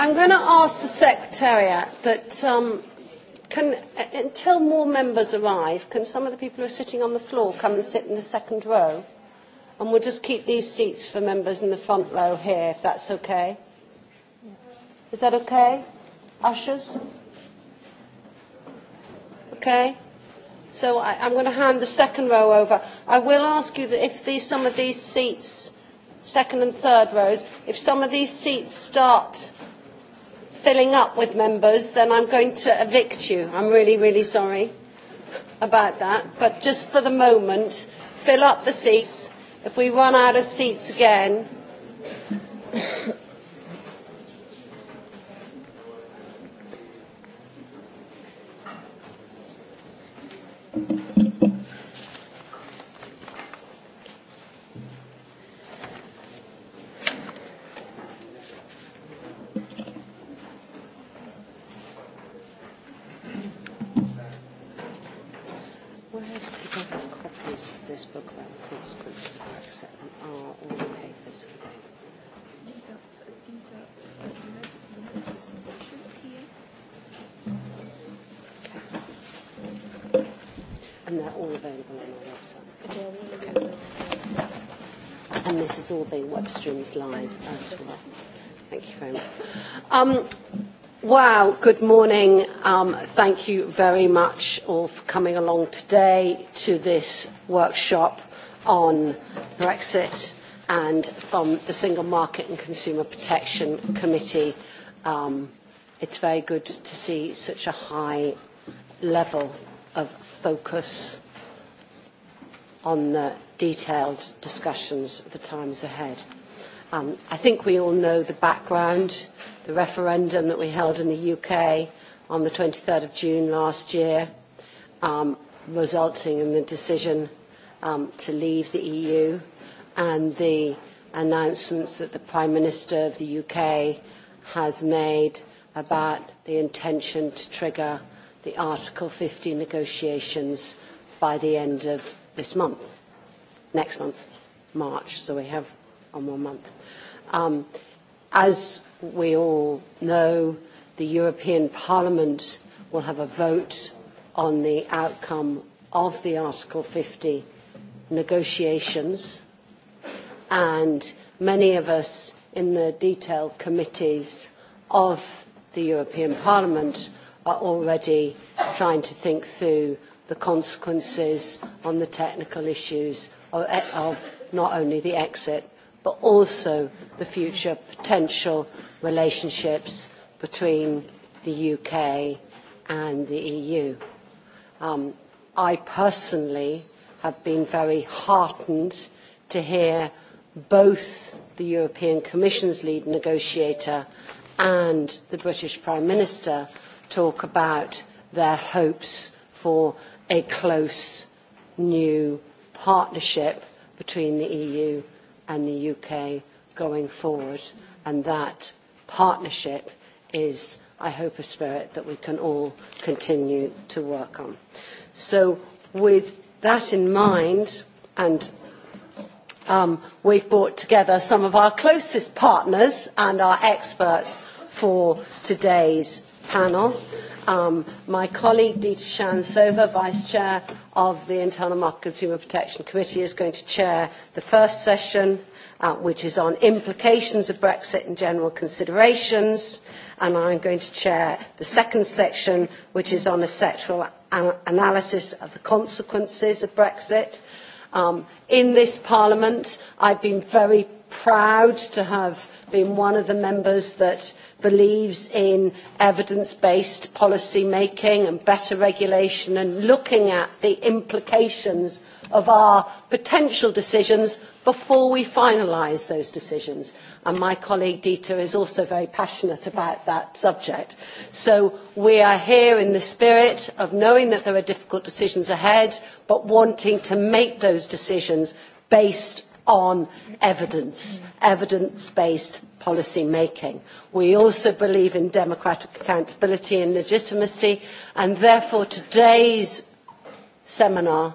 I'm going to ask the Secretariat that um, can, until more members arrive, can some of the people who are sitting on the floor come and sit in the second row? And we'll just keep these seats for members in the front row here, if that's okay. Is that okay? Ushers? Okay. So I, I'm going to hand the second row over. I will ask you that if these, some of these seats, second and third rows, if some of these seats start filling up with members, then I'm going to evict you. I'm really, really sorry about that. But just for the moment, fill up the seats. If we run out of seats again, web is live as well. Thank you very much. Um, wow, good morning. Um, thank you very much all for coming along today to this workshop on Brexit and from the Single Market and Consumer Protection Committee. Um, it's very good to see such a high level of focus on the detailed discussions of the times ahead. I think we all know the background, the referendum that we held in the UK on the 23rd of June last year, resulting in the decision to leave the EU and the announcements that the Prime Minister of the UK has made about the intention to trigger the Article 50 negotiations by the end of this month, next month, March. So we have on one month. As we all know, the European Parliament will have a vote on the outcome of the Article 50 negotiations, and many of us in the detailed committees of the European Parliament are already trying to think through the consequences on the technical issues of not only the exit but also the future potential relationships between the UK and the EU. I personally have been very heartened to hear both the European Commission's lead negotiator and the British Prime Minister talk about their hopes for a close new partnership between the EU and the UK going forward. And that partnership is, I hope, a spirit that we can all continue to work on. So with that in mind, and we've brought together some of our closest partners and our experts for today's panel. My colleague Dita Shansova, Vice Chair of the Internal Market Consumer Protection Committee, is going to chair the first session, which is on implications of Brexit and general considerations, and I'm going to chair the second section, which is on a sectoral analysis of the consequences of Brexit. In this Parliament, I've been very proud to have been one of the members that believes in evidence based policy making and better regulation and looking at the implications of our potential decisions before we finalise those decisions and my colleague dieter is also very passionate about that subject. so we are here in the spirit of knowing that there are difficult decisions ahead but wanting to make those decisions based on evidence, evidence-based policy making. We also believe in democratic accountability and legitimacy, and therefore today's seminar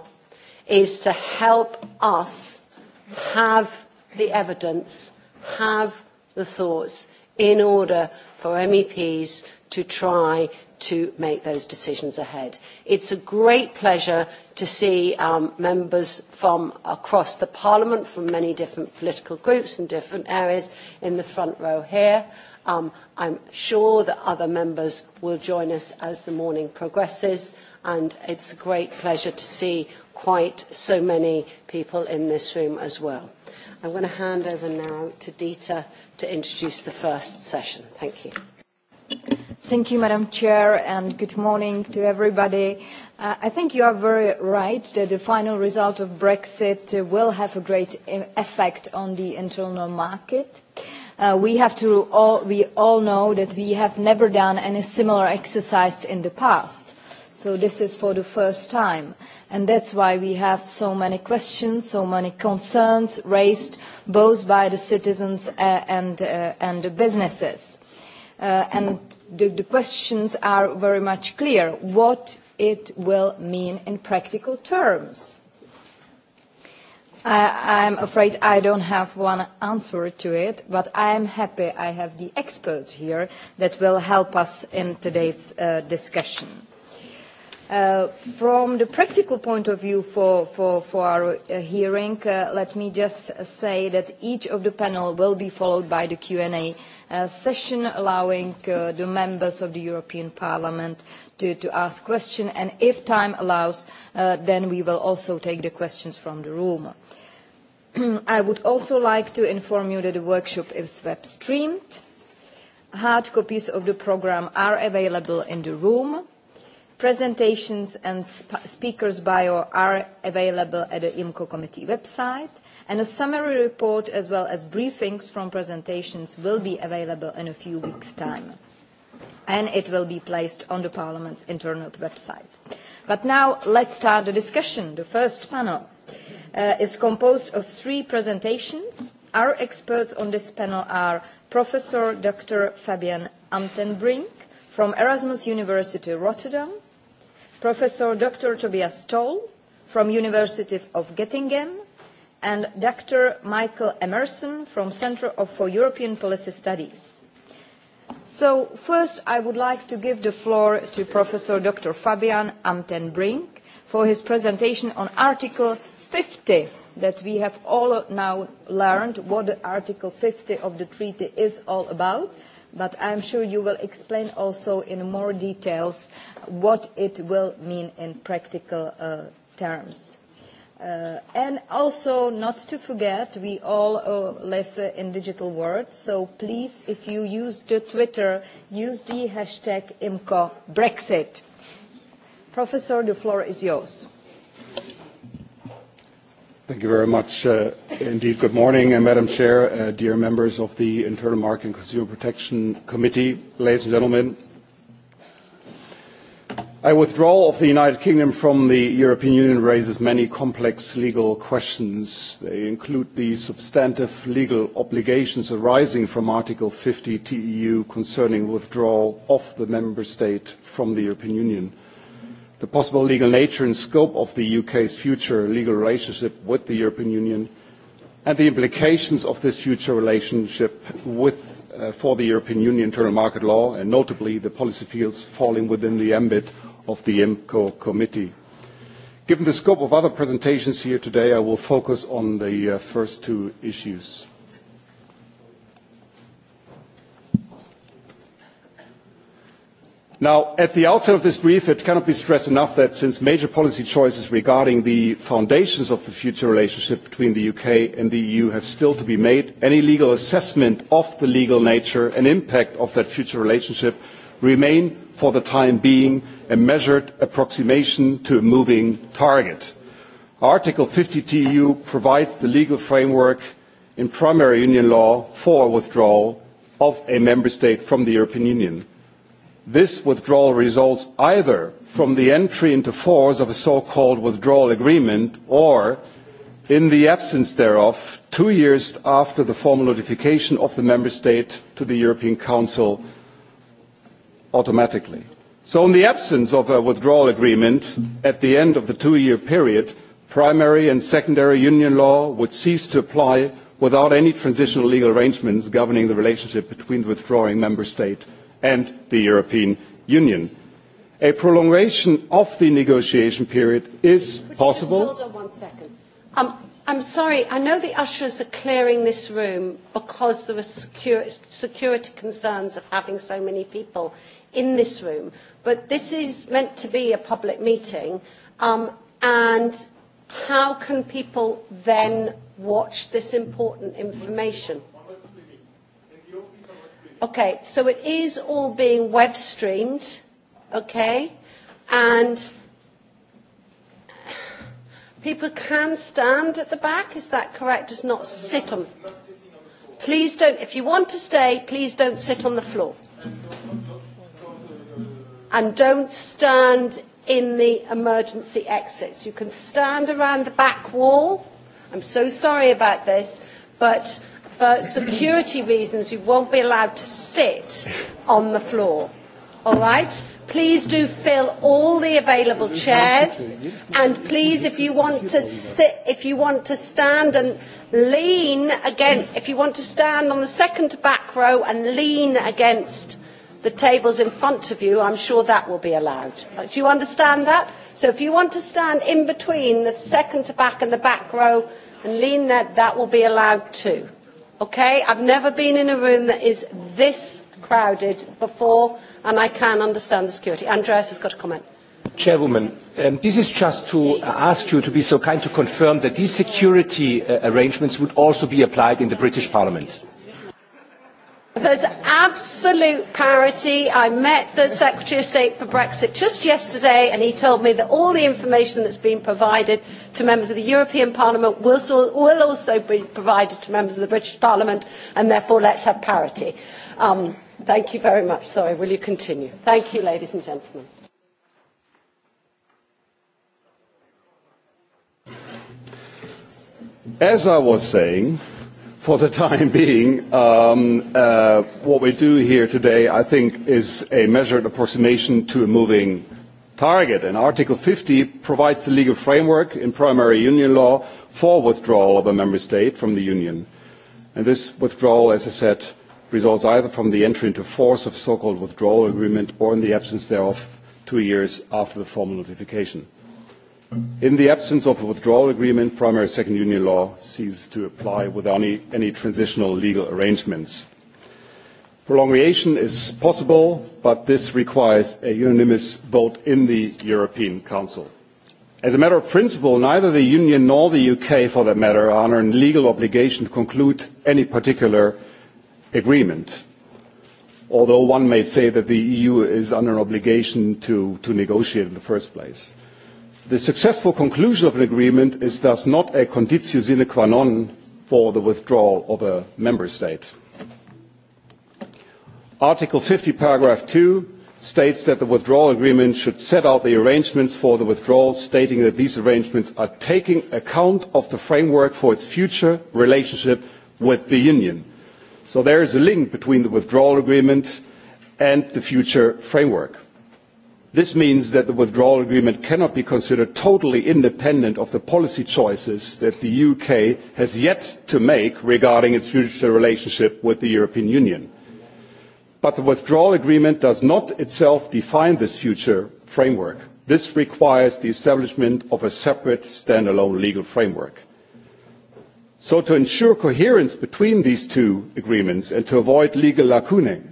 is to help us have the evidence, have the thoughts, in order for MEPs to try to make those decisions ahead. It's a great pleasure to see members from across the Parliament, from many different political groups and different areas in the front row here. I'm sure that other members will join us as the morning progresses, and it's a great pleasure to see quite so many people in this room as well. I'm going to hand over now to Dieter to introduce the first session. Thank you. Thank you, Madam Chair, and good morning to everybody. I think you are very right that the final result of Brexit will have a great effect on the internal market. We have to all we all know that we have never done any similar exercise in the past. So this is for the first time, and that's why we have so many questions, so many concerns raised both by the citizens and the businesses. And the questions are very much clear what it will mean in practical terms. I I'm afraid I don't have one answer to it, but I am happy I have the experts here that will help us in today's discussion. From the practical point of view for our hearing, let me just say that each of the panel will be followed by the Q&A session, allowing the members of the European Parliament to ask questions, and if time allows, then we will also take the questions from the room. I would also like to inform you that the workshop is web-streamed. Hard copies of the programme are available in the room. Presentations and speakers' bio are available at the IMCO committee website, and a summary report as well as briefings from presentations will be available in a few weeks' time, and it will be placed on the Parliament's internal website. But now let's start the discussion. The first panel is composed of three presentations. Our experts on this panel are Professor Dr. Fabian Amtenbrink from Erasmus University Rotterdam, Professor Dr. Tobias Stoll from University of Göttingen and Dr. Michael Emerson from Center for European Policy Studies. So first I would like to give the floor to Professor Dr. Fabian Amtenbrink for his presentation on Article 50 that we have all now learned what Article 50 of the treaty is all about but I am sure you will explain also in more details what it will mean in practical terms. And also, not to forget, we all live in digital world, so please, if you use the Twitter, use the hashtag IMCOBrexit. Professor, the floor is yours. Thank you very much. Indeed, good morning, Madam Chair, dear members of the Internal Market and Consumer Protection Committee, ladies and gentlemen. A withdrawal of the United Kingdom from the European Union raises many complex legal questions. They include the substantive legal obligations arising from Article 50 TEU concerning withdrawal of the member state from the European Union the possible legal nature and scope of the UK's future legal relationship with the European Union, and the implications of this future relationship for the European Union internal market law, and notably the policy fields falling within the ambit of the IMCO committee. Given the scope of other presentations here today, I will focus on the first two issues. at the outset of this brief, it cannot be stressed enough that since major policy choices regarding the foundations of the future relationship between the UK and the EU have still to be made, any legal assessment of the legal nature and impact of that future relationship remain, for the time being, a measured approximation to a moving target. Article 50 TEU provides the legal framework in primary union law for withdrawal of a member state from the European Union. This withdrawal results either from the entry into force of a so-called withdrawal agreement or, in the absence thereof, two years after the formal notification of the Member State to the European Council automatically. So in the absence of a withdrawal agreement, at the end of the two-year period, primary and secondary union law would cease to apply without any transitional legal arrangements governing the relationship between the withdrawing Member State and the European Union. A prolongation of the negotiation period is possible. Hold on I'm sorry, I know the ushers are clearing this room because there are security concerns of having so many people in this room, but this is meant to be a public meeting, and how can people then watch this important information? Okay, so it is all being web streamed, okay, and people can stand at the back, is that correct? Just not sit on. Please don't, if you want to stay, please don't sit on the floor. And don't stand in the emergency exits. You can stand around the back wall. I'm so sorry about this, but for security reasons you won't be allowed to sit on the floor. All right? Please do fill all the available chairs and please if you want to sit if you want to stand and lean again if you want to stand on the second back row and lean against the tables in front of you, I'm sure that will be allowed. Do you understand that? So if you want to stand in between the second to back and the back row and lean there, that will be allowed too. Okay, I've never been in a room that is this crowded before, and I can understand the security. Andreas has got a comment. Chairwoman, this is just to ask you to be so kind to confirm that these security arrangements would also be applied in the British Parliament. There's absolute parity. I met the Secretary of State for Brexit just yesterday and he told me that all the information that's been provided to members of the European Parliament will also be provided to members of the British Parliament and therefore let's have parity. Thank you very much. Sorry, will you continue? Thank you, ladies and gentlemen. As I was saying, For the time being, what we do here today, I think, is a measured approximation to a moving target. And Article 50 provides the legal framework in primary union law for withdrawal of a member state from the union. And this withdrawal, as I said, results either from the entry into force of so-called withdrawal agreement or in the absence thereof two years after the formal notification. In the absence of a withdrawal agreement, primary second union law ceases to apply without any transitional legal arrangements. Prolongation is possible, but this requires a unanimous vote in the European Council. As a matter of principle, neither the Union nor the UK, for that matter, are under a legal obligation to conclude any particular agreement, although one may say that the EU is under an obligation to negotiate in the first place. The successful conclusion of an agreement is thus not a conditio sine qua non for the withdrawal of a member state. Article 50, paragraph 2 states that the withdrawal agreement should set out the arrangements for the withdrawal, stating that these arrangements are taking account of the framework for its future relationship with the Union. So there is a link between the withdrawal agreement and the future framework. This means that the withdrawal agreement cannot be considered totally independent of the policy choices that the UK has yet to make regarding its future relationship with the European Union. But the withdrawal agreement does not itself define this future framework. This requires the establishment of a separate standalone legal framework. So to ensure coherence between these two agreements and to avoid legal lacunae,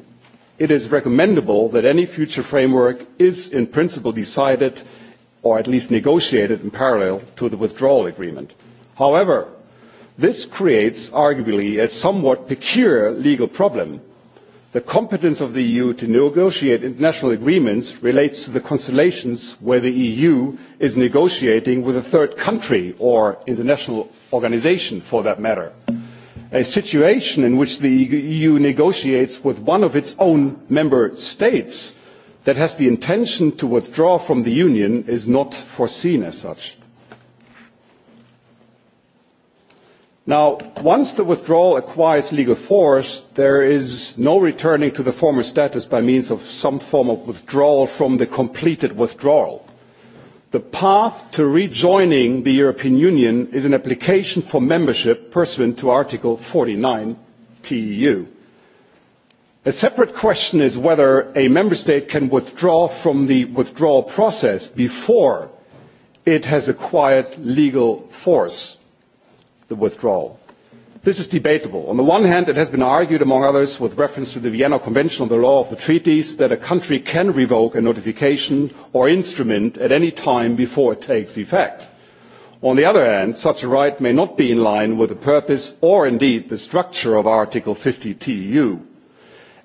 it is recommendable that any future framework is in principle decided or at least negotiated in parallel to the withdrawal agreement. However, this creates arguably a somewhat peculiar legal problem. The competence of the EU to negotiate international agreements relates to the constellations where the EU is negotiating with a third country or international organisation for that matter a situation in which the EU negotiates with one of its own member states that has the intention to withdraw from the Union is not foreseen as such. Now, once the withdrawal acquires legal force, there is no returning to the former status by means of some form of withdrawal from the completed withdrawal. The path to rejoining the European Union is an application for membership pursuant to Article 49 TEU. A separate question is whether a member state can withdraw from the withdrawal process before it has acquired legal force, the withdrawal. This is debatable. On the one hand, it has been argued, among others, with reference to the Vienna Convention on the Law of the Treaties, that a country can revoke a notification or instrument at any time before it takes effect. On the other hand, such a right may not be in line with the purpose or indeed the structure of Article 50 TEU,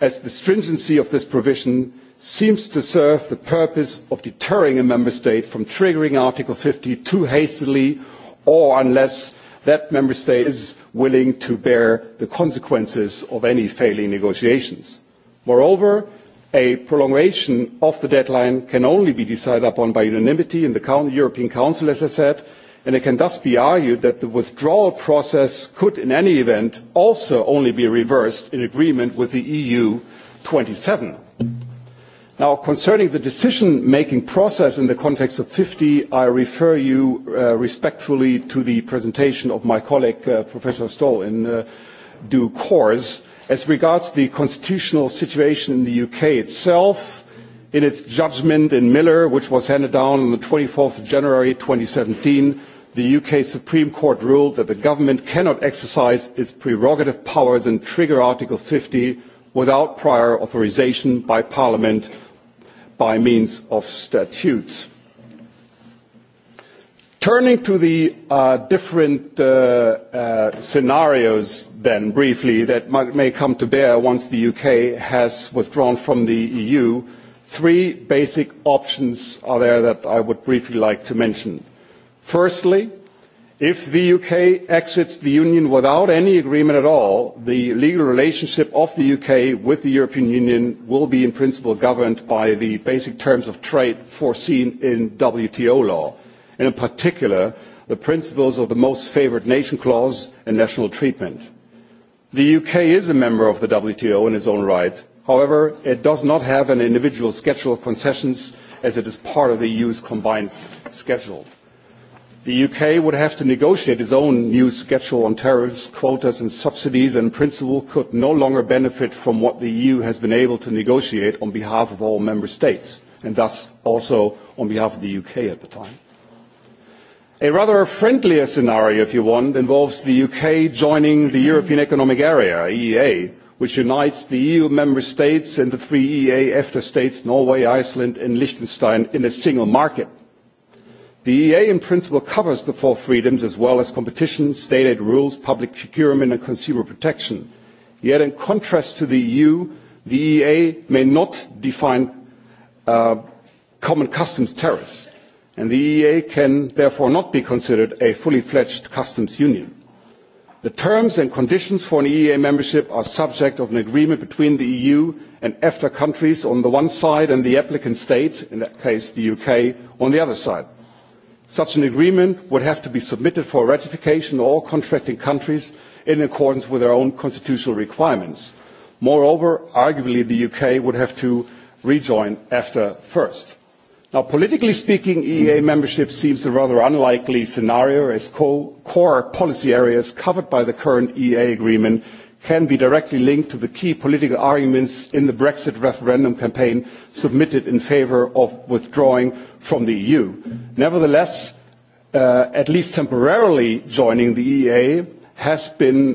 as the stringency of this provision seems to serve the purpose of deterring a member state from triggering Article 50 too hastily or unless that member state is willing to bear the consequences of any failing negotiations. Moreover, a prolongation of the deadline can only be decided upon by unanimity in the European Council, as I said, and it can thus be argued that the withdrawal process could, in any event, also only be reversed in agreement with the EU 27. Now, concerning the decision-making process in the context of 50, I refer you respectfully to the presentation of my colleague, Professor Stoll, in due course. As regards the constitutional situation in the UK itself, in its judgment in Miller, which was handed down on the 24th of January 2017, the UK Supreme Court ruled that the government cannot exercise its prerogative powers and trigger Article 50 without prior authorization by Parliament by means of statutes. Turning to the different scenarios then briefly that may come to bear once the UK has withdrawn from the EU, three basic options are there that I would briefly like to mention. Firstly, If the UK exits the Union without any agreement at all, the legal relationship of the UK with the European Union will be in principle governed by the basic terms of trade foreseen in WTO law, and in particular the principles of the most favoured nation clause and national treatment. The UK is a member of the WTO in its own right. However, it does not have an individual schedule of concessions as it is part of the EU's combined schedule. The UK would have to negotiate its own new schedule on tariffs, quotas and subsidies and in principle could no longer benefit from what the EU has been able to negotiate on behalf of all member states and thus also on behalf of the UK at the time. A rather friendlier scenario, if you want, involves the UK joining the European Economic Area, EEA, which unites the EU member states and the three EEA EFTA states, Norway, Iceland and Liechtenstein in a single market The EEA in principle covers the four freedoms as well as competition, state aid rules, public procurement and consumer protection. Yet in contrast to the EU, the EEA may not define common customs tariffs, and the EEA can therefore not be considered a fully fledged customs union. The terms and conditions for an EEA membership are subject of an agreement between the EU and EFTA countries on the one side and the applicant state, in that case the UK, on the other side. Such an agreement would have to be submitted for ratification to all contracting countries in accordance with their own constitutional requirements. Moreover, arguably the UK would have to rejoin EFTA first. Now, politically speaking, EEA membership seems a rather unlikely scenario as core policy areas covered by the current EEA agreement can be directly linked to the key political arguments in the Brexit referendum campaign submitted in favour of withdrawing from the EU. Nevertheless, at least temporarily joining the EEA has been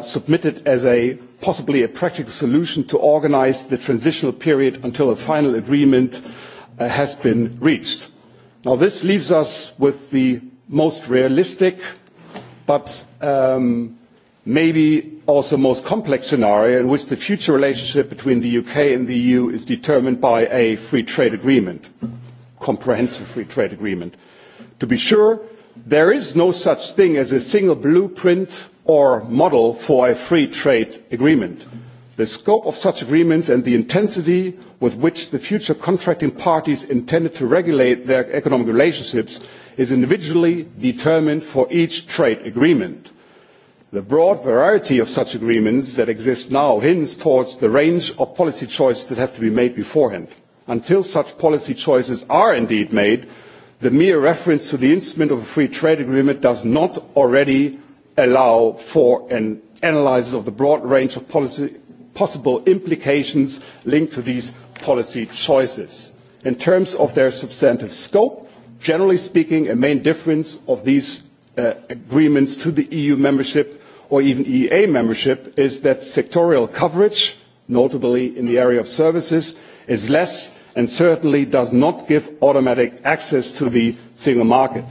submitted as a possibly a practical solution to organise the transitional period until a final agreement has been reached. Now this leaves us with the most realistic but maybe also most complex scenario in which the future relationship between the UK and the EU is determined by a free trade agreement, comprehensive free trade agreement. To be sure, there is no such thing as a single blueprint or model for a free trade agreement. The scope of such agreements and the intensity with which the future contracting parties intended to regulate their economic relationships is individually determined for each trade agreement. The broad variety of such agreements that exist now hints towards the range of policy choices that have to be made beforehand. Until such policy choices are indeed made, the mere reference to the instrument of a free trade agreement does not already allow for an analysis of the broad range of possible implications linked to these policy choices. In terms of their substantive scope, generally speaking, a main difference of these agreements to the EU membership or even EEA membership is that sectorial coverage, notably in the area of services, is less and certainly does not give automatic access to the single market.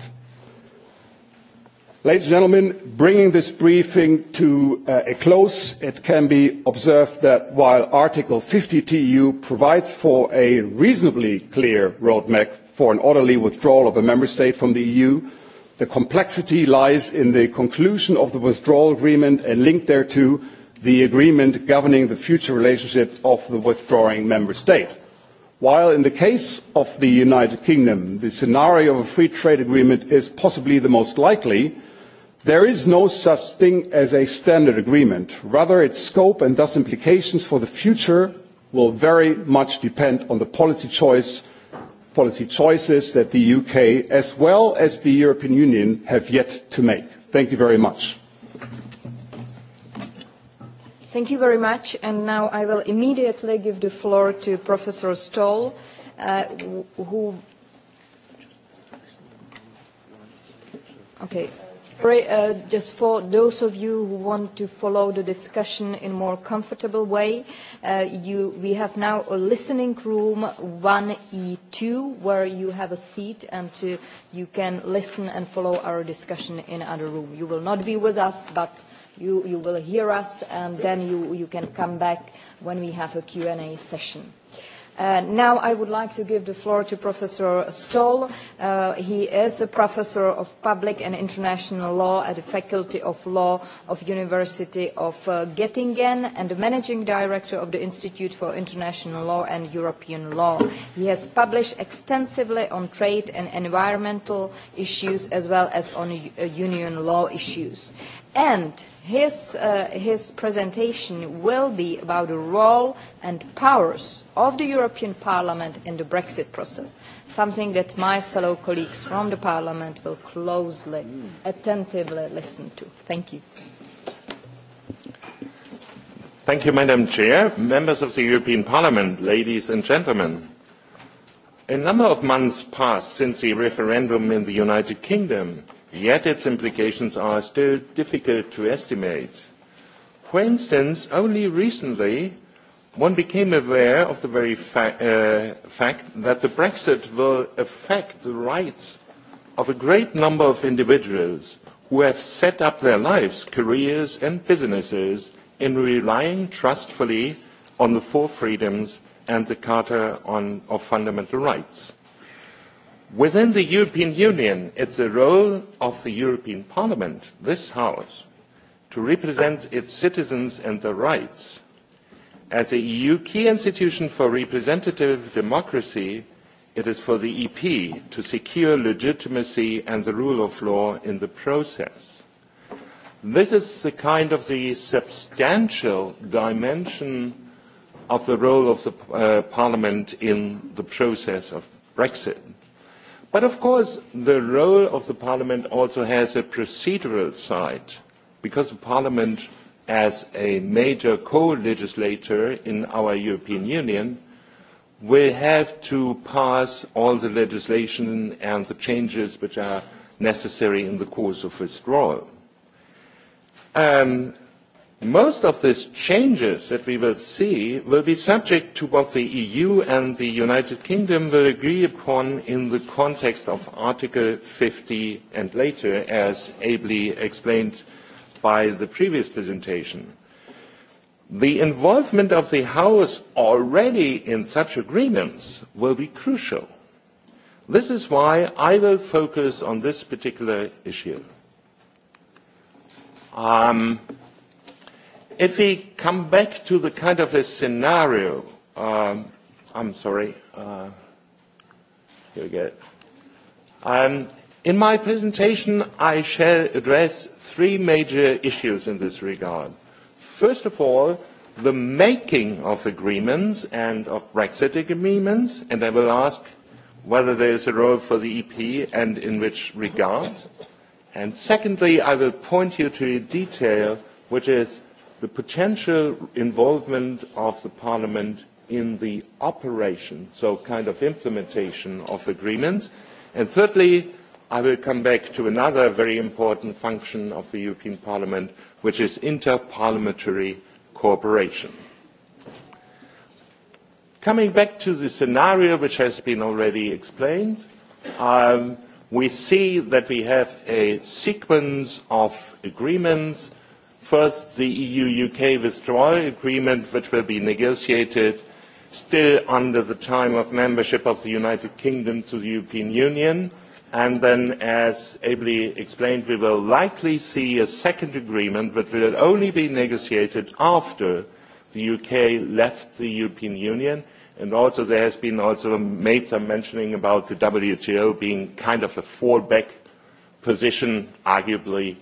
Ladies and gentlemen, bringing this briefing to a close, it can be observed that while Article 50 TEU provides for a reasonably clear roadmap for an orderly withdrawal of a member state from the EU, The complexity lies in the conclusion of the withdrawal agreement and linked thereto the agreement governing the future relationship of the withdrawing member state. While in the case of the United Kingdom, the scenario of a free trade agreement is possibly the most likely, there is no such thing as a standard agreement. Rather, its scope and thus implications for the future will very much depend on the policy choice policy choices that the UK, as well as the European Union, have yet to make. Thank you very much. Thank you very much. And now I will immediately give the floor to Professor Stoll, who. Okay. Just for those of you who want to follow the discussion in a more comfortable way, we have now a listening room 1E2 where you have a seat and you can listen and follow our discussion in another room. You will not be with us, but you will hear us and then you can come back when we have a Q&A session. Now I would like to give the floor to Professor Stoll. He is a professor of public and international law at the Faculty of Law of University of Göttingen and the managing director of the Institute for International Law and European Law. He has published extensively on trade and environmental issues as well as on union law issues and his his presentation will be about the role and powers of the European Parliament in the Brexit process, something that my fellow colleagues from the Parliament will closely, attentively listen to. Thank you. Thank you, Madam Chair, members of the European Parliament, ladies and gentlemen. A number of months passed since the referendum in the United Kingdom yet its implications are still difficult to estimate. For instance, only recently one became aware of the very fact that the Brexit will affect the rights of a great number of individuals who have set up their lives, careers and businesses in relying trustfully on the four freedoms and the Charter of Fundamental Rights. Within the European Union, it's the role of the European Parliament, this House, to represent its citizens and their rights. As a EU key institution for representative democracy, it is for the EP to secure legitimacy and the rule of law in the process. This is the kind of the substantial dimension of the role of the Parliament in the process of Brexit. But of course, the role of the Parliament also has a procedural side, because the Parliament, as a major co-legislator in our European Union, will have to pass all the legislation and the changes which are necessary in the course of withdrawal. Um, Most of these changes that we will see will be subject to what the EU and the United Kingdom will agree upon in the context of Article 50 and later, as ably explained by the previous presentation. The involvement of the House already in such agreements will be crucial. This is why I will focus on this particular issue. If we come back to the kind of a scenario, I'm sorry, here we go. in my presentation, I shall address three major issues in this regard. First of all, the making of agreements and of Brexit agreements, and I will ask whether there is a role for the EP and in which regard. And secondly, I will point you to a detail which is the potential involvement of the Parliament in the operation, so kind of implementation of agreements. And thirdly, I will come back to another very important function of the European Parliament, which is interparliamentary cooperation. Coming back to the scenario which has been already explained, we see that we have a sequence of agreements First, the EU-UK withdrawal agreement, which will be negotiated still under the time of membership of the United Kingdom to the European Union. And then, as ably explained, we will likely see a second agreement which will only be negotiated after the UK left the European Union. And also there has been also made some mentioning about the WTO being kind of a fallback position, arguably,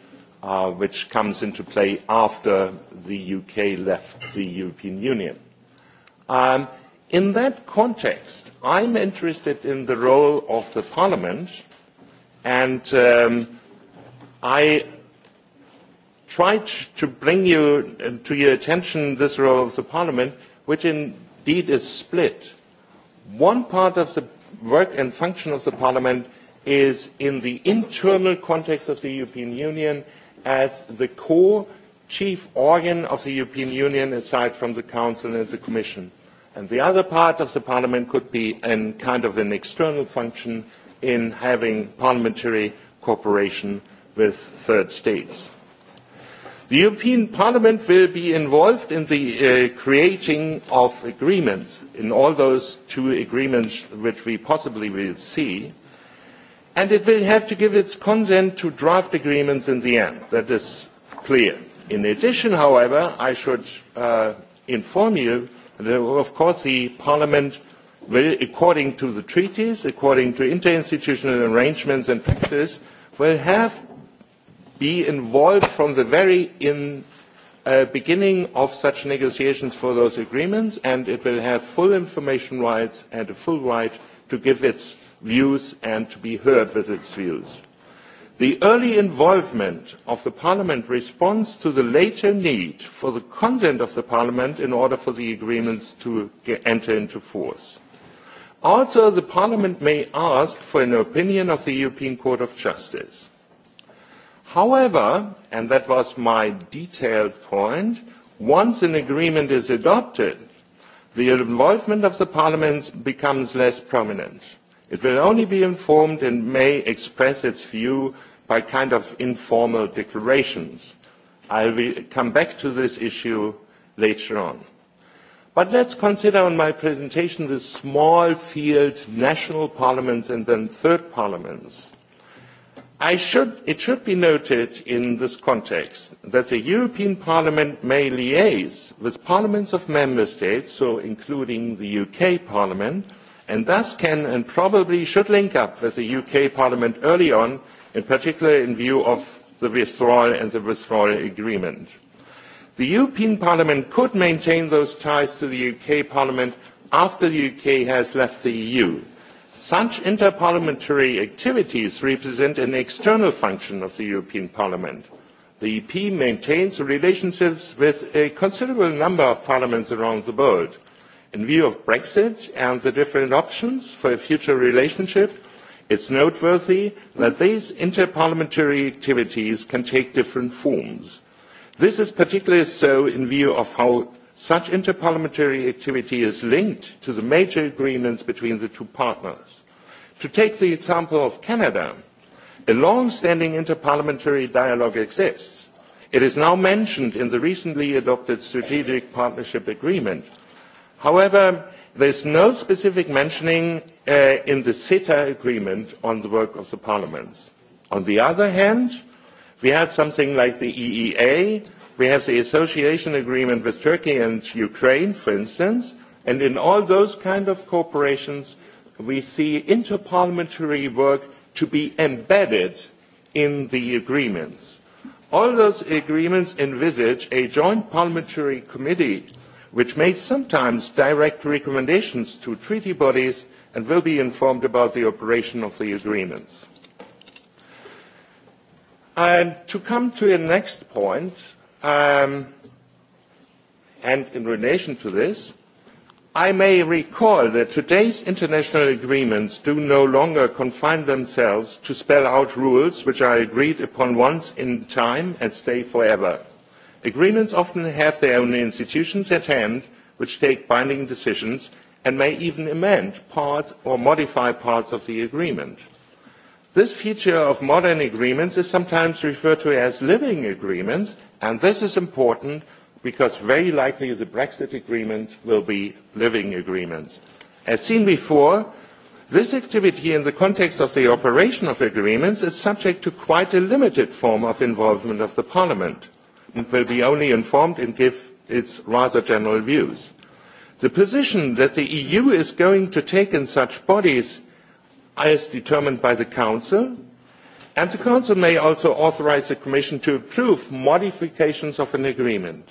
which comes into play after the UK left the European Union. In that context, I'm interested in the role of the Parliament, and I tried to bring you to your attention this role of the Parliament, which indeed is split. One part of the work and function of the Parliament is in the internal context of the European Union as the core chief organ of the European Union aside from the Council and the Commission. And the other part of the Parliament could be in kind of an external function in having parliamentary cooperation with third states. The European Parliament will be involved in the creating of agreements, in all those two agreements which we possibly will see, and it will have to give its consent to draft agreements in the end. That is clear. In addition, however, I should inform you that, of course, the Parliament will, according to the treaties, according to interinstitutional arrangements and practice, will have be involved from the very beginning of such negotiations for those agreements, and it will have full information rights and a full right to give its views and to be heard with its views. The early involvement of the Parliament responds to the later need for the consent of the Parliament in order for the agreements to enter into force. Also, the Parliament may ask for an opinion of the European Court of Justice. However, and that was my detailed point, once an agreement is adopted, the involvement of the Parliament becomes less prominent. It will only be informed and may express its view by kind of informal declarations. I will come back to this issue later on. But let's consider on my presentation the small field national parliaments and then third parliaments. I should, it should be noted in this context that the European Parliament may liaise with parliaments of member states, so including the UK Parliament, and thus can and probably should link up with the UK Parliament early on, in particular in view of the withdrawal and the withdrawal agreement. The European Parliament could maintain those ties to the UK Parliament after the UK has left the EU. Such interparliamentary activities represent an external function of the European Parliament. The EP maintains relationships with a considerable number of parliaments around the world. In view of Brexit and the different options for a future relationship, it's noteworthy that these interparliamentary activities can take different forms. This is particularly so in view of how such interparliamentary activity is linked to the major agreements between the two partners. To take the example of Canada, a long-standing interparliamentary dialogue exists. It is now mentioned in the recently adopted Strategic Partnership Agreement However, there is no specific mentioning in the CETA agreement on the work of the parliaments. On the other hand, we have something like the EEA, we have the association agreement with Turkey and Ukraine, for instance, and in all those kind of corporations, we see interparliamentary work to be embedded in the agreements. All those agreements envisage a joint parliamentary committee which may sometimes direct recommendations to treaty bodies and will be informed about the operation of the agreements. To come to the next point, and in relation to this, I may recall that today's international agreements do no longer confine themselves to spell out rules which are agreed upon once in time and stay forever. Agreements often have their own institutions at hand which take binding decisions and may even amend part or modify parts of the agreement. This feature of modern agreements is sometimes referred to as living agreements, and this is important because very likely the Brexit agreement will be living agreements. As seen before, this activity in the context of the operation of agreements is subject to quite a limited form of involvement of the Parliament will be only informed and give its rather general views. The position that the EU is going to take in such bodies is determined by the Council, and the Council may also authorise the Commission to approve modifications of an agreement.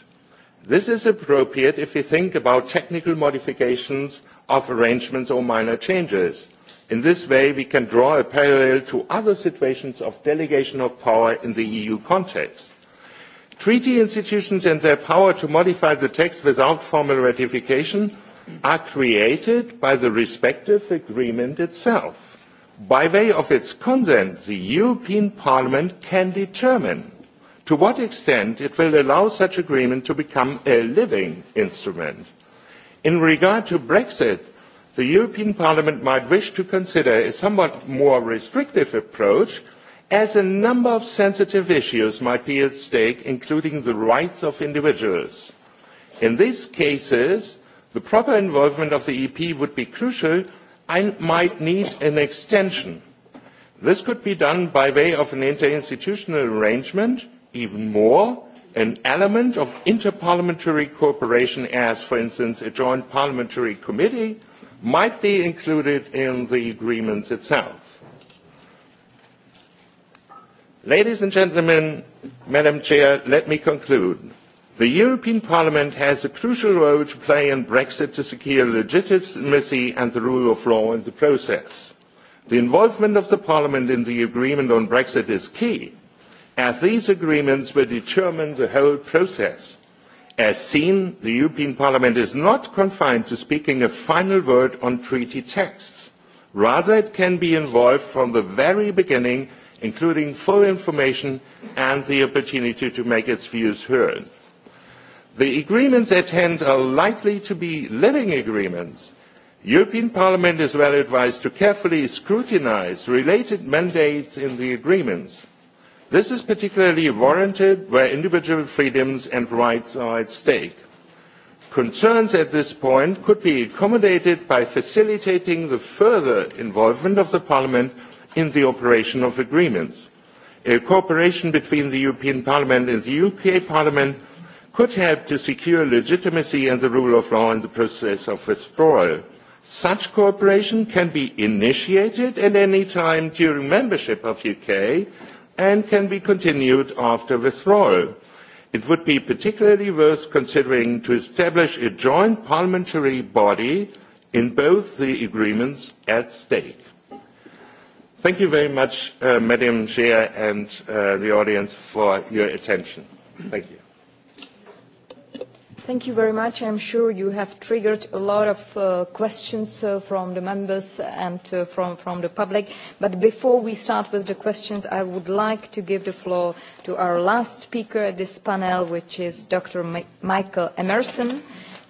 This is appropriate if we think about technical modifications of arrangements or minor changes. In this way, we can draw a parallel to other situations of delegation of power in the EU context. Treaty institutions and their power to modify the text without formal ratification are created by the respective agreement itself. By way of its consent, the European Parliament can determine to what extent it will allow such agreement to become a living instrument. In regard to Brexit, the European Parliament might wish to consider a somewhat more restrictive approach as a number of sensitive issues might be at stake, including the rights of individuals. In these cases, the proper involvement of the EP would be crucial and might need an extension. This could be done by way of an interinstitutional arrangement, even more, an element of interparliamentary cooperation as, for instance, a joint parliamentary committee, might be included in the agreements itself. Ladies and gentlemen, Madam Chair, let me conclude. The European Parliament has a crucial role to play in Brexit to secure legitimacy and the rule of law in the process. The involvement of the Parliament in the agreement on Brexit is key, as these agreements will determine the whole process. As seen, the European Parliament is not confined to speaking a final word on treaty texts. Rather, it can be involved from the very beginning including full information and the opportunity to make its views heard. The agreements at hand are likely to be living agreements. European Parliament is well advised to carefully scrutinise related mandates in the agreements. This is particularly warranted where individual freedoms and rights are at stake. Concerns at this point could be accommodated by facilitating the further involvement of the Parliament in the operation of agreements. A Cooperation between the European Parliament and the UK Parliament could help to secure legitimacy and the rule of law in the process of withdrawal. Such cooperation can be initiated at any time during membership of UK and can be continued after withdrawal. It would be particularly worth considering to establish a joint parliamentary body in both the agreements at stake. Thank you very much, Madam Chair and the audience for your attention. Thank you. Thank you very much. I'm sure you have triggered a lot of questions from the members and from the public. But before we start with the questions, I would like to give the floor to our last speaker at this panel, which is Dr. Michael Emerson.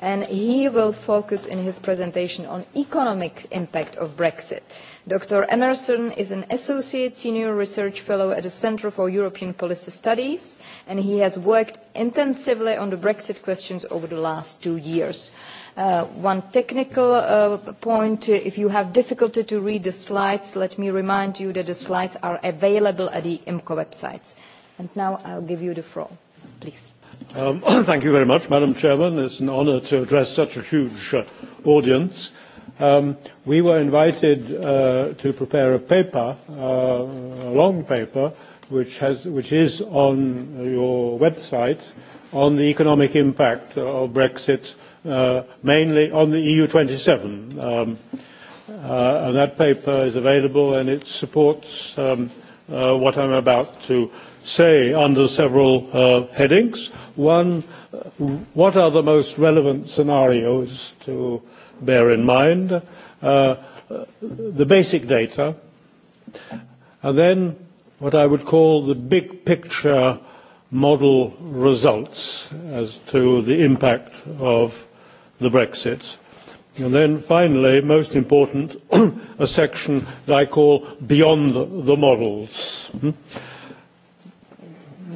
And he will focus in his presentation on economic impact of Brexit. Dr. Emerson is an associate senior research fellow at the Centre for European Policy Studies, and he has worked intensively on the Brexit questions over the last two years. One technical point, if you have difficulty to read the slides, let me remind you that the slides are available at the IMCO website. And now I'll give you the floor, please. Thank you very much, Madam Chairman. It's an honour to address such a huge audience. We were invited to prepare a paper, a long paper, which has which is on your website, on the economic impact of Brexit, mainly on the EU27. And that paper is available and it supports what I'm about to say under several headings. One, what are the most relevant scenarios to bear in mind the basic data and then what I would call the big picture model results as to the impact of the Brexit. And then finally, most important, a section that I call Beyond the Models.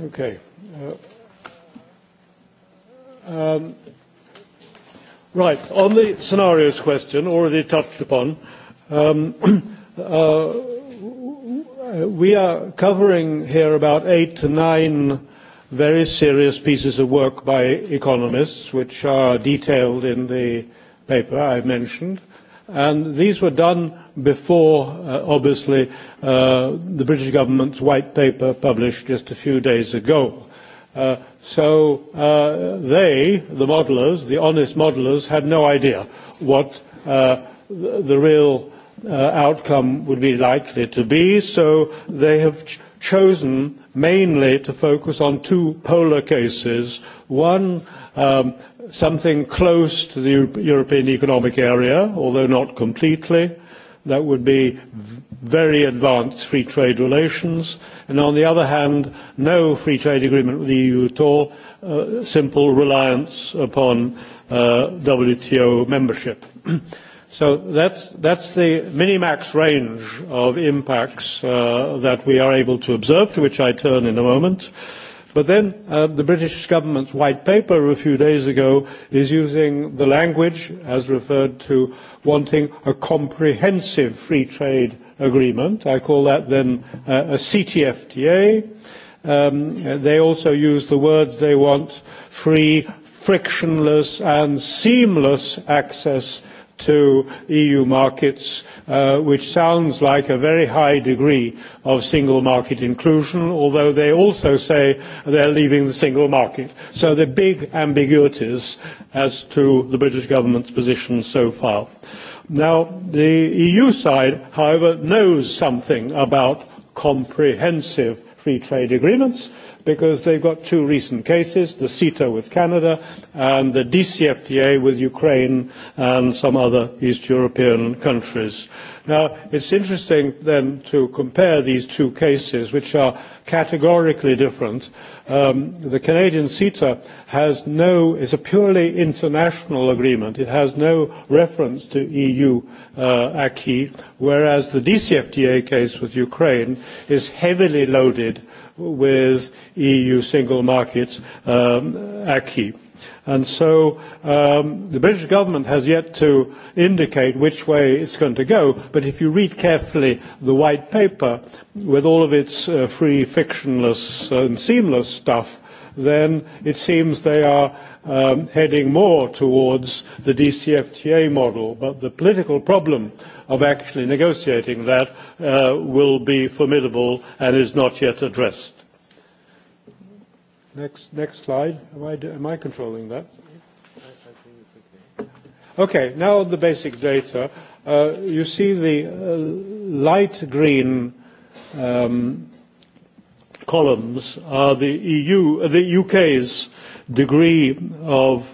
Okay. Right. On the scenarios question, already touched upon, we are covering here about eight to nine very serious pieces of work by economists, which are detailed in the paper I mentioned. And these were done before, obviously, the British government's white paper published just a few days ago. So they, the modelers, the honest modelers, had no idea what the real outcome would be likely to be, so they have chosen mainly to focus on two polar cases. One, something close to the European Economic Area, although not completely, that would be very advanced free trade relations, and on the other hand, no free trade agreement with the EU at all, simple reliance upon WTO membership. So that's the minimax range of impacts that we are able to observe, to which I turn in a moment. But then the British government's white paper a few days ago is using the language, as referred to wanting a comprehensive free trade agreement. I call that then a CTFTA. They also use the words they want, free, frictionless and seamless access to EU markets, which sounds like a very high degree of single market inclusion, although they also say they're leaving the single market. So there are big ambiguities as to the British government's position so far. Now, the EU side, however, knows something about comprehensive free trade agreements because they've got two recent cases, the CETA with Canada and the DCFTA with Ukraine and some other East European countries. Now, it's interesting then to compare these two cases, which are categorically different. The Canadian CETA has no, is a purely international agreement. It has no reference to EU acquis, whereas the DCFTA case with Ukraine is heavily loaded with EU single market acquis. And so the British government has yet to indicate which way it's going to go, but if you read carefully the white paper with all of its free, fictionless and seamless stuff, then it seems they are heading more towards the DCFTA model. But the political problem of actually negotiating that will be formidable and is not yet addressed. Next, slide. Am I, controlling that? Okay, now the basic data. You see the light green columns are the EU, the UK's degree of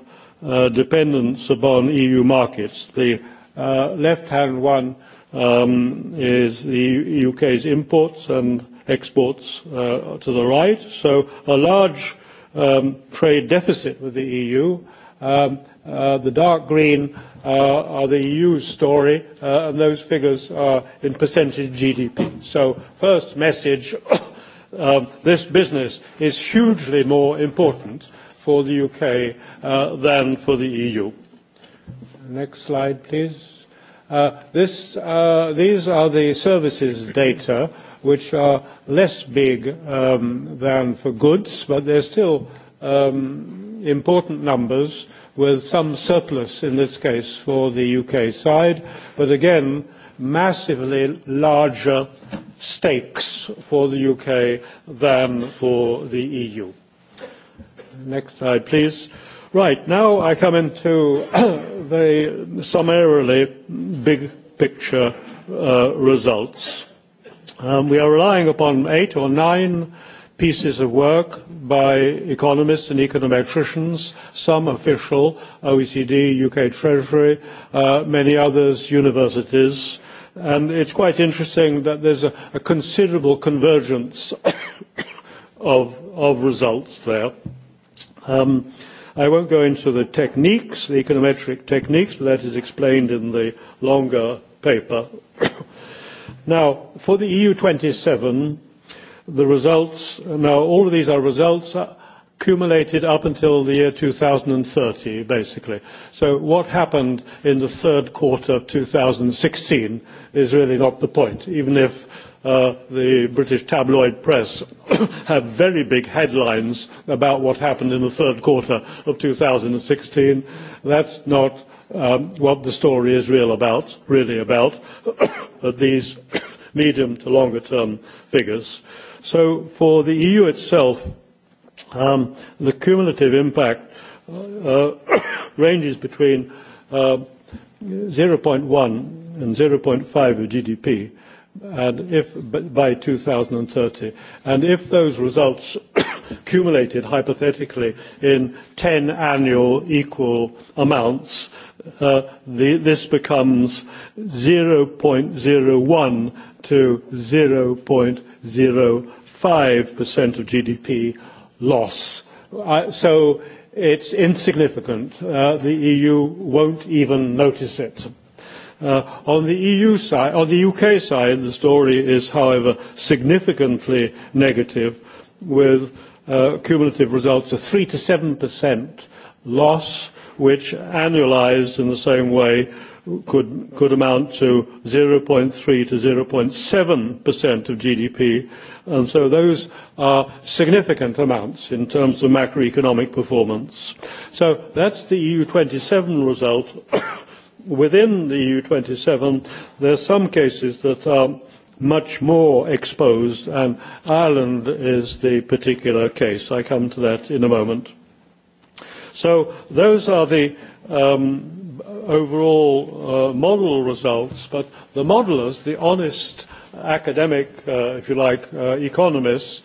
dependence upon EU markets. The left-hand one is the UK's imports and exports to the right. So a large trade deficit with the EU. The dark green are the EU story, and those figures are in percentage GDP. So first message, this business is hugely more important for the UK than for the EU. Next slide, please. These are the services data, which are less big than for goods, but they're still important numbers with some surplus, in this case, for the UK side. But again, massively larger stakes for the UK than for the EU. Next slide, please. Right, now I come into the summarily big picture results. We are relying upon eight or nine pieces of work by economists and econometricians, some official, OECD, UK Treasury, many others, universities. And it's quite interesting that there's a considerable convergence of results there. I won't go into the techniques, the econometric techniques, but that is explained in the longer paper. Now, for the EU27, the results, now all of these are results accumulated up until the year 2030, basically. So what happened in the third quarter of 2016 is really not the point, even if the British tabloid press have very big headlines about what happened in the third quarter of 2016. That's not what the story is real about, really about, these medium to longer term figures. So for the EU itself, the cumulative impact ranges between 0.1 and 0.5 of GDP and if by 2030 and if those results accumulated hypothetically in 10 annual equal amounts this becomes 0.01 to 0.05% of GDP loss so it's insignificant the EU won't even notice it On the EU side, on the UK side, the story is, however, significantly negative, with cumulative results of 3 to 7% loss, which annualized in the same way could could amount to 0.3 to 0.7% of GDP, and so those are significant amounts in terms of macroeconomic performance. So that's the EU 27 result within the EU27, there are some cases that are much more exposed, and Ireland is the particular case. I come to that in a moment. So those are the overall model results, but the modelers, the honest academic, if you like, economists,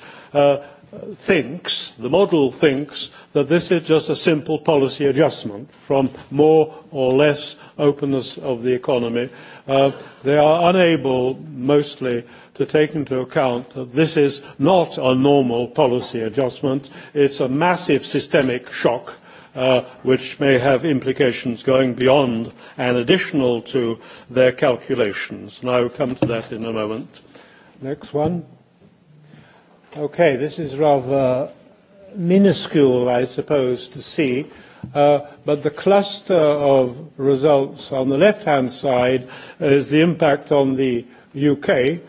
thinks, the model thinks, that this is just a simple policy adjustment from more or less openness of the economy. They are unable mostly to take into account that this is not a normal policy adjustment. It's a massive systemic shock which may have implications going beyond and additional to their calculations. And I will come to that in a moment. Next one. Okay, this is rather minuscule, I suppose, to see, but the cluster of results on the left-hand side is the impact on the UK,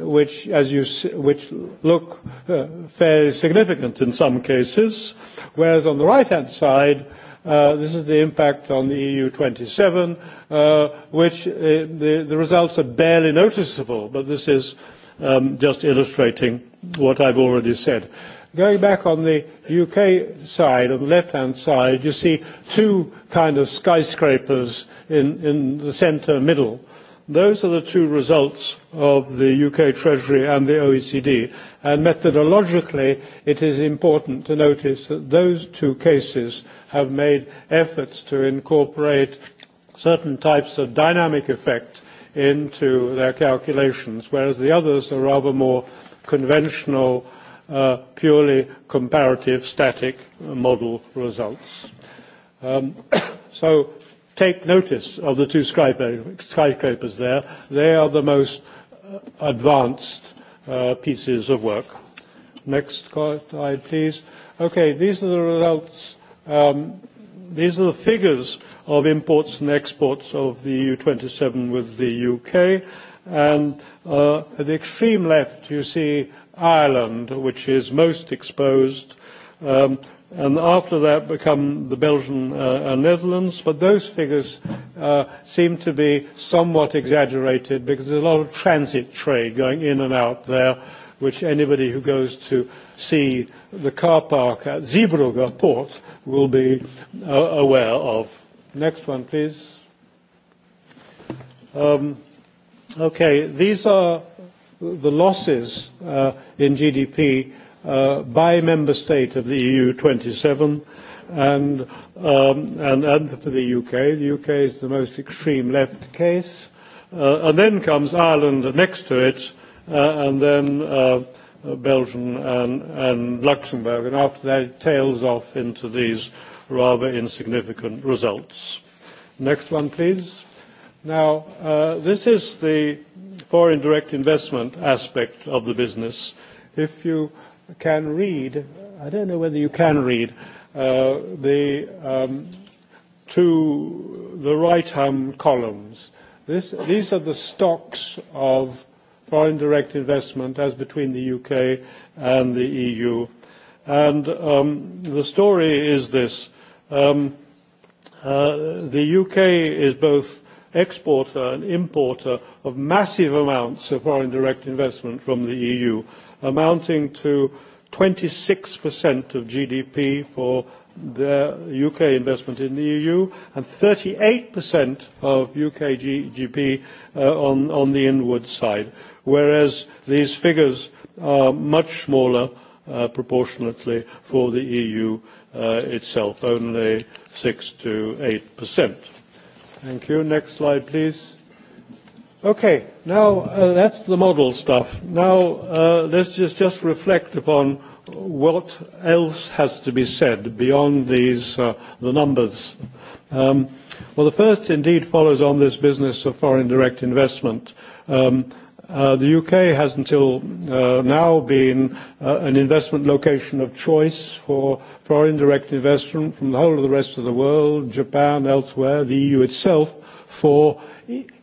which, as you, which look fairly significant in some cases, whereas on the right-hand side, this is the impact on the EU27, which the results are barely noticeable, but this is just illustrating what I've already said. Going back on the UK side, on the left-hand side, you see two kind of skyscrapers in the centre middle. Those are the two results of the UK Treasury and the OECD, and methodologically it is important to notice that those two cases have made efforts to incorporate certain types of dynamic effect into their calculations, whereas the others are rather more conventional, purely comparative, static model results. So take notice of the two skyscrapers there. They are the most advanced pieces of work. Next slide, please. Okay, these are the results These are the figures of imports and exports of the EU27 with the UK. And at the extreme left, you see Ireland, which is most exposed. And after that become the Belgian and Netherlands. But those figures seem to be somewhat exaggerated because there's a lot of transit trade going in and out there, which anybody who goes to see the car park at Zeebrugge port will be aware of. Next one, please. Okay, these are the losses in GDP by member state of the EU 27 and and for the UK. The UK is the most extreme left case. And then comes Ireland next to it, and then Belgium and Luxembourg, and after that it tails off into these rather insignificant results. Next one, please. Now, this is the foreign direct investment aspect of the business. If you can read, I don't know whether you can read, the to the right-hand columns. These are the stocks of foreign direct investment as between the UK and the EU. And the story is this. The UK is both exporter and importer of massive amounts of foreign direct investment from the EU, amounting to 26% of GDP for the UK investment in the EU and 38% of UK GDP on the inward side whereas these figures are much smaller proportionately for the EU itself, only 6 to 8 percent. Thank you. Next slide, please. Okay, now that's the model stuff. Now let's just just reflect upon what else has to be said beyond these the numbers. Well, the first indeed follows on this business of foreign direct investment. Um The UK has until now been an investment location of choice for foreign direct investment from the whole of the rest of the world, Japan, elsewhere, the EU itself, for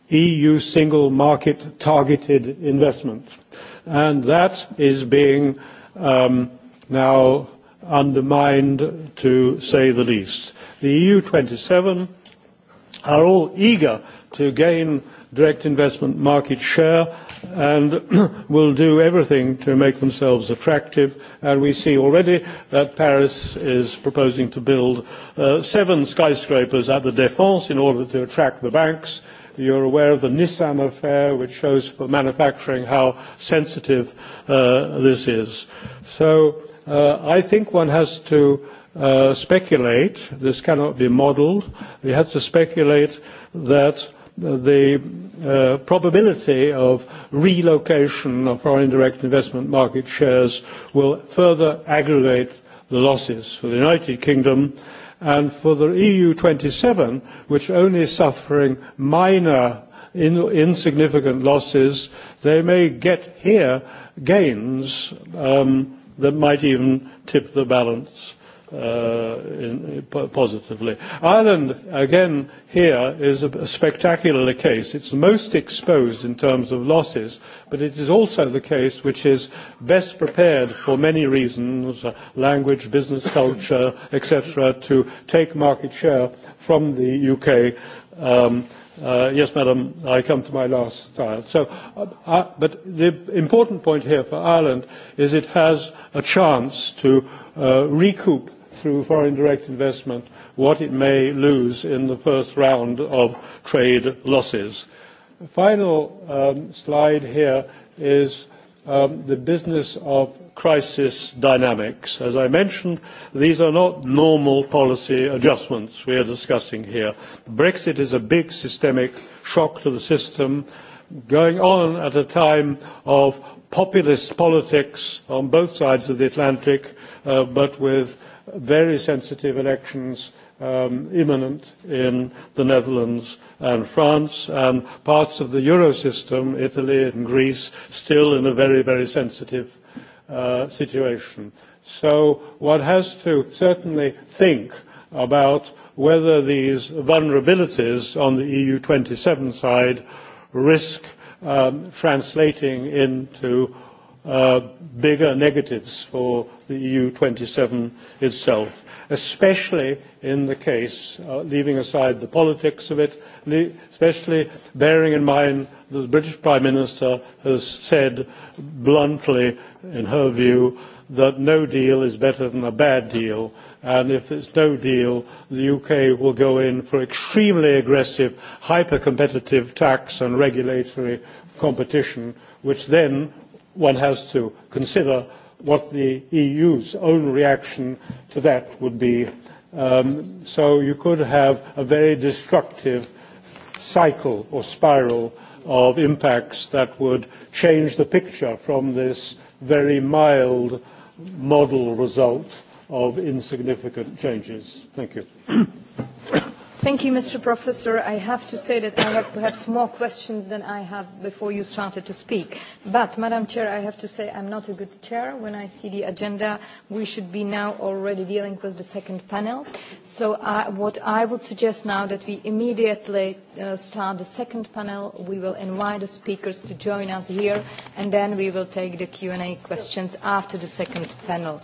EU single market targeted investment. And that is being now undermined, to say the least. The EU 27 are all eager to gain direct investment market share and will do everything to make themselves attractive. And we see already that Paris is proposing to build seven skyscrapers at the Défense in order to attract the banks. You're aware of the Nissan affair, which shows for manufacturing how sensitive this is. So I think one has to speculate. This cannot be modeled, We have to speculate that the probability of relocation of foreign direct investment market shares will further aggravate the losses for the United Kingdom and for the EU27, which only suffering minor insignificant losses, they may get here gains that might even tip the balance positively. Ireland, again, here is a spectacular case. It's most exposed in terms of losses, but it is also the case which is best prepared for many reasons, language, business culture, etc., to take market share from the UK. Yes, madam, I come to my last slide. So, but the important point here for Ireland is it has a chance to recoup through foreign direct investment what it may lose in the first round of trade losses. The final slide here is the business of crisis dynamics. As I mentioned, these are not normal policy adjustments we are discussing here. Brexit is a big systemic shock to the system going on at a time of populist politics on both sides of the Atlantic, but with very sensitive elections imminent in the Netherlands and France and parts of the euro system, Italy and Greece, still in a very, very sensitive situation. So one has to certainly think about whether these vulnerabilities on the EU27 side risk translating into bigger negatives for the EU27 itself, especially in the case, leaving aside the politics of it, especially bearing in mind that the British Prime Minister has said bluntly, in her view, that no deal is better than a bad deal, and if there's no deal, the UK will go in for extremely aggressive, hyper-competitive tax and regulatory competition, which then one has to consider what the EU's own reaction to that would be. So you could have a very destructive cycle or spiral of impacts that would change the picture from this very mild model result of insignificant changes. Thank you. Thank you, Mr. Professor. I have to say that I have perhaps more questions than I have before you started to speak. But, Madam Chair, I have to say I'm not a good chair. When I see the agenda, we should be now already dealing with the second panel. So what I would suggest now that we immediately start the second panel. We will invite the speakers to join us here, and then we will take the Q&A questions after the second panel.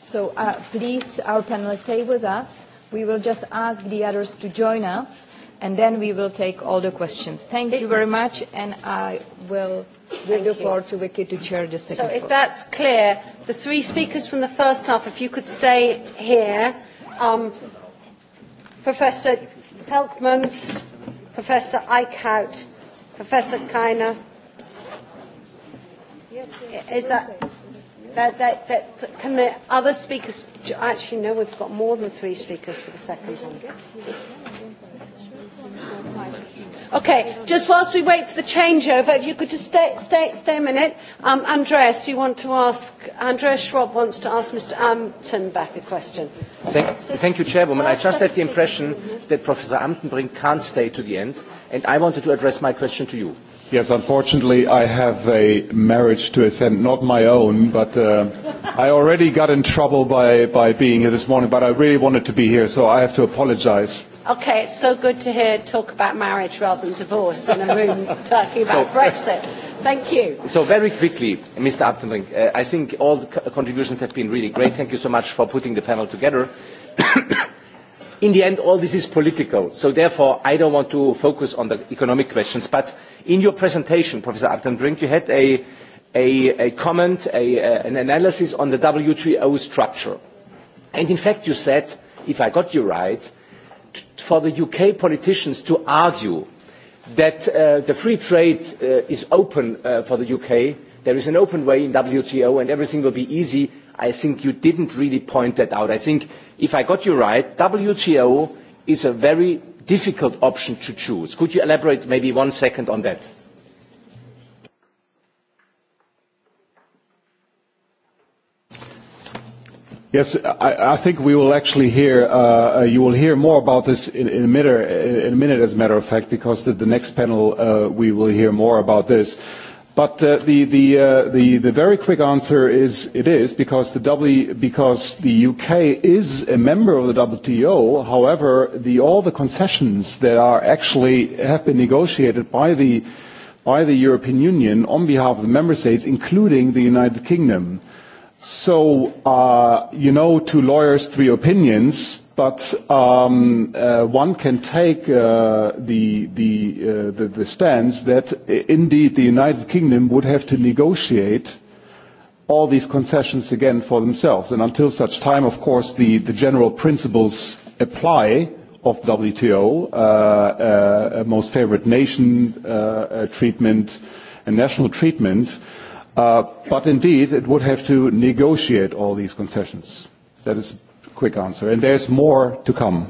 So please, our panel, stay with us. We will just ask the others to join us, and then we will take all the questions. Thank you very much, and I will look forward to Vicky to chair the second. So if that's clear, the three speakers from the first half, if you could stay here, Professor Pelkmans, Professor Eichhout, Professor Yes, Is that... That, that, can the other speakers actually know we've got more than three speakers for the second one. Okay, just whilst we wait for the changeover, if you could just stay, stay, stay a minute. Um, Andreas, you want to ask, Andreas Schwab wants to ask Mr. Amten back a question. Thank, you, Chairwoman. I just had the impression that Professor Amten can't stay to the end, and I wanted to address my question to you Yes, unfortunately, I have a marriage to attend, not my own, but I already got in trouble by, by being here this morning, but I really wanted to be here, so I have to apologize. Okay, it's so good to hear talk about marriage rather than divorce in a room talking about Brexit. Thank you. So very quickly, Mr. uh, I think all the contributions have been really great. Thank you so much for putting the panel together in the end all this is political so therefore i don't want to focus on the economic questions but in your presentation professor abdon you had a a comment an analysis on the wto structure and in fact you said if i got you right for the uk politicians to argue that the free trade is open for the uk there is an open way in wto and everything will be easy i think you didn't really point that out i think if I got you right, WTO is a very difficult option to choose. Could you elaborate maybe one second on that? Yes, I think we will actually hear, you will hear more about this in a minute, as a matter of fact, because the next panel we will hear more about this. But the very quick answer is it is because the UK is a member of the WTO. However, all the concessions that are actually have been negotiated by the European Union on behalf of the member states, including the United Kingdom. So, you know, two lawyers, three opinions. But one can take the the stance that indeed the United Kingdom would have to negotiate all these concessions again for themselves. And until such time, of course, the general principles apply of WTO, most favored nation treatment and national treatment. But indeed, it would have to negotiate all these concessions. That is quick answer. And there's more to come.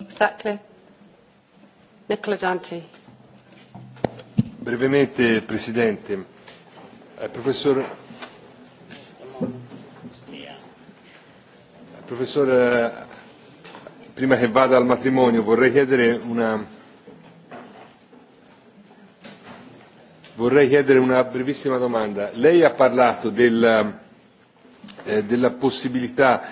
Exactly. Nicola Dante. Brevemente, Presidente. Professor Professor, prima che vada al matrimonio vorrei chiedere una vorrei chiedere una brevissima domanda. Lei ha parlato del della possibilità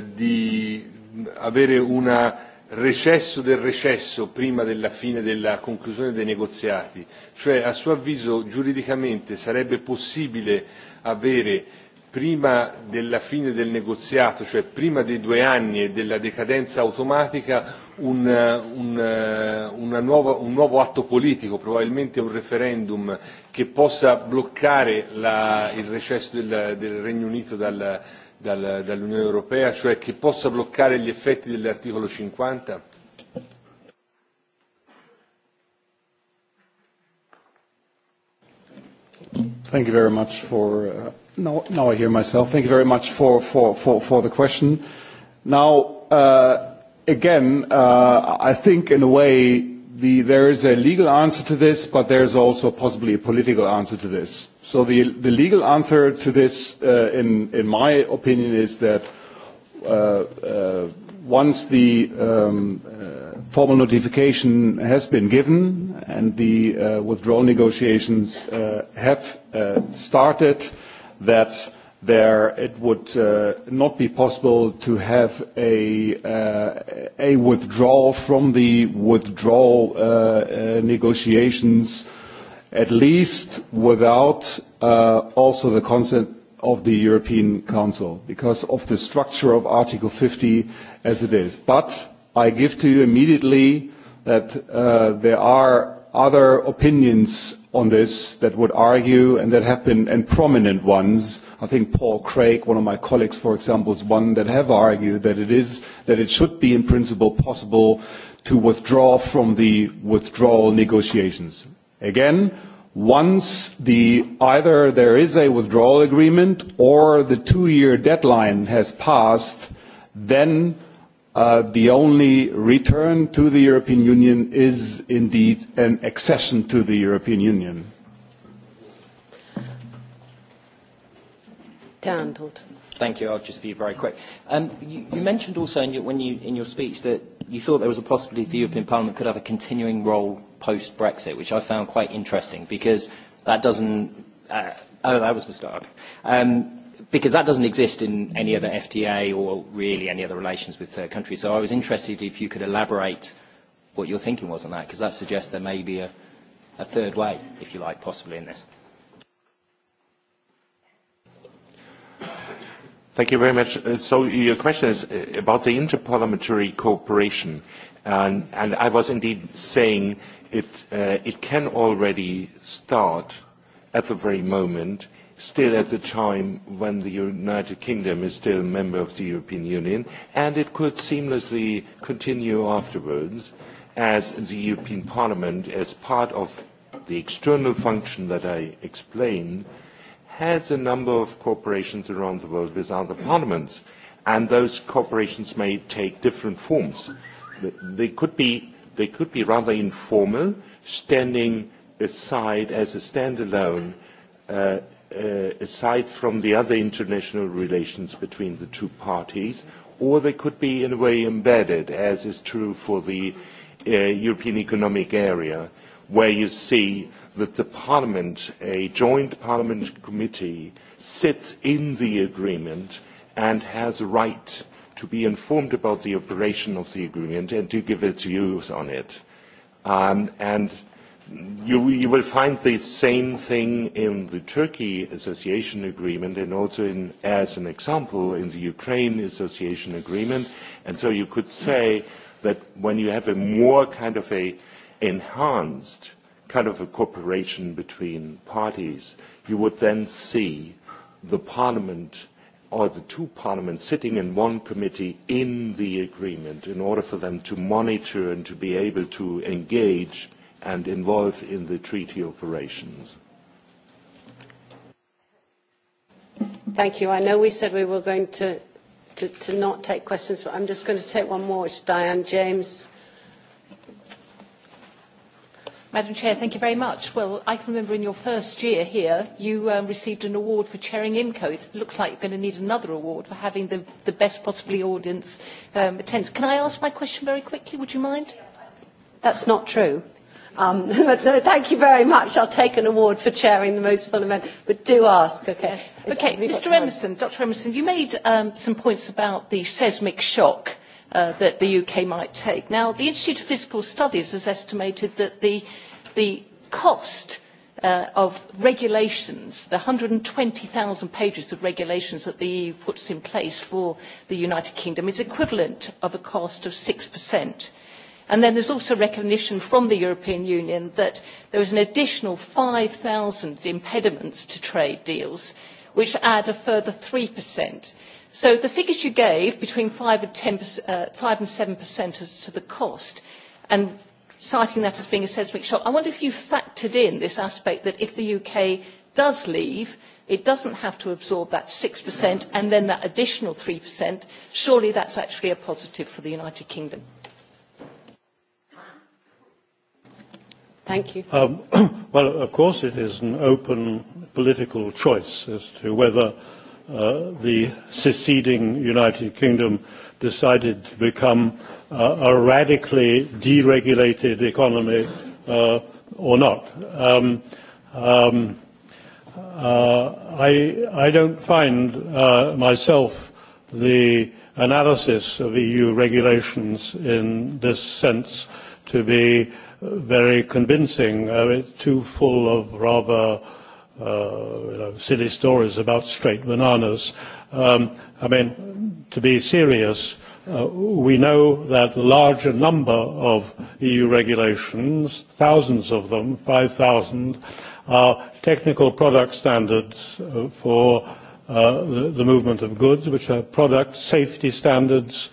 di avere un recesso del recesso prima della fine della conclusione dei negoziati, cioè a suo avviso giuridicamente sarebbe possibile avere prima della fine del negoziato, cioè prima dei due anni e della decadenza automatica, un nuovo atto politico, probabilmente un referendum che possa bloccare il recesso del Regno Unito dall'Unione Europea, cioè che possa bloccare gli effetti dell'articolo 50? Thank again, I think in a way there is a legal answer to this, but there is also possibly a political answer to this. So the legal answer to this, in my opinion, is that once the formal notification has been given and the withdrawal negotiations have started, that there it would not be possible to have a a withdrawal from the withdrawal negotiations at least without also the consent of the European Council because of the structure of Article 50 as it is. But I give to you immediately that there are other opinions on this that would argue and that have been and prominent ones i think paul craig one of my colleagues for example is one that have argued that it is that it should be in principle possible to withdraw from the withdrawal negotiations again once the either there is a withdrawal agreement or the two year deadline has passed then the only return to the European Union is indeed an accession to the European Union. Thank you. I'll just be very quick. You mentioned also in your speech that you thought there was a possibility the European Parliament could have a continuing role post-Brexit, which I found quite interesting because that doesn't. Oh, that was a mistake because that doesn't exist in any other FTA or really any other relations with third countries. So I was interested if you could elaborate what your thinking was on that, because that suggests there may be a, third way, if you like, possibly in this. Thank you very much. So your question is about the interparliamentary cooperation. And, and I was indeed saying it, it can already start at the very moment still at the time when the United Kingdom is still a member of the European Union, and it could seamlessly continue afterwards as the European Parliament, as part of the external function that I explained, has a number of corporations around the world with other parliaments, and those corporations may take different forms. They could be they could be rather informal, standing aside as a standalone aside from the other international relations between the two parties, or they could be in a way embedded, as is true for the European Economic Area, where you see that the Parliament, a joint Parliament committee, sits in the agreement and has a right to be informed about the operation of the agreement and to give its views on it. And You will find the same thing in the Turkey Association Agreement and also in as an example in the Ukraine Association Agreement. And so you could say that when you have a more kind of a enhanced kind of a cooperation between parties, you would then see the Parliament or the two parliaments sitting in one committee in the agreement in order for them to monitor and to be able to engage and involved in the treaty operations. Thank you. I know we said we were going to to not take questions, but I'm just going to take one more. is Diane James. Madam Chair, thank you very much. Well, I can remember in your first year here, you received an award for chairing IMCO. It looks like you're going to need another award for having the, best possibly audience um, Can I ask my question very quickly? Would you mind? That's not true. Um, no, thank you very much. I'll take an award for chairing the most full event, but do ask, okay? Mr. Emerson, Dr. Emerson, you made some points about the seismic shock that the UK might take. Now, the Institute of Physical Studies has estimated that the, the cost of regulations, the 120,000 pages of regulations that the EU puts in place for the United Kingdom is equivalent of a cost of 6% And then is also recognition from the European Union that there is an additional 5,000 impediments to trade deals, which add a further 3%. So the figures you gave, between five and seven as to the cost, and citing that as being a seismic shock, I wonder if you factored in this aspect that if the UK does leave, it doesn't have to absorb that 6% and then that additional three, Surely that's actually a positive for the United Kingdom. Thank you. Well, of course, it is an open political choice as to whether the seceding United Kingdom decided to become a radically deregulated economy or not. I don't find myself the analysis of EU regulations in this sense to be very convincing. It's too full of rather silly stories about straight bananas. I mean, to be serious, we know that the larger number of EU regulations, thousands of them, 5,000, are technical product standards for the movement of goods, which are product safety standards,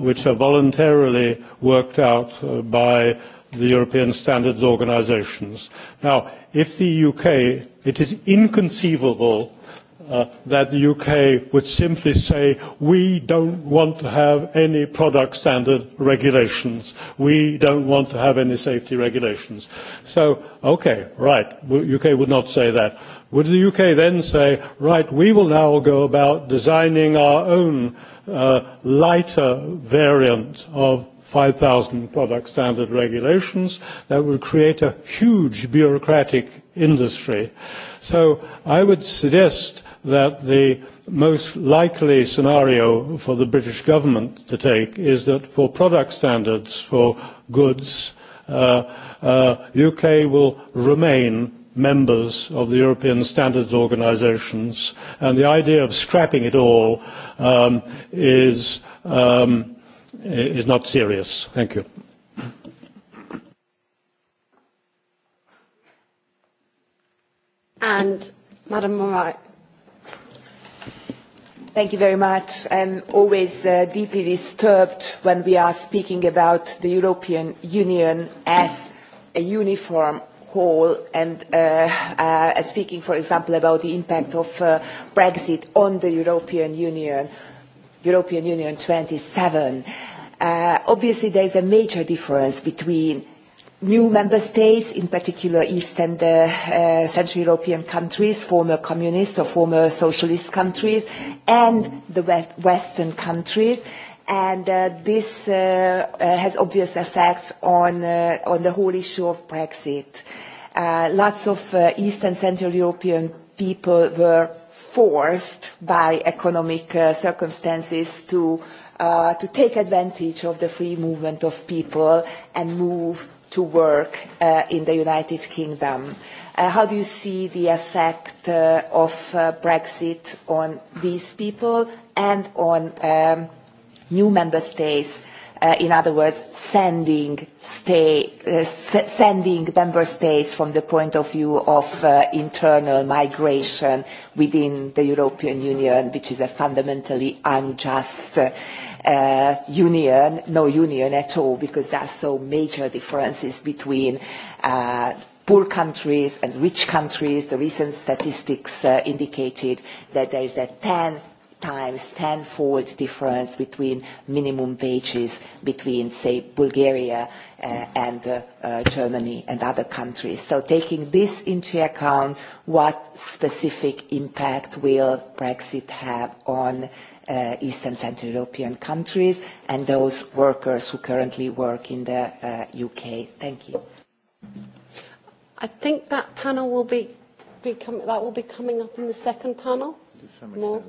which are voluntarily worked out by the European standards organisations. Now, if the UK, it is inconceivable that the UK would simply say, we don't want to have any product standard regulations. We don't want to have any safety regulations. So, okay, right, the UK would not say that. Would the UK then say, right, we will now go about designing our own lighter variant of 5,000 product standard regulations that would create a huge bureaucratic industry. So I would suggest that the most likely scenario for the British government to take is that for product standards for goods, UK will remain members of the European standards organisations, and the idea of scrapping it all is not serious. Thank you. And Madam Thank you very much. I'm always deeply disturbed when we are speaking about the European Union as a uniform whole and speaking, for example, about the impact of Brexit on the European Union, European Union 27. Obviously, there is a major difference between new member states, in particular East and Central European countries, former communist or former socialist countries, and the Western countries and this has obvious effects on on the whole issue of brexit lots of east and central european people were forced by economic circumstances to to take advantage of the free movement of people and move to work in the united kingdom how do you see the effect of brexit on these people and on new member states in other words sending member states from the point of view of internal migration within the european union which is a fundamentally unjust union no union at all because there are so major differences between poor countries and rich countries the recent statistics indicated that there is a 10 times tenfold difference between minimum wages between, say, Bulgaria and Germany and other countries. So taking this into account, what specific impact will Brexit have on Eastern Central European countries and those workers who currently work in the UK? Thank you. I think that panel will be that will be coming up in the second panel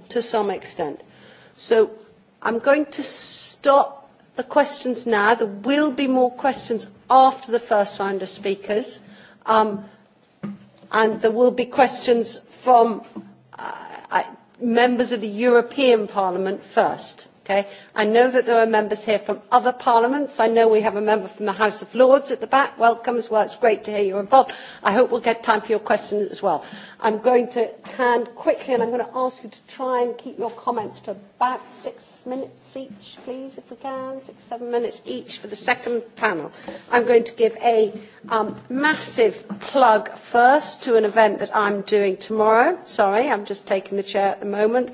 to some extent. So I'm going to stop the questions now. There will be more questions after the first round of speakers. And there will be questions from members of the European Parliament first. I know that there are members here from other parliaments. I know we have a member from the House of Lords at the back. Welcome as well. It's great to hear you are involved. I hope we'll get time for your questions as well. I'm going to hand quickly and I'm going to ask you to try and keep your comments to about six minutes each, please, if we can, six, seven minutes each for the second panel. I I'm going to give a massive plug first to an event that I I'm doing tomorrow. Sorry, I'm just taking the chair at the moment.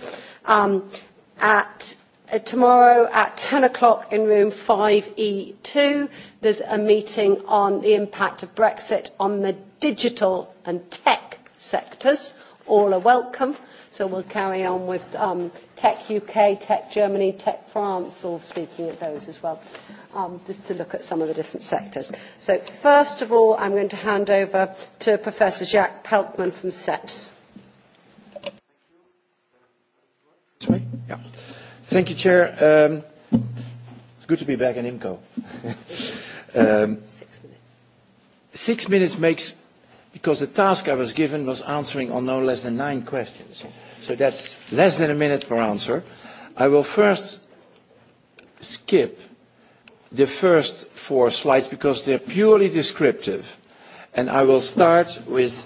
At Tomorrow at 10 o'clock in room 5E2, there's a meeting on the impact of Brexit on the digital and tech sectors. All are welcome. So we'll carry on with Tech UK, Tech Germany, Tech France, all speaking of those as well, just to look at some of the different sectors. So first of all, I'm going to hand over to Professor Jacques Pelkman from CEPS. Thank you, Chair. It's good to be back in IMCO. Six minutes. Six minutes makes, because the task I was given was answering on no less than nine questions. So that's less than a minute per answer. I will first skip the first four slides because they're purely descriptive. And I will start with,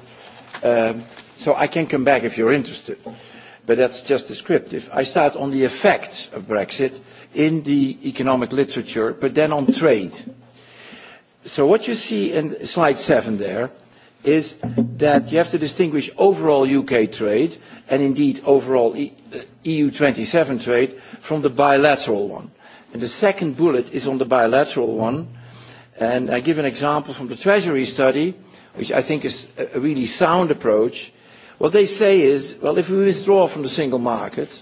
so I can come back if you're interested but that's just descriptive. I start on the effects of Brexit in the economic literature, but then on trade. So what you see in slide seven there is that you have to distinguish overall UK trade and indeed overall EU27 trade from the bilateral one. And the second bullet is on the bilateral one. And I give an example from the Treasury study, which I think is a really sound approach What they say is, well, if we withdraw from the single market,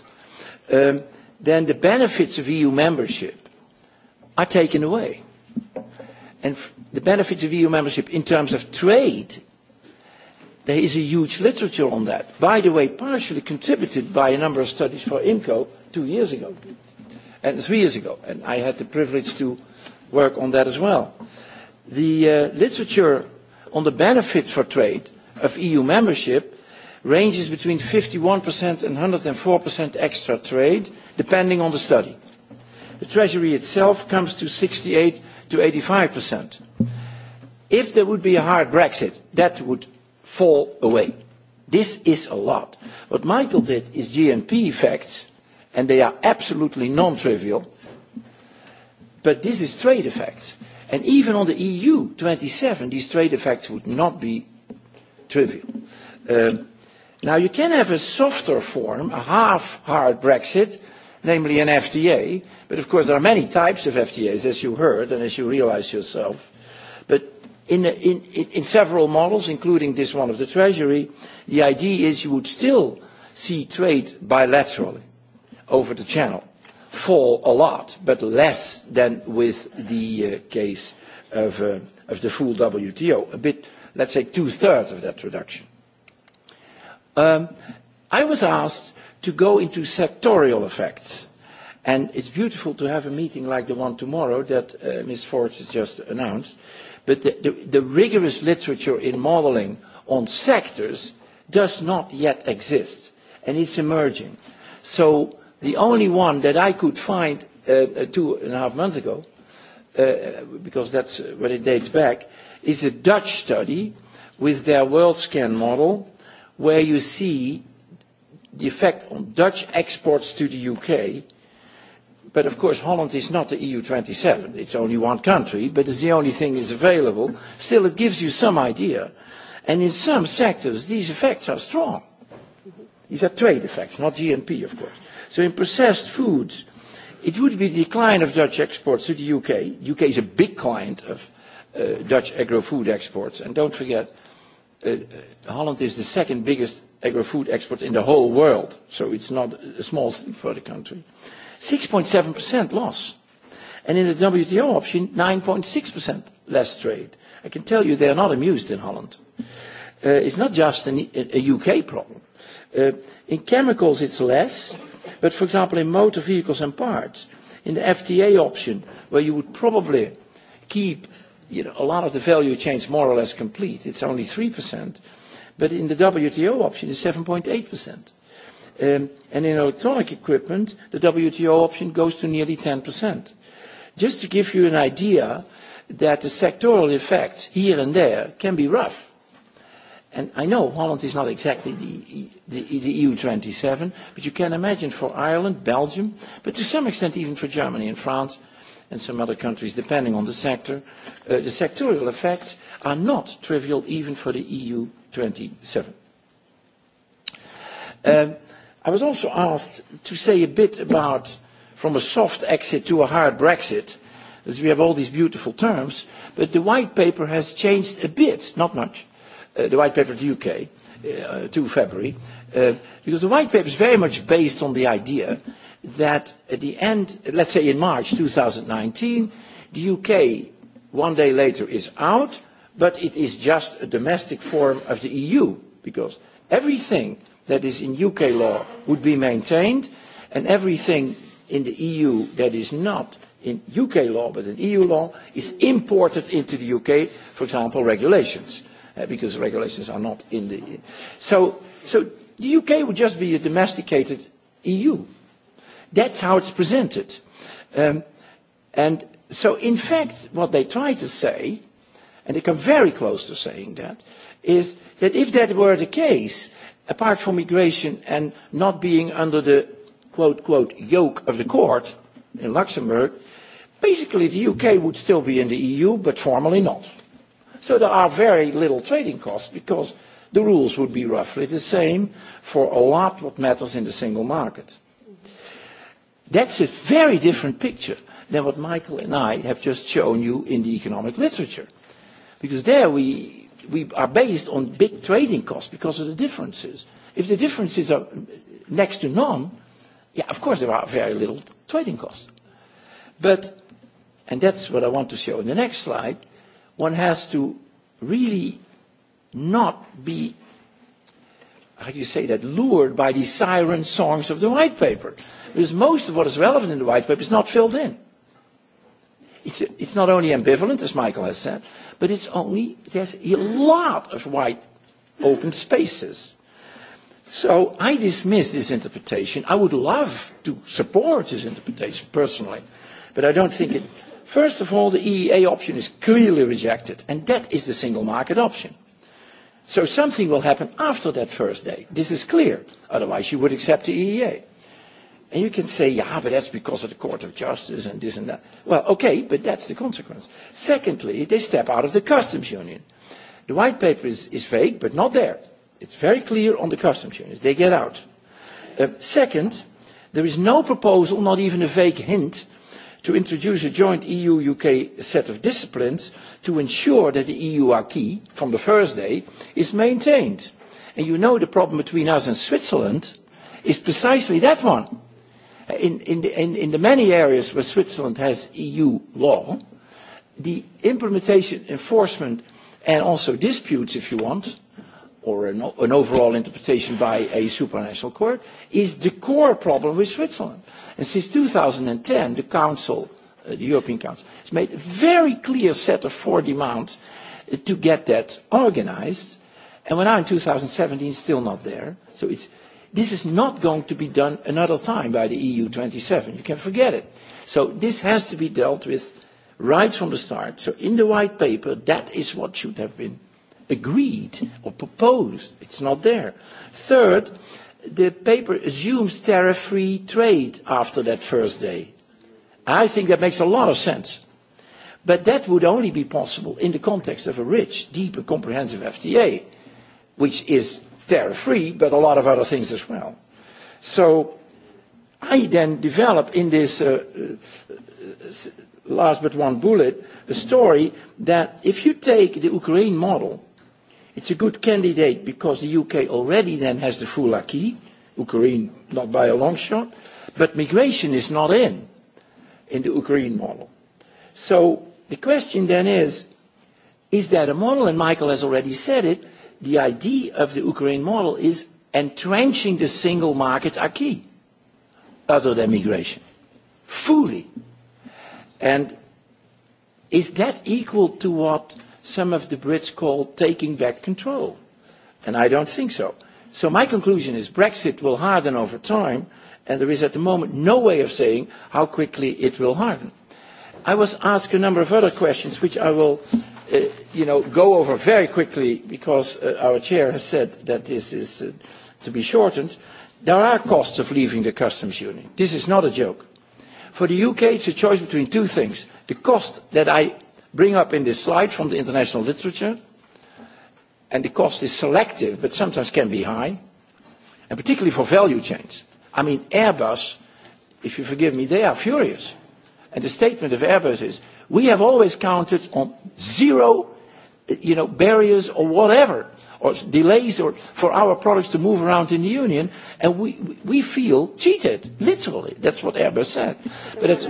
then the benefits of EU membership are taken away. And the benefits of EU membership in terms of trade, there is a huge literature on that. By the way, partially contributed by a number of studies for IMCO two years ago, and three years ago, and I had the privilege to work on that as well. The literature on the benefits for trade of EU membership ranges between 51% and 104% extra trade, depending on the study. The Treasury itself comes to 68 to 85%. If there would be a hard Brexit, that would fall away. This is a lot. What Michael did is GNP effects, and they are absolutely non-trivial, but this is trade effects. And even on the EU 27, these trade effects would not be trivial. Now, you can have a softer form, a half-hard Brexit, namely an FTA, but of course there are many types of FTAs, as you heard and as you realize yourself. But in several models, including this one of the Treasury, the idea is you would still see trade bilaterally over the channel fall a lot, but less than with the case of the full WTO, a bit, let's say, two-thirds of that reduction. I was asked to go into sectorial effects. And it's beautiful to have a meeting like the one tomorrow that Ms. Forge has just announced. But the rigorous literature in modeling on sectors does not yet exist. And it's emerging. So the only one that I could find two and a half months ago, because that's when it dates back, is a Dutch study with their WorldScan model where you see the effect on Dutch exports to the UK. But of course, Holland is not the EU27. It's only one country, but it's the only thing that's available. Still, it gives you some idea. And in some sectors, these effects are strong. These are trade effects, not GNP, of course. So in processed foods, it would be the decline of Dutch exports to the UK. The UK is a big client of Dutch agro-food exports. And don't forget, Holland is the second biggest agri-food export in the whole world, so it's not a small thing for the country. 6.7% loss. And in the WTO option, 9.6% less trade. I can tell you they are not amused in Holland. It's not just a UK problem. In chemicals, it's less, but for example, in motor vehicles and parts, in the FTA option, where you would probably keep you know, a lot of the value chain is more or less complete. It's only 3%, but in the WTO option, it's 7.8%. And in electronic equipment, the WTO option goes to nearly 10%. Just to give you an idea that the sectoral effects here and there can be rough. And I know Holland is not exactly the EU27, but you can imagine for Ireland, Belgium, but to some extent even for Germany and France, and some other countries, depending on the sector, the sectorial effects are not trivial even for the EU 27. I was also asked to say a bit about from a soft exit to a hard Brexit, as we have all these beautiful terms, but the white paper has changed a bit, not much, the white paper of the UK, to February, because the white paper is very much based on the idea that at the end, let's say in March 2019, the UK one day later is out, but it is just a domestic form of the EU because everything that is in UK law would be maintained and everything in the EU that is not in UK law but in EU law is imported into the UK, for example, regulations, because regulations are not in the... So the UK would just be a domesticated EU That's how it's presented. And so, in fact, what they try to say, and they come very close to saying that, is that if that were the case, apart from migration and not being under the quote, quote, yoke of the court in Luxembourg, basically the UK would still be in the EU, but formally not. So there are very little trading costs because the rules would be roughly the same for a lot what matters in the single market. That's a very different picture than what Michael and I have just shown you in the economic literature. Because there we, we are based on big trading costs because of the differences. If the differences are next to none, yeah, of course there are very little trading costs. But, and that's what I want to show in the next slide, one has to really not be how do you say that, lured by the siren songs of the white paper. Because most of what is relevant in the white paper is not filled in. It's, it's not only ambivalent, as Michael has said, but it's only, there's a lot of white open spaces. So I dismiss this interpretation. I would love to support this interpretation personally, but I don't think it. First of all, the EEA option is clearly rejected, and that is the single market option. So something will happen after that first day. This is clear. Otherwise, you would accept the EEA. And you can say, yeah, but that's because of the Court of Justice and this and that. Well, okay, but that's the consequence. Secondly, they step out of the customs union. The white paper is, is vague, but not there. It's very clear on the customs union. They get out. second, there is no proposal, not even a vague hint, to introduce a joint EU-UK set of disciplines to ensure that the EU acquis from the first day is maintained. And you know the problem between us and Switzerland is precisely that one. In the many areas where Switzerland has EU law, the implementation, enforcement and also disputes, if you want, or an overall interpretation by a supranational court, is the core problem with Switzerland. And since 2010, the Council, the European Council, has made a very clear set of four demands to get that organized. And we're now in 2017, still not there. So it's, this is not going to be done another time by the EU27. You can forget it. So this has to be dealt with right from the start. So in the white paper, that is what should have been agreed or proposed. It's not there. Third, the paper assumes tariff-free trade after that first day. I think that makes a lot of sense. But that would only be possible in the context of a rich, deep and comprehensive FTA, which is tariff-free, but a lot of other things as well. So I then develop in this last but one bullet a story that if you take the Ukraine model, It's a good candidate because the UK already then has the full acquis, Ukraine not by a long shot, but migration is not in, in the Ukraine model. So the question then is, is that a model? And Michael has already said it, the idea of the Ukraine model is entrenching the single market acquis, other than migration, fully. And is that equal to what some of the Brits call taking back control. And I don't think so. So my conclusion is Brexit will harden over time, and there is at the moment no way of saying how quickly it will harden. I was asked a number of other questions, which I will you know, go over very quickly because our chair has said that this is to be shortened. There are costs of leaving the customs union. This is not a joke. For the UK, it's a choice between two things. The cost that I bring up in this slide from the international literature, and the cost is selective, but sometimes can be high, and particularly for value chains. I mean, Airbus, if you forgive me, they are furious. And the statement of Airbus is, we have always counted on zero, you know, barriers or whatever, or delays or for our products to move around in the union, and we, we feel cheated, literally. That's what Airbus said. But it's,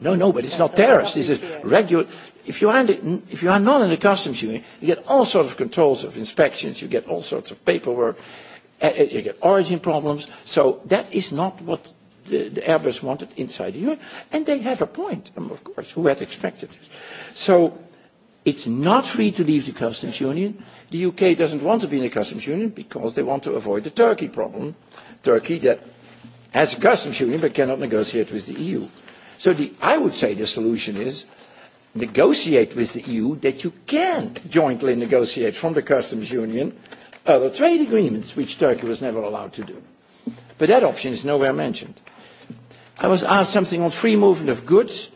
No, no, but it's not tariffs. This is regular. If you, are if you are not in the customs union, you get all sorts of controls of inspections, you get all sorts of paperwork, you get origin problems. So that is not what the, the Airbus wanted inside the union. And they have a point, of course, who had expected this. So it's not free to leave the customs union. The UK doesn't want to be in the customs union because they want to avoid the Turkey problem. Turkey that has a customs union but cannot negotiate with the EU. So I would say the solution is negotiate with the EU that you can jointly negotiate from the customs union other trade agreements, which Turkey was never allowed to do. But that option is nowhere mentioned. I was asked something on free movement of goods.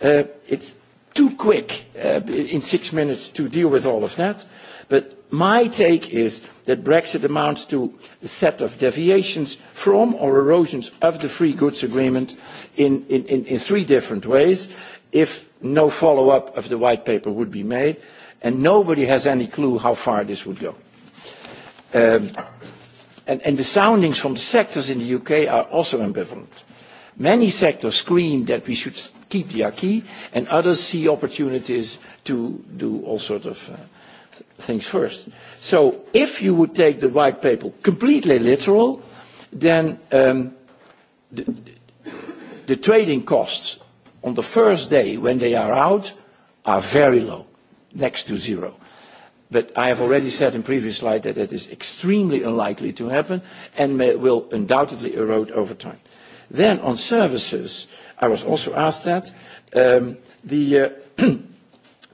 It's too quick in six minutes to deal with all of that. But My take is that Brexit amounts to a set of deviations from or erosions of the free goods agreement in three different ways if no follow-up of the white paper would be made, and nobody has any clue how far this would go. And the soundings from the sectors in the UK are also ambivalent. Many sectors scream that we should keep the acquis, and others see opportunities to do all sorts of things first. So if you would take the white paper completely literal, then the trading costs on the first day when they are out are very low, next to zero. But I have already said in previous slide that it is extremely unlikely to happen and will undoubtedly erode over time. Then on services, I was also asked that. The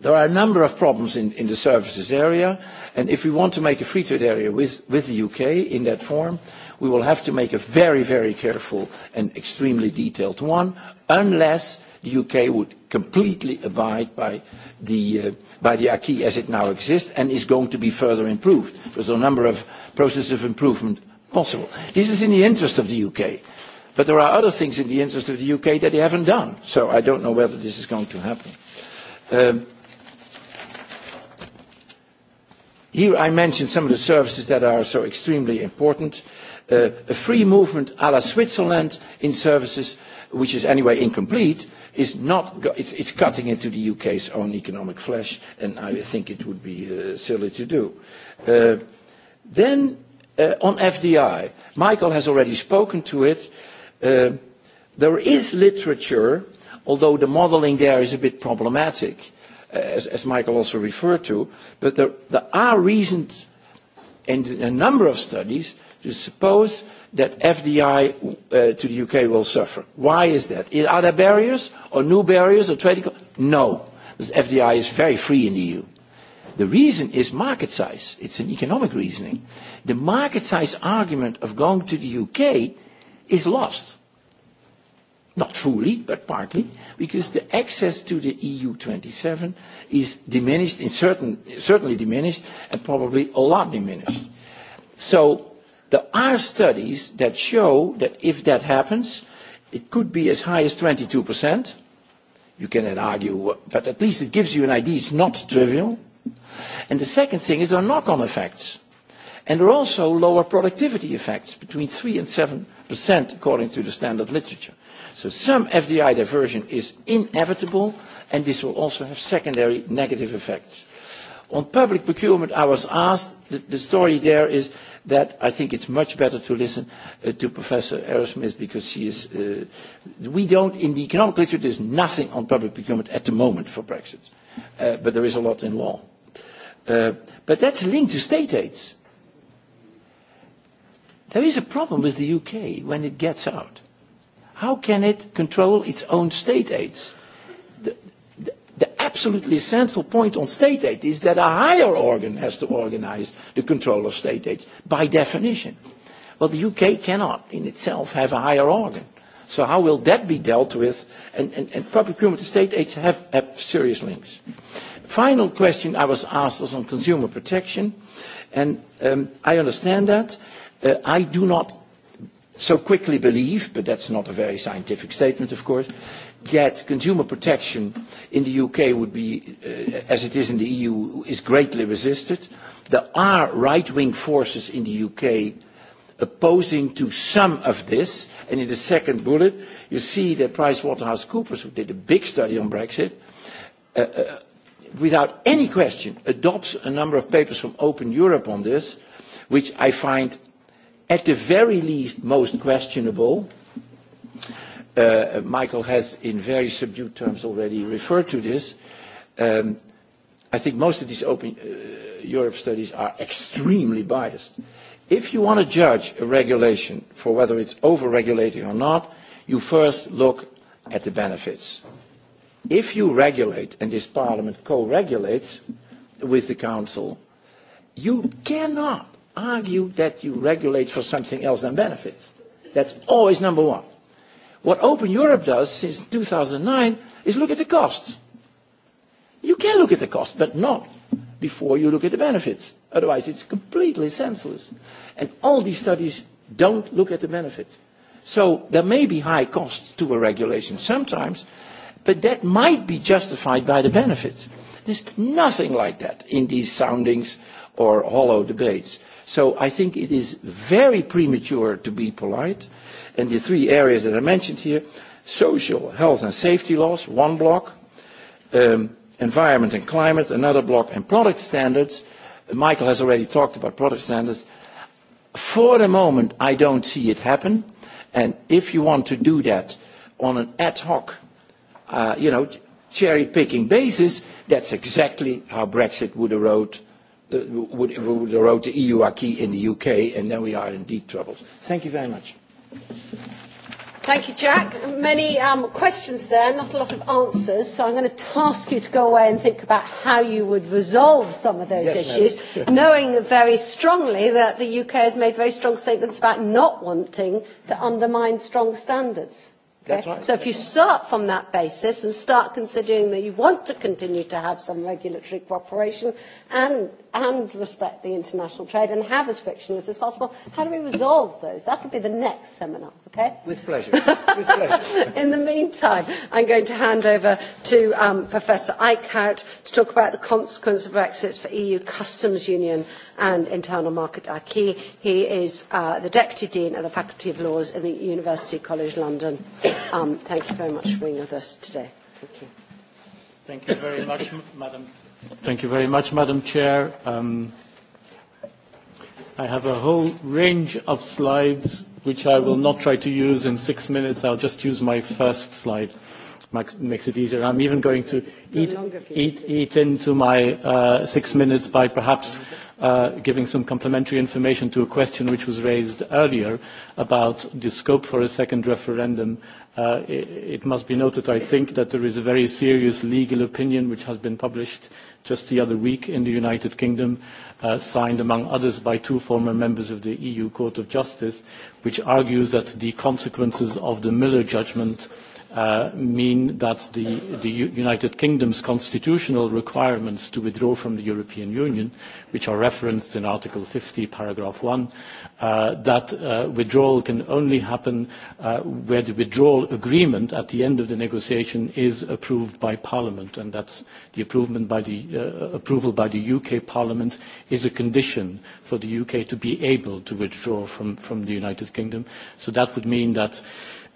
There are a number of problems in the services area, and if we want to make a free trade area with the UK in that form, we will have to make a very, very careful and extremely detailed one, unless the UK would completely abide by the acquis as it now exists and is going to be further improved. There's a number of processes of improvement possible. This is in the interest of the UK, but there are other things in the interest of the UK that they haven't done, so I don't know whether this is going to happen. Here I mentioned some of the services that are so extremely important. A free movement à la Switzerland in services, which is anyway incomplete, is not, it's cutting into the UK's own economic flesh, and I think it would be silly to do. Then on FDI, Michael has already spoken to it. There is literature, although the modeling there is a bit problematic as Michael also referred to, but there are reasons in a number of studies to suppose that FDI to the UK will suffer. Why is that? Are there barriers or new barriers or trading? No, because FDI is very free in the EU. The reason is market size. It's an economic reasoning. The market size argument of going to the UK is lost not fully, but partly, because the access to the EU27 is diminished, certainly diminished, and probably a lot diminished. So there are studies that show that if that happens, it could be as high as 22%. You can then argue, but at least it gives you an idea it's not trivial. And the second thing is there are knock-on effects. And there are also lower productivity effects, between 3% and 7%, according to the standard literature. So some FDI diversion is inevitable, and this will also have secondary negative effects. On public procurement, I was asked, the story there is that I think it's much better to listen to Professor Aerosmith because she is, we don't, in the economic literature, there's nothing on public procurement at the moment for Brexit, but there is a lot in law. But that's linked to state aids. There is a problem with the UK when it gets out. How can it control its own state aids? The absolutely central point on state aid is that a higher organ has to organise the control of state aids, by definition. Well, the UK cannot in itself have a higher organ. So how will that be dealt with? And public procurement state aids have serious links. Final question I was asked was on consumer protection, and I understand that. I do not so quickly believe, but that's not a very scientific statement, of course, that consumer protection in the UK would be, as it is in the EU, is greatly resisted. There are right-wing forces in the UK opposing to some of this, and in the second bullet, you see that PricewaterhouseCoopers, who did a big study on Brexit, without any question adopts a number of papers from Open Europe on this, which I find at the very least most questionable. Michael has in very subdued terms already referred to this. I think most of these open Europe studies are extremely biased. If you want to judge a regulation for whether it's over-regulating or not, you first look at the benefits. If you regulate, and this parliament co-regulates with the council, you cannot argue that you regulate for something else than benefits. That's always number one. What Open Europe does since 2009 is look at the costs. You can look at the costs, but not before you look at the benefits. Otherwise, it's completely senseless. And all these studies don't look at the benefits. So there may be high costs to a regulation sometimes, but that might be justified by the benefits. There's nothing like that in these soundings or hollow debates. So I think it is very premature to be polite. And the three areas that I mentioned here, social, health and safety laws, one block, environment and climate, another block, and product standards. Michael has already talked about product standards. For the moment, I don't see it happen. And if you want to do that on an ad hoc, you know, cherry-picking basis, that's exactly how Brexit would erode would erode the EU acquis in the UK, and then we are in deep trouble. Thank you very much. Thank you, Jack. Many um questions there, not a lot of answers, so I'm going to task you to go away and think about how you would resolve some of those issues, knowing very strongly that the UK has made very strong statements about not wanting to undermine strong standards. So if you start from that basis and start considering that you want to continue to have some regulatory cooperation and and respect the international trade and have as frictionless as possible. How do we resolve those? That will be the next seminar, okay? With pleasure. In the meantime, I'm going to hand over to Professor Eichhout to talk about the consequence of Brexit for EU customs union and internal market acquis. He is the Deputy Dean of the Faculty of Laws in the University College London. Um, thank you very much for being with us today. Thank you. Thank you very much, Madam Thank you very much, Madam Chair. I have a whole range of slides which I will not try to use in six minutes. I'll just use my first slide. Makes it easier. I'm even going to eat into my six minutes by perhaps giving some complementary information to a question which was raised earlier about the scope for a second referendum. It must be noted, I think, that there is a very serious legal opinion which has been published just the other week in the United Kingdom, signed among others by two former members of the EU Court of Justice, which argues that the consequences of the Miller judgment mean that the United Kingdom's constitutional requirements to withdraw from the European Union, which are referenced in Article 50, Paragraph 1, that withdrawal can only happen where the withdrawal agreement at the end of the negotiation is approved by Parliament, and that the approval by the UK Parliament is a condition for the UK to be able to withdraw from the United Kingdom. So that would mean that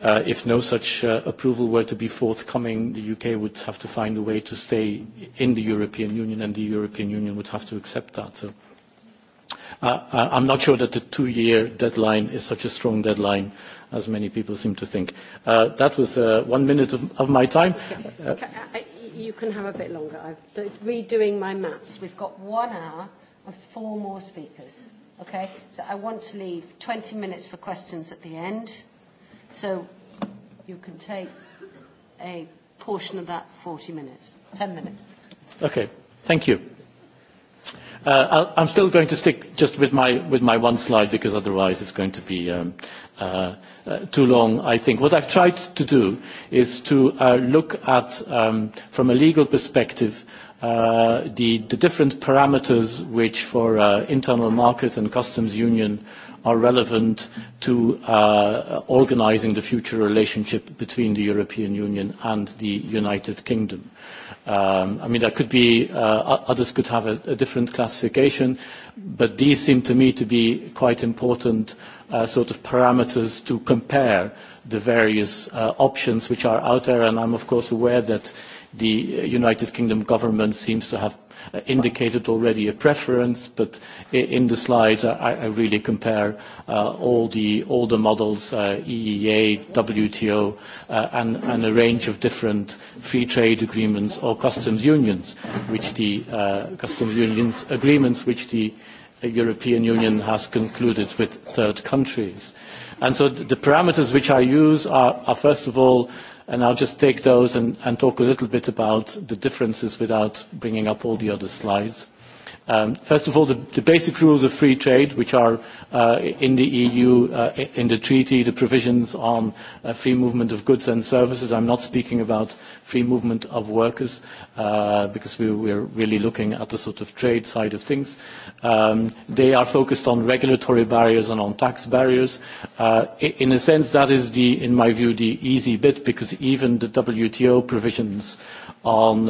If no such approval were to be forthcoming, the U.K. would have to find a way to stay in the European Union, and the European Union would have to accept that. I'm not sure that the two-year deadline is such a strong deadline as many people seem to think. That was one minute of my time. You can have a bit longer. I'm redoing my maths. We've got one hour and four more speakers. Okay? So I want to leave 20 minutes for questions at the end So you can take a portion of that 40 minutes, 10 minutes. Okay, thank you. Uh, I'm still going to stick just with my, with my one slide because otherwise it's going to be um, uh, too long, I think. What I've tried to do is to uh, look at, um, from a legal perspective, the different parameters which for internal market and customs union are relevant to organising the future relationship between the European Union and the United Kingdom. I mean, there could be others could have a different classification, but these seem to me to be quite important sort of parameters to compare the various options which are out there, and I'm of course aware that the United Kingdom government seems to have indicated already a preference, but in the slides I really compare all the older models, EEA, WTO, and a range of different free trade agreements or customs unions, which the customs unions agreements which the European Union has concluded with third countries. And so the parameters which I use are, first of all, And I'll just take those and talk a little bit about the differences without bringing up all the other slides. First of all, the basic rules of free trade, which are in the EU, in the treaty, the provisions on free movement of goods and services. I'm not speaking about free movement of workers, because we we're really looking at the sort of trade side of things. They are focused on regulatory barriers and on tax barriers. In a sense, that is, in my view, the easy bit, because even the WTO provisions on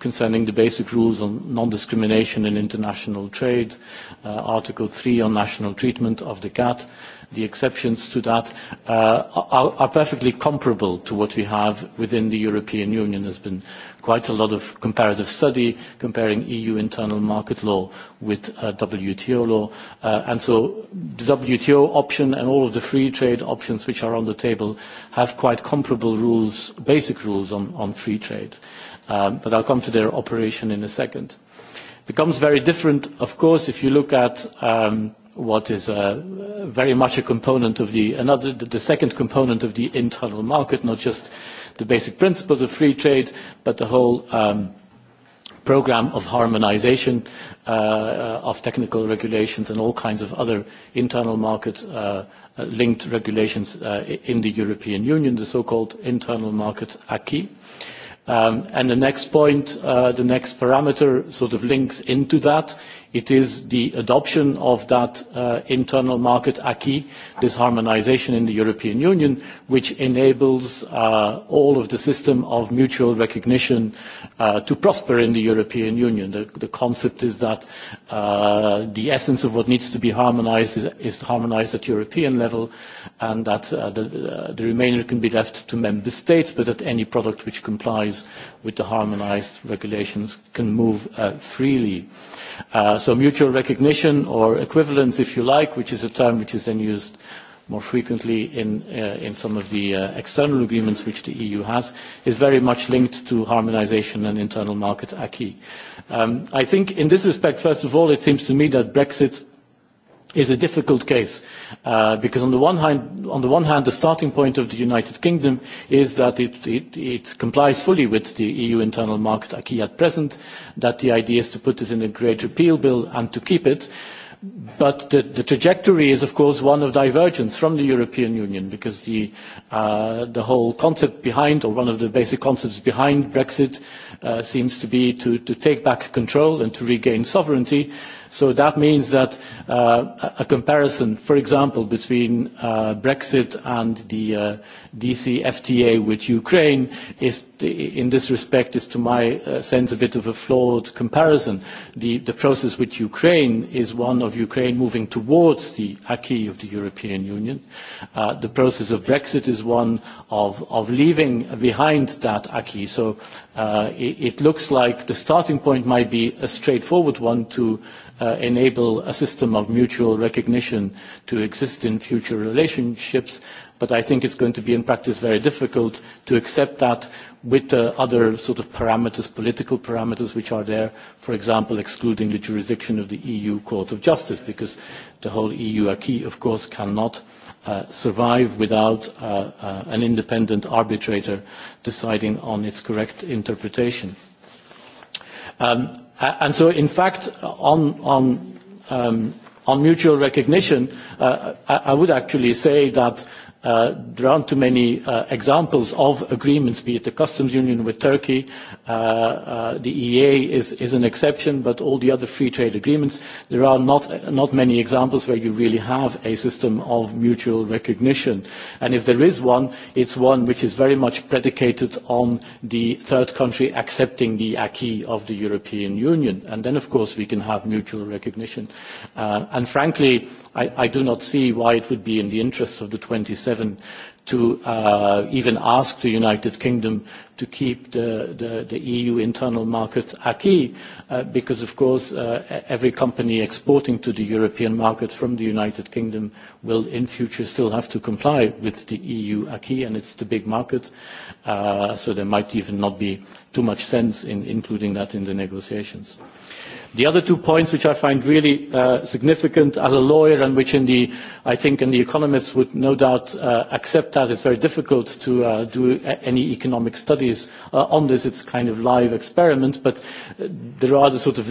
concerning the basic rules on non-discrimination in international trade, Article 3 on national treatment of the cat, the exceptions to that are perfectly comparable to what we have within the European Union. has been quite a lot of comparative study comparing EU internal market law with WTO law. And so the WTO option and all of the free trade options which are on the table have quite comparable rules, basic rules on free trade but I'll come to their operation in a second. It becomes very different, of course, if you look at what is very much a component of the the second component of the internal market, not just the basic principles of free trade, but the whole program of harmonization of technical regulations and all kinds of other internal market linked regulations in the European Union, the so-called internal market acquis. And the next point, the next parameter sort of links into that It is the adoption of that internal market acquis, this harmonisation in the European Union, which enables all of the system of mutual recognition to prosper in the European Union. The concept is that the essence of what needs to be harmonised is harmonised at European level, and that the remainder can be left to member states, but that any product which complies with the harmonised regulations can move freely. So mutual recognition or equivalence, if you like, which is a term which is then used more frequently in some of the external agreements which the EU has, is very much linked to harmonisation and internal market acquis. I think in this respect, first of all, it seems to me that Brexit is a difficult case because on the one hand on the one hand the starting point of the united kingdom is that it it complies fully with the eu internal market acquis at present that the idea is to put this in a great repeal bill and to keep it but the trajectory is of course one of divergence from the european union because the the whole concept behind or one of the basic concepts behind brexit seems to be to take back control and to regain sovereignty So that means that a comparison, for example, between Brexit and the DCFTA with Ukraine is, in this respect, is to my sense a bit of a flawed comparison. The process with Ukraine is one of Ukraine moving towards the acquis of the European Union. The process of Brexit is one of leaving behind that acquis. So it looks like the starting point might be a straightforward one to enable a system of mutual recognition to exist in future relationships, but I think it's going to be in practice very difficult to accept that with the other sort of parameters, political parameters which are there, for example, excluding the jurisdiction of the EU Court of Justice, because the whole EU acquis, of course, cannot survive without an independent arbitrator deciding on its correct interpretation. And so, in fact, on mutual recognition, I would actually say that There aren't too many examples of agreements, be it the customs union with Turkey, the EA is an exception, but all the other free trade agreements, there are not many examples where you really have a system of mutual recognition. And if there is one, it's one which is very much predicated on the third country accepting the acquis of the European Union. And then, of course, we can have mutual recognition. And frankly, I do not see why it would be in the interest of the 27 to even ask the United Kingdom to keep the EU internal market acquis, because, of course, every company exporting to the European market from the United Kingdom will in future still have to comply with the EU acquis, and it's the big market, so there might even not be too much sense in including that in the negotiations. The other two points which I find really significant as a lawyer and which in the, I think in the economists would no doubt accept that it is very difficult to do any economic studies on this. It's kind of live experiment, but there are the sort of,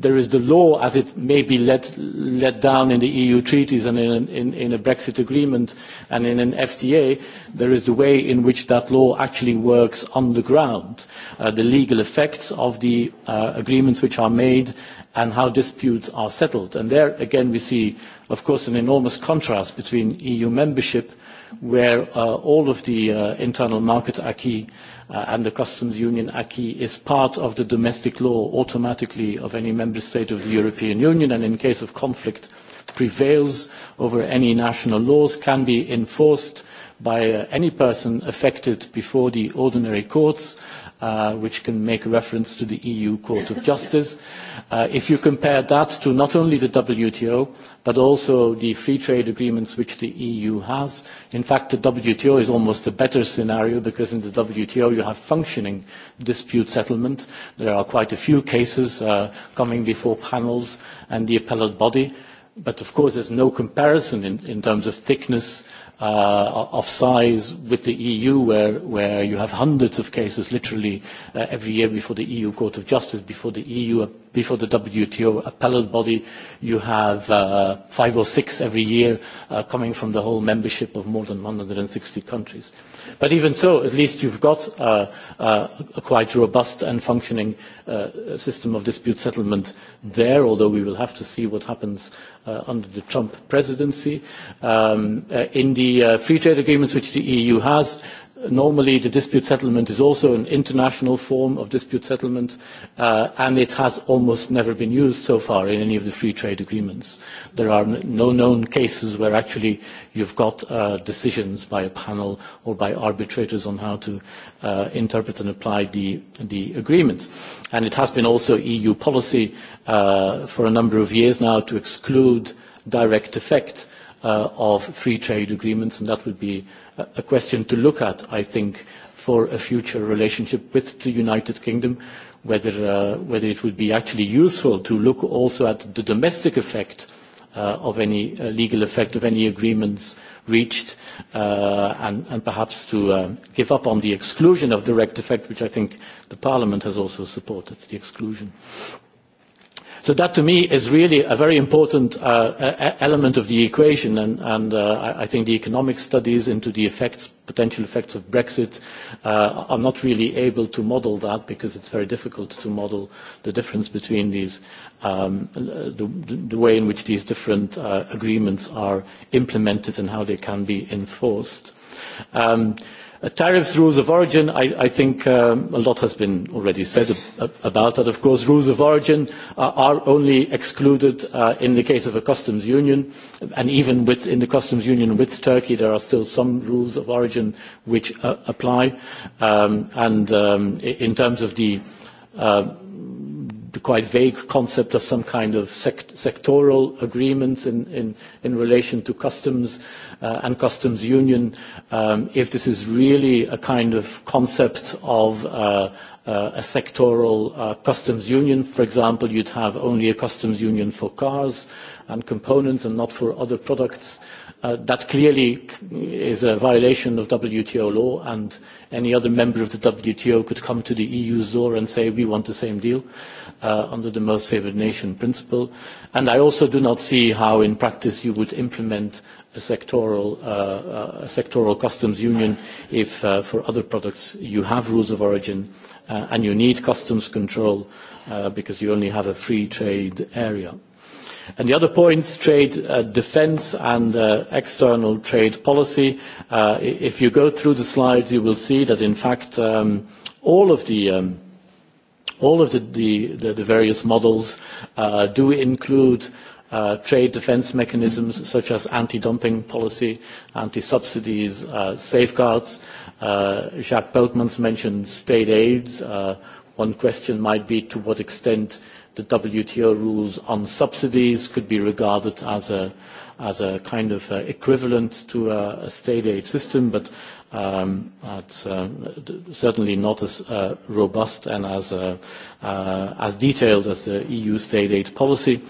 there is the law as it may be let, let down in the EU treaties and in, in, in a Brexit agreement and in an FTA there is the way in which that law actually works on the ground, the legal effects of the agreements which are made and how disputes are settled. And there, again, we see, of course, an enormous contrast between EU membership, where all of the internal market acquis and the customs union acquis is part of the domestic law automatically of any member state of the European Union, and in case of conflict prevails over any national laws, can be enforced by any person affected before the ordinary courts, which can make reference to the EU Court of Justice. If you compare that to not only the WTO, but also the free trade agreements which the EU has, in fact, the WTO is almost a better scenario because in the WTO you have functioning dispute settlement. There are quite a few cases coming before panels and the appellate body. But, of course, there is no comparison in terms of thickness of size with the EU, where you have hundreds of cases literally every year before the EU Court of Justice, before the EU before the WTO appellate body. You have five or six every year coming from the whole membership of more than 160 countries. But even so, at least you've got a quite robust and functioning system of dispute settlement there, although we will have to see what happens under the Trump presidency. In the free trade agreements which the EU has, Normally, the dispute settlement is also an international form of dispute settlement, and it has almost never been used so far in any of the free trade agreements. There are no known cases where actually you've got decisions by a panel or by arbitrators on how to interpret and apply the agreements. And it has been also EU policy for a number of years now to exclude direct effect of free trade agreements, and that would be a question to look at, I think, for a future relationship with the United Kingdom, whether it would be actually useful to look also at the domestic effect of any legal effect of any agreements reached and perhaps to give up on the exclusion of direct effect, which I think the Parliament has also supported, the exclusion. So that to me is really a very important element of the equation and I think the economic studies into the effects, potential effects of Brexit are not really able to model that because it's very difficult to model the difference between these, the way in which these different agreements are implemented and how they can be enforced. Tariffs, rules of origin, I think a lot has been already said about that. Of course, rules of origin are only excluded in the case of a customs union, and even in the customs union with Turkey, there are still some rules of origin which apply. And in terms of the the quite vague concept of some kind of sectoral agreements in relation to customs and customs union, if this is really a kind of concept of a sectoral customs union. For example, you'd have only a customs union for cars and components and not for other products. That clearly is a violation of WTO law and any other member of the WTO could come to the EU's door and say we want the same deal under the most favoured nation principle. And I also do not see how in practice you would implement a sectoral customs union if for other products you have rules of origin and you need customs control because you only have a free trade area. And the other points, trade defence and external trade policy. If you go through the slides, you will see that, in fact, all of the all of the various models do include trade defence mechanisms such as anti-dumping policy, anti-subsidies, safeguards. Jacques Peltmans mentioned state aids. One question might be to what extent the WTO rules on subsidies could be regarded as a kind of equivalent to a state aid system, but certainly not as robust and as detailed as the EU state aid policy.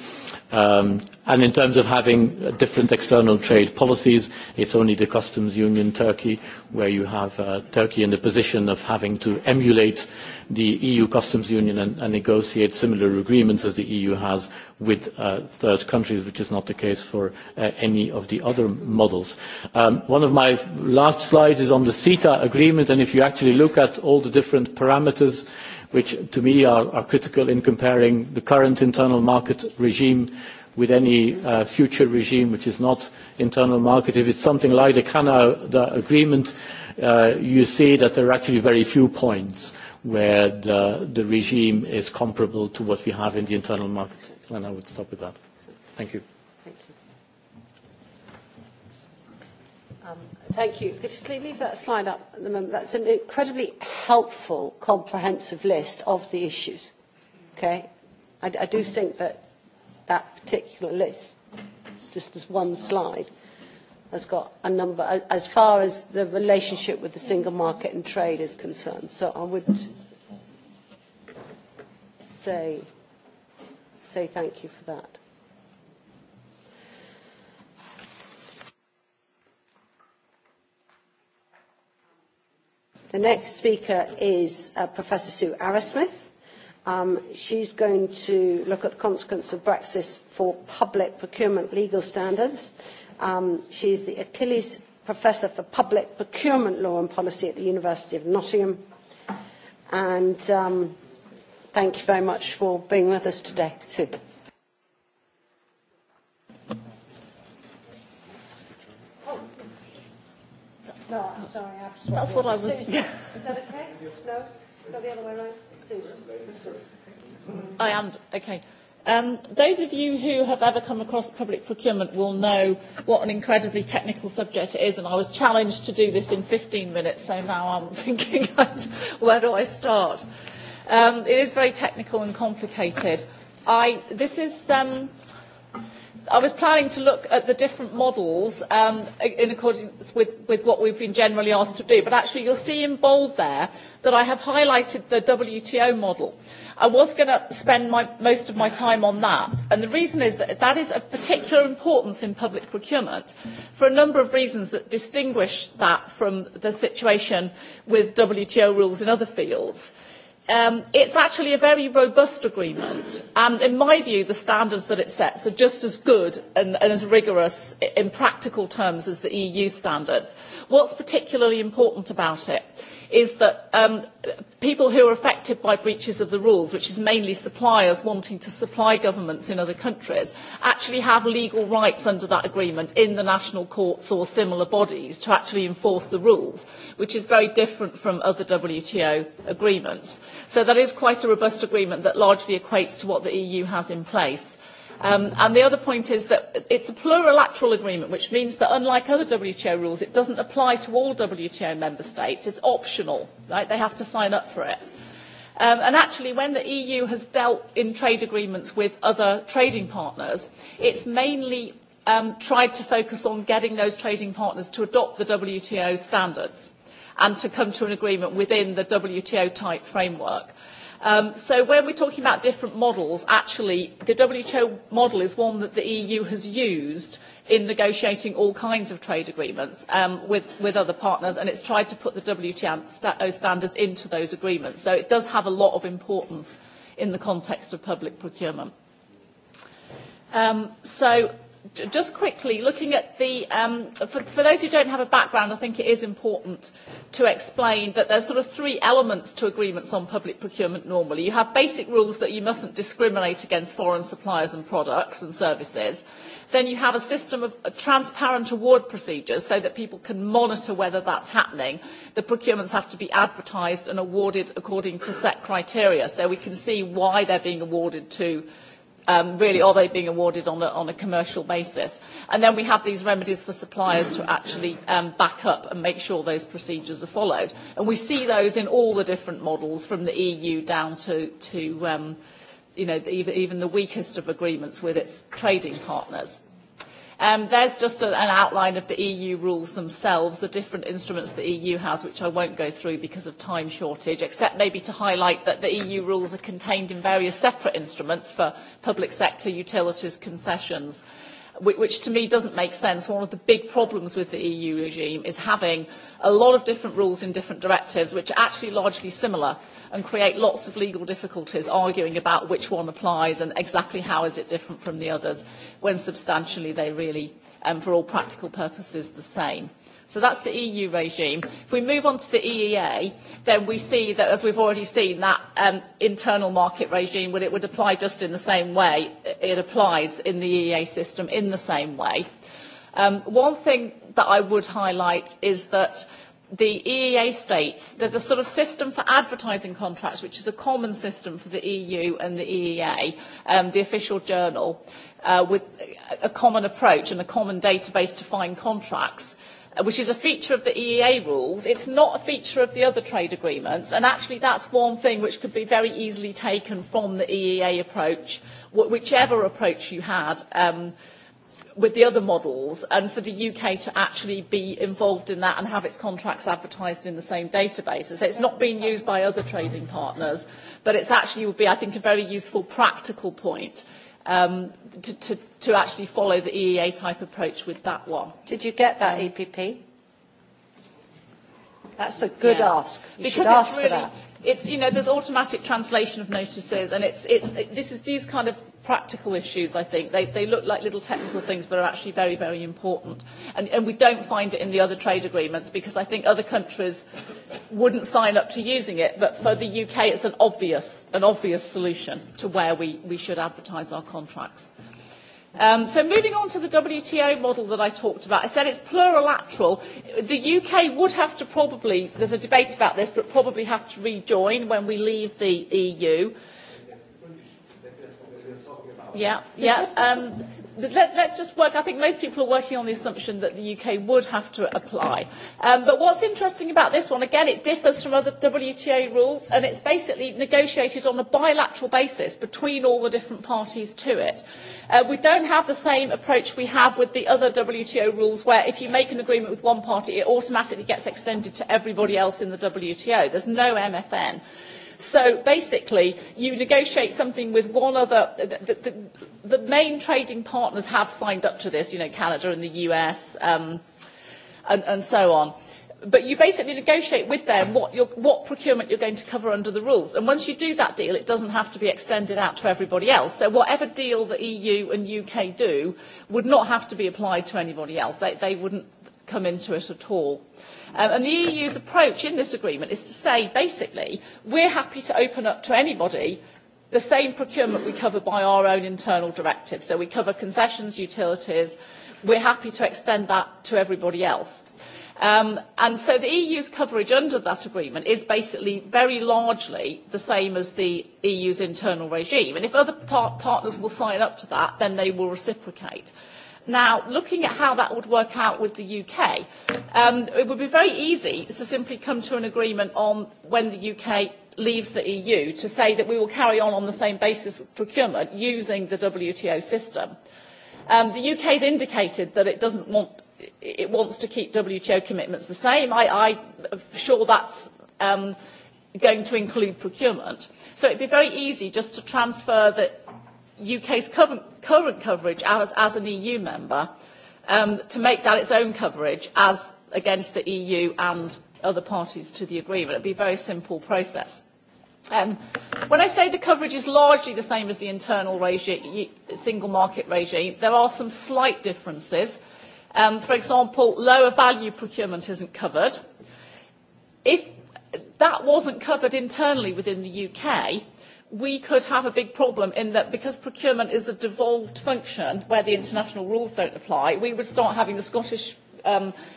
And in terms of having different external trade policies, it's only the customs union Turkey, where you have Turkey in the position of having to emulate the EU customs union and negotiate similar agreements as the EU has with third countries, which is not the case for any of the other models. One of my last slides is on the CETA agreement, and if you actually look at all the different parameters, which to me are critical in comparing the current internal market regime with any future regime which is not internal market. If it's something like the Canada Agreement, you see that there are actually very few points where the regime is comparable to what we have in the internal market. And I would stop with that. Thank you. Thank you. Could you leave that slide up at the moment? That's an incredibly helpful, comprehensive list of the issues. Okay? I do think that that particular list, just as one slide, has got a number as far as the relationship with the single market and trade is concerned. So I would say say thank you for that. The next speaker is Professor Sue Arrowsmith She's going to look at the consequences of Brexit for public procurement legal standards. She's the Achilles Professor for Public Procurement Law and Policy at the University of Nottingham. And thank you very much for being with us today, Sue. sorry, That's what I was. Is that okay? No? the other way I am. Okay. Um, those of you who have ever come across public procurement will know what an incredibly technical subject it is, and I was challenged to do this in 15 minutes, so now I'm thinking, where do I start? Um, it is very technical and complicated. I, this is, um, I was planning to look at the different models in accordance with what we've been generally asked to do, but actually you'll see in bold there that I have highlighted the WTO model. I was going to spend most of my time on that, and the reason is that that is of particular importance in public procurement for a number of reasons that distinguish that from the situation with WTO rules in other fields it is actually a very robust agreement, and in my view, the standards that it sets are just as good and as rigorous in practical terms as the EU standards. What is particularly important about it is that people who are affected by breaches of the rules, which is mainly suppliers wanting to supply governments in other countries, actually have legal rights under that agreement in the national courts or similar bodies to actually enforce the rules, which is very different from other WTO agreements. So that is quite a robust agreement that largely equates to what the EU has in place. And the other point is that it's a plurilateral agreement, which means that unlike other WTO rules, it doesn't apply to all WTO member states. It's optional. They have to sign up for it. And actually, when the EU has dealt in trade agreements with other trading partners, it's mainly tried to focus on getting those trading partners to adopt the WTO standards and to come to an agreement within the WTO-type framework. So when we're talking about different models, actually, the WTO model is one that the EU has used in negotiating all kinds of trade agreements with other partners, and it's tried to put the WTO standards into those agreements. So it does have a lot of importance in the context of public procurement. So just quickly, looking at the, for those who don't have a background, I think it is important to explain that there's sort of three elements to agreements on public procurement normally. You have basic rules that you mustn't discriminate against foreign suppliers and products and services. Then you have a system of transparent award procedures so that people can monitor whether that's happening. The procurements have to be advertised and awarded according to set criteria so we can see why they're being awarded to really are they being awarded on a commercial basis? And then we have these remedies for suppliers to actually back up and make sure those procedures are followed. And we see those in all the different models from the EU down to even the weakest of agreements with its trading partners. There's just an outline of the EU rules themselves, the different instruments the EU has, which I won't go through because of time shortage, except maybe to highlight that the EU rules are contained in various separate instruments for public sector utilities concessions which to me doesn't make sense. One of the big problems with the EU regime is having a lot of different rules in different directives which are actually largely similar and create lots of legal difficulties arguing about which one applies and exactly how is it different from the others when substantially they really, for all practical purposes, the same. So that's the EU regime. If we move on to the EEA, then we see that, as we've already seen, that internal market regime, well, it would apply just in the same way. It applies in the EEA system in the same way. One thing that I would highlight is that the EEA states there's a sort of system for advertising contracts, which is a common system for the EU and the EEA, the official journal, with a common approach and a common database to find contracts which is a feature of the eea rules it's not a feature of the other trade agreements and actually that's one thing which could be very easily taken from the eea approach whichever approach you had with the other models and for the uk to actually be involved in that and have its contracts advertised in the same databases. it's not being used by other trading partners but it actually would be i think a very useful practical point um to to to actually follow the EEA type approach with that one. Did you get that, EPP? That's a good ask. Because it's really, it's you know, there's automatic translation of notices, and it's it's this is these kind of practical issues. I think they they look like little technical things, but are actually very very important. And and we don't find it in the other trade agreements because I think other countries wouldn't sign up to using it. But for the UK, it's an obvious an obvious solution to where we we should advertise our contracts. So moving on to the WTO model that I talked about, I said it's plurilateral. The UK would have to probably, there's a debate about this, but probably have to rejoin when we leave the EU. Yeah, yeah let's just work. I think most people are working on the assumption that the UK would have to apply. But what's interesting about this one, again, it differs from other WTO rules, and it's basically negotiated on a bilateral basis between all the different parties to it. We don't have the same approach we have with the other WTO rules, where if you make an agreement with one party, it automatically gets extended to everybody else in the WTO. There's no MFN. So basically, you negotiate something with one other. The main trading partners have signed up to this, you know, Canada and the US and so on. But you basically negotiate with them what procurement you're going to cover under the rules. And once you do that deal, it doesn't have to be extended out to everybody else. So whatever deal the EU and UK do would not have to be applied to anybody else. They wouldn't come into it at all. And the EU's approach in this agreement is to say, basically, we're happy to open up to anybody the same procurement we cover by our own internal directive. So we cover concessions, utilities. We're happy to extend that to everybody else. And so the EU's coverage under that agreement is basically very largely the same as the EU's internal regime. And if other partners will sign up to that, then they will reciprocate. Now, looking at how that would work out with the UK, it would be very easy to simply come to an agreement on when the UK leaves the EU to say that we will carry on on the same basis with procurement using the WTO system. The UK has indicated that it wants to keep WTO commitments the same. I am sure that's going to include procurement. So it would be very easy just to transfer the UK's current coverage as an EU member to make that its own coverage as against the EU and other parties to the agreement. It would be a very simple process. When I say the coverage is largely the same as the internal single market regime, there are some slight differences. For example, lower value procurement isn't covered. If that wasn't covered internally within the UK, we could have a big problem in that because procurement is a devolved function where the international rules don't apply, we would start having the Scottish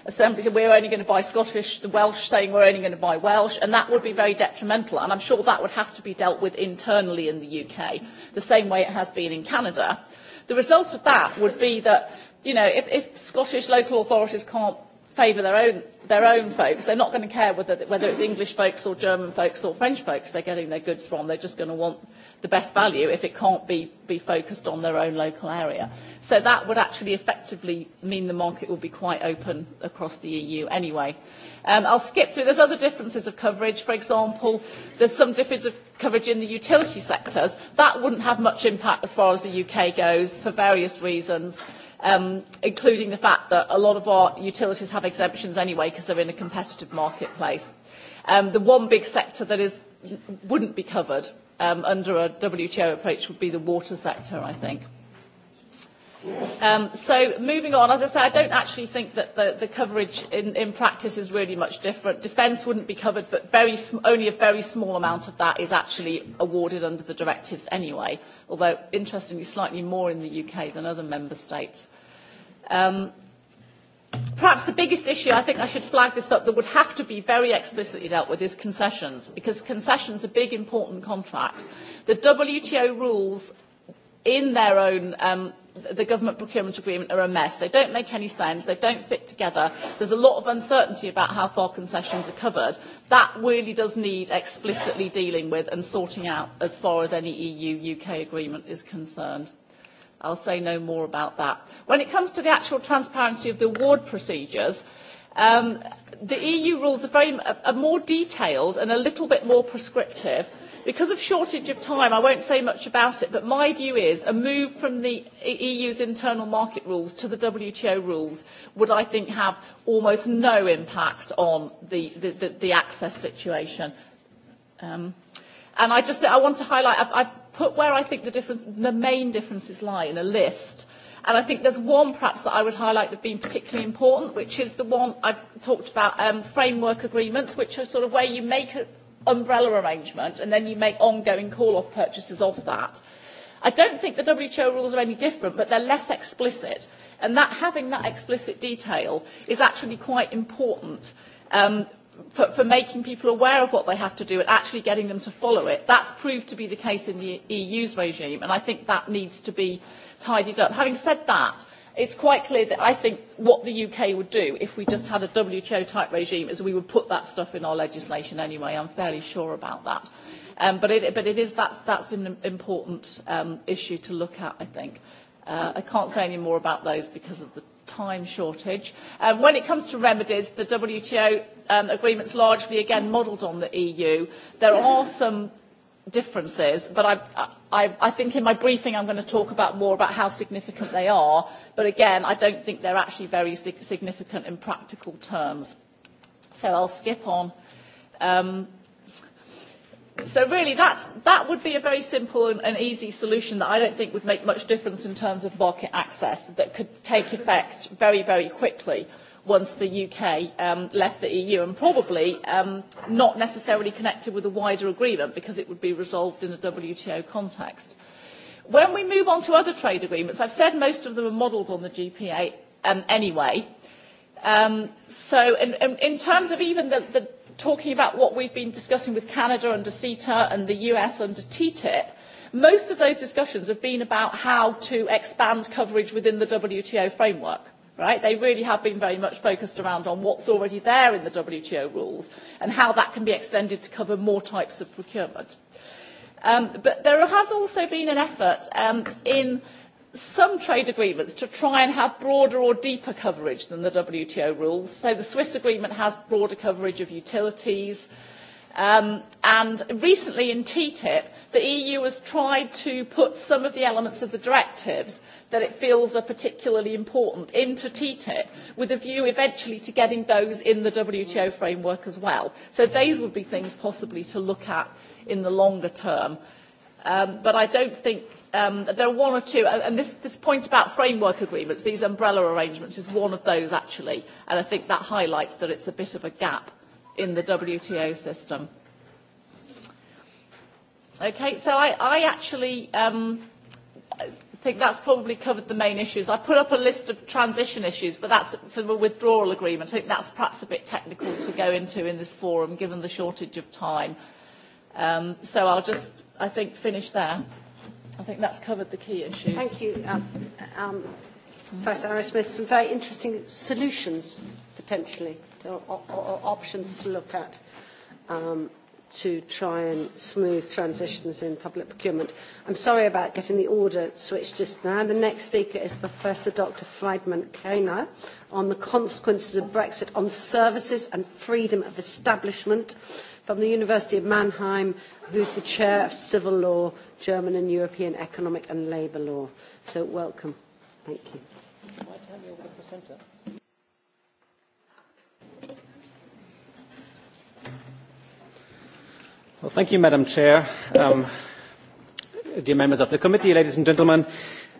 Assembly say we're only going to buy Scottish, the Welsh saying we're only going to buy Welsh, and that would be very detrimental. And I'm sure that would have to be dealt with internally in the UK, the same way it has been in Canada. The result of that would be that, you know, if Scottish local authorities can't favour their own their own folks. They're not going to care whether whether it's English folks or German folks or French folks they're getting their goods from. They're just going to want the best value if it can't be be focused on their own local area. So that would actually effectively mean the market will be quite open across the EU anyway. I'll skip through. There's other differences of coverage. For example, there's some difference of coverage in the utility sectors. That wouldn't have much impact as far as the UK goes for various reasons including the fact that a lot of our utilities have exemptions anyway because they're in a competitive marketplace. The one big sector that is wouldn't be covered under a WTO approach would be the water sector, I think. So moving on, as I say, I don't actually think that the coverage in practice is really much different. Defence wouldn't be covered, but only a very small amount of that is actually awarded under the directives anyway, although interestingly slightly more in the UK than other member states. Perhaps the biggest issue, I think I should flag this up, that would have to be very explicitly dealt with is concessions, because concessions are big, important contracts. The WTO rules in their own the government procurement agreement are a mess. They don't make any sense. They don't fit together. There's a lot of uncertainty about how far concessions are covered. That really does need explicitly dealing with and sorting out as far as any EU-UK agreement is concerned. I'll say no more about that. When it comes to the actual transparency of the award procedures, the EU rules are more detailed and a little bit more prescriptive Because of shortage of time, I won't say much about it, but my view is a move from the EU's internal market rules to the WTO rules would, I think, have almost no impact on the access situation. And I just I want to highlight, I've put where I think the main differences lie in a list. And I think there's one perhaps that I would highlight that being particularly important, which is the one I've talked about, framework agreements, which are sort of where you make a umbrella arrangement and then you make ongoing call-off purchases of that. I don't think the WTO rules are any different, but they're less explicit. And that having that explicit detail is actually quite important for making people aware of what they have to do and actually getting them to follow it. That's proved to be the case in the EU's regime, and I think that needs to be tidied up. Having said that, It's quite clear that I think what the UK would do if we just had a WTO type regime is we would put that stuff in our legislation anyway. I'm fairly sure about that. But it is that's an important issue to look at, I think. I can't say any more about those because of the time shortage. When it comes to remedies, the WTO agreement's largely, again, modelled on the EU. There are some differences, but I I think in my briefing I'm going to talk about more about how significant they are, but again, I don't think they're actually very significant in practical terms. So I'll skip on. So really, that's that would be a very simple and easy solution that I don't think would make much difference in terms of market access that could take effect very, very quickly once the UK left the EU and probably not necessarily connected with a wider agreement because it would be resolved in a WTO context. When we move on to other trade agreements, I've said most of them are modelled on the GPA anyway. So in terms of even the talking about what we've been discussing with Canada under CETA and the US under TTIP, most of those discussions have been about how to expand coverage within the WTO framework right? They really have been very much focused around on what's already there in the WTO rules and how that can be extended to cover more types of procurement. But there has also been an effort in some trade agreements to try and have broader or deeper coverage than the WTO rules. So the Swiss agreement has broader coverage of utilities And recently in TTIP, the EU has tried to put some of the elements of the directives that it feels are particularly important into TTIP, with a view eventually to getting those in the WTO framework as well. So these would be things possibly to look at in the longer term. But I don't think there are one or two, and this point about framework agreements, these umbrella arrangements, is one of those actually, and I think that highlights that it's a bit of a gap in the WTO system. Okay, so I, I actually um, think that's probably covered the main issues. I put up a list of transition issues, but that's for the withdrawal agreement. I think that's perhaps a bit technical to go into in this forum, given the shortage of time. Um, so I'll just, I think, finish there. I think that's covered the key issues. Thank you, um, um, Smith. Some very interesting solutions, potentially There options to look at to try and smooth transitions in public procurement. I'm sorry about getting the order switched just now. The next speaker is Professor Dr. Friedman Kahner on the consequences of Brexit on services and freedom of establishment from the University of Mannheim, who's the Chair of Civil Law, German and European Economic and Labour Law. So welcome. Thank you. Well, thank you, Madam Chair. Um, dear members of the committee, ladies and gentlemen,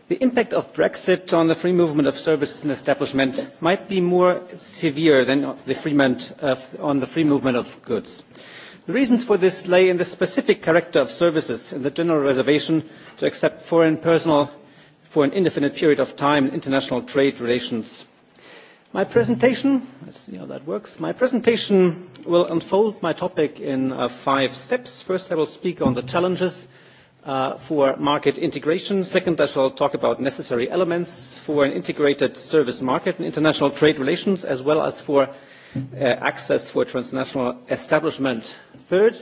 the impact of Brexit on the free movement of services and establishment might be more severe than the free on the free movement of goods. The reasons for this lay in the specific character of services and the general reservation to accept foreign personnel for an indefinite period of time in international trade relations My presentation, let's see how that works. My presentation will unfold my topic in five steps. First, I will speak on the challenges for market integration. Second, I shall talk about necessary elements for an integrated service market and international trade relations, as well as for access for transnational establishment. Third,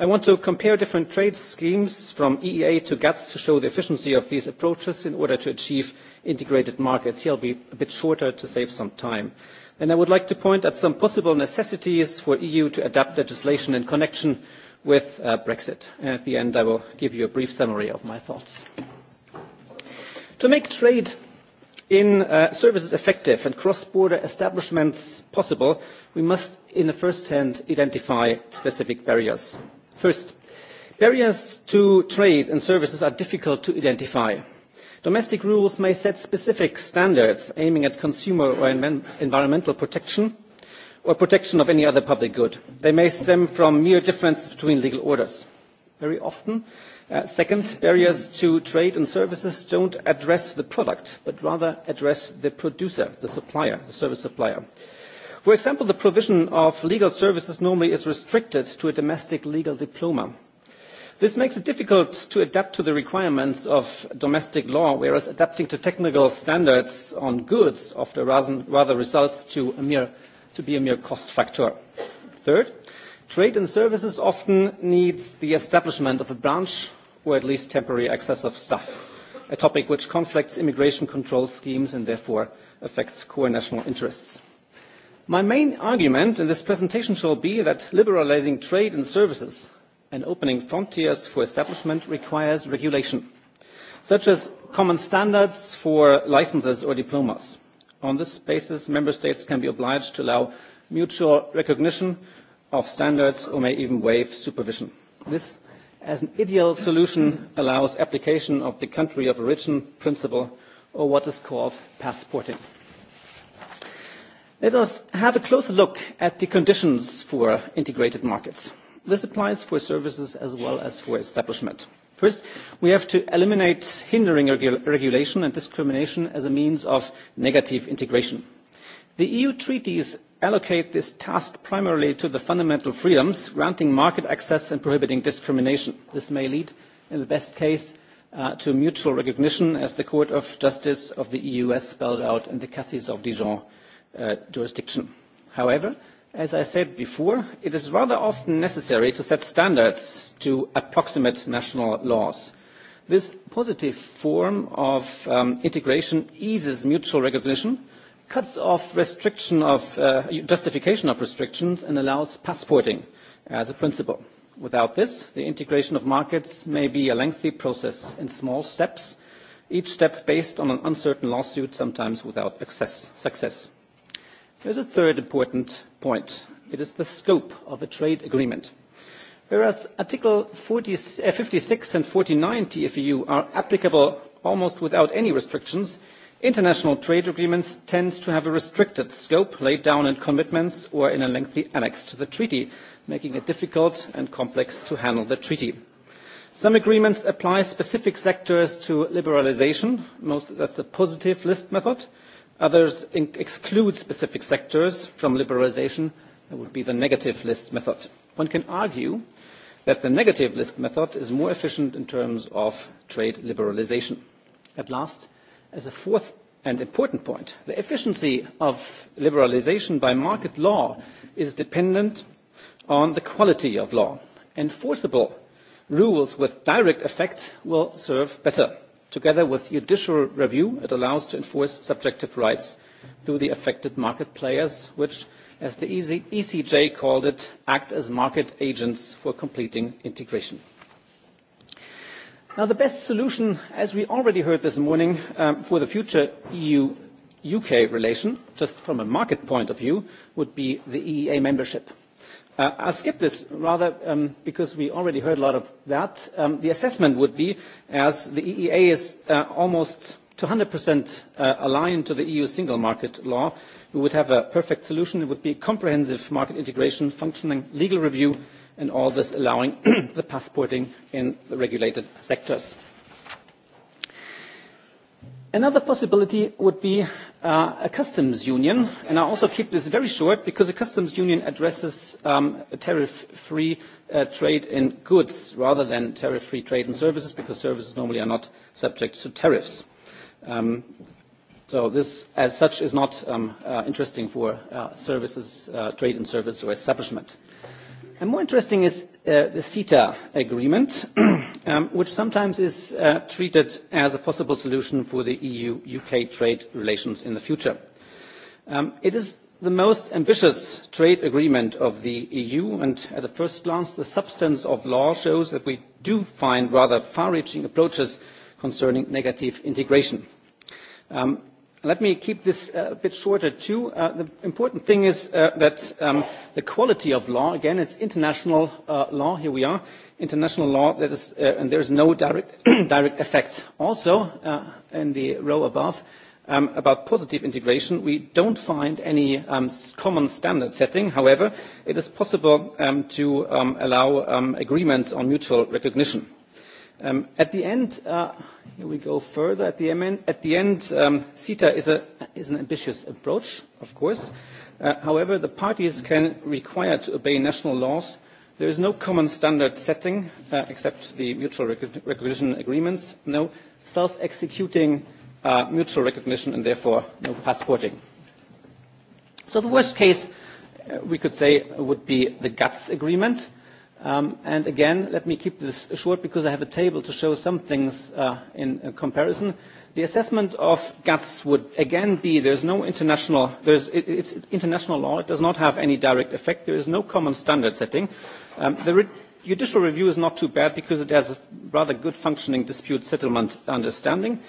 I want to compare different trade schemes from EEA to GATS to show the efficiency of these approaches in order to achieve integrated markets. Here I'll be a bit shorter to save some time. And I would like to point at some possible necessities for EU to adapt legislation in connection with Brexit. at the end, I will give you a brief summary of my thoughts. To make trade in services effective and cross-border establishments possible, we must, in the first hand, identify specific barriers. First, barriers to trade and services are difficult to identify Domestic rules may set specific standards aiming at consumer or environmental protection or protection of any other public good. They may stem from mere difference between legal orders. Very often, second, barriers to trade and services don't address the product, but rather address the producer, the supplier, the service supplier. For example, the provision of legal services normally is restricted to a domestic legal diploma This makes it difficult to adapt to the requirements of domestic law, whereas adapting to technical standards on goods often rather results to be a mere cost factor. Third, trade and services often needs the establishment of a branch or at least temporary access of staff, a topic which conflicts immigration control schemes and therefore affects core national interests. My main argument in this presentation shall be that liberalizing trade and services and opening frontiers for establishment requires regulation, such as common standards for licenses or diplomas. On this basis, Member States can be obliged to allow mutual recognition of standards or may even waive supervision. This, as an ideal solution, allows application of the country of origin principle or what is called passporting. Let us have a closer look at the conditions for integrated markets. This applies for services as well as for establishment. First, we have to eliminate hindering regulation and discrimination as a means of negative integration. The EU treaties allocate this task primarily to the fundamental freedoms, granting market access and prohibiting discrimination. This may lead, in the best case, to mutual recognition, as the Court of Justice of the EU has spelled out in the Cassis of Dijon jurisdiction. However, As I said before, it is rather often necessary to set standards to approximate national laws. This positive form of integration eases mutual recognition, cuts off restriction of justification of restrictions and allows passporting as a principle. Without this, the integration of markets may be a lengthy process in small steps, each step based on an uncertain lawsuit, sometimes without success is a third important point. It is the scope of a trade agreement. Whereas Article 56 and 49 TFEU are applicable almost without any restrictions, international trade agreements tend to have a restricted scope laid down in commitments or in a lengthy annex to the treaty, making it difficult and complex to handle the treaty. Some agreements apply specific sectors to liberalisation, that's the positive list method, Others exclude specific sectors from liberalisation. That would be the negative list method. One can argue that the negative list method is more efficient in terms of trade liberalisation. At last, as a fourth and important point, the efficiency of liberalisation by market law is dependent on the quality of law. Enforceable rules with direct effect will serve better Together with judicial review, it allows to enforce subjective rights through the affected market players, which, as the ECJ called it, act as market agents for completing integration. Now, the best solution, as we already heard this morning, for the future EU-UK relation, just from a market point of view, would be the EEA membership. I'll skip this rather because we already heard a lot of that. The assessment would be, as the EEA is almost 200% aligned to the EU single market law, we would have a perfect solution. It would be comprehensive market integration, functioning legal review, and all this allowing the passporting in the regulated sectors. Another possibility would be a customs union, and I also keep this very short because a customs union addresses tariff-free trade in goods rather than tariff-free trade in services because services normally are not subject to tariffs. So this, as such, is not interesting for services, trade in service or establishment. And more interesting is the CETA agreement, which sometimes is treated as a possible solution for the EU-UK trade relations in the future. It is the most ambitious trade agreement of the EU, and at a first glance, the substance of law shows that we do find rather far-reaching approaches concerning negative integration. Let me keep this a bit shorter too. The important thing is that the quality of law, again, it's international law. Here we are, international law, and there is no direct effect. Also, in the row above, about positive integration, we don't find any common standard setting. However, it is possible to allow agreements on mutual recognition. At the end, here we go further. At the end, CETA is an ambitious approach, of course. However, the parties can require to obey national laws. There is no common standard setting except the mutual recognition agreements, no self-executing mutual recognition, and therefore no passporting. So the worst case, we could say, would be the GATS agreement And again, let me keep this short because I have a table to show some things in comparison. The assessment of GATS would again be there's no international, it's international law, it does not have any direct effect, there is no common standard setting. The judicial review is not too bad because it has a rather good functioning dispute settlement understanding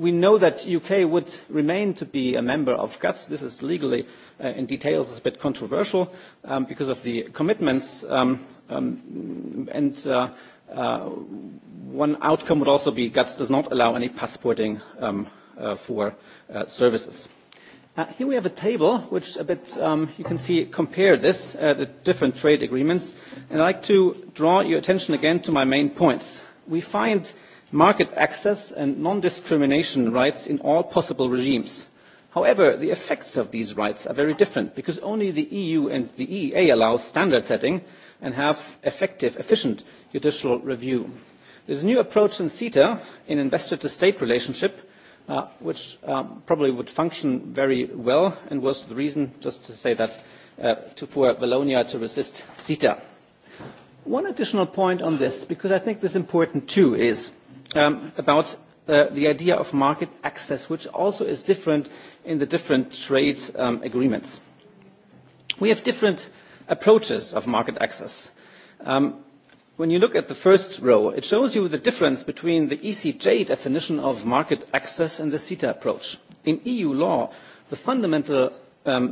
we know that the UK would remain to be a member of GATS. This is legally in details a bit controversial because of the commitments and one outcome would also be GATS does not allow any passporting for services. Here we have a table which a bit you can see compare this, the different trade agreements, and I'd like to draw your attention again to my main points. We find market access and non-discrimination rights in all possible regimes. However, the effects of these rights are very different because only the EU and the EEA allow standard setting and have effective, efficient judicial review. There is a new approach in CETA, in investor-to-state relationship, which probably would function very well and was the reason, just to say that, for Wallonia to resist CETA. One additional point on this, because I think this is important too, is about the idea of market access, which also is different in the different trade agreements. We have different approaches of market access. When you look at the first row, it shows you the difference between the ECJ definition of market access and the CETA approach. In EU law, the fundamental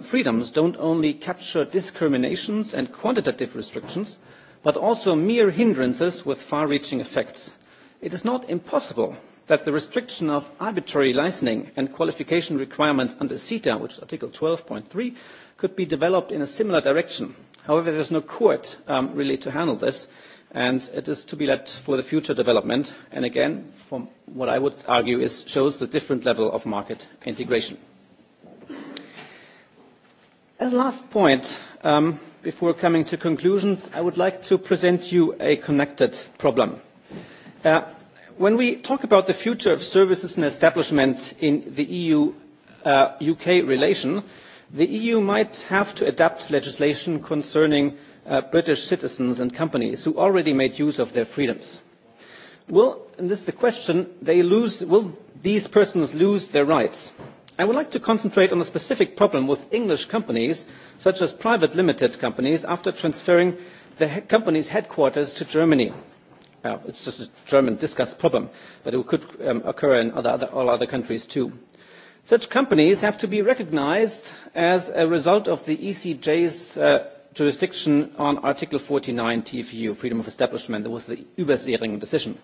freedoms don't only capture discriminations and quantitative restrictions, but also mere hindrances with far-reaching effects. It is not impossible that the restriction of arbitrary licensing and qualification requirements under CETA, which is Article 12.3, could be developed in a similar direction. However, there is no court really to handle this, and it is to be left for the future development, and again, from what I would argue, is shows the different level of market integration. As a last point, before coming to conclusions, I would like to present you a connected problem When we talk about the future of services and establishment in the EU-UK relation, the EU might have to adapt legislation concerning British citizens and companies who already made use of their freedoms. Will, and this is the question, they lose, will these persons lose their rights? I would like to concentrate on the specific problem with English companies, such as private limited companies, after transferring the company's headquarters to Germany. It's just a German discussed problem, but it could occur in all other countries too. Such companies have to be recognized as a result of the ECJ's jurisdiction on Article 49 TFU, freedom of establishment. That was the Übersehring decision.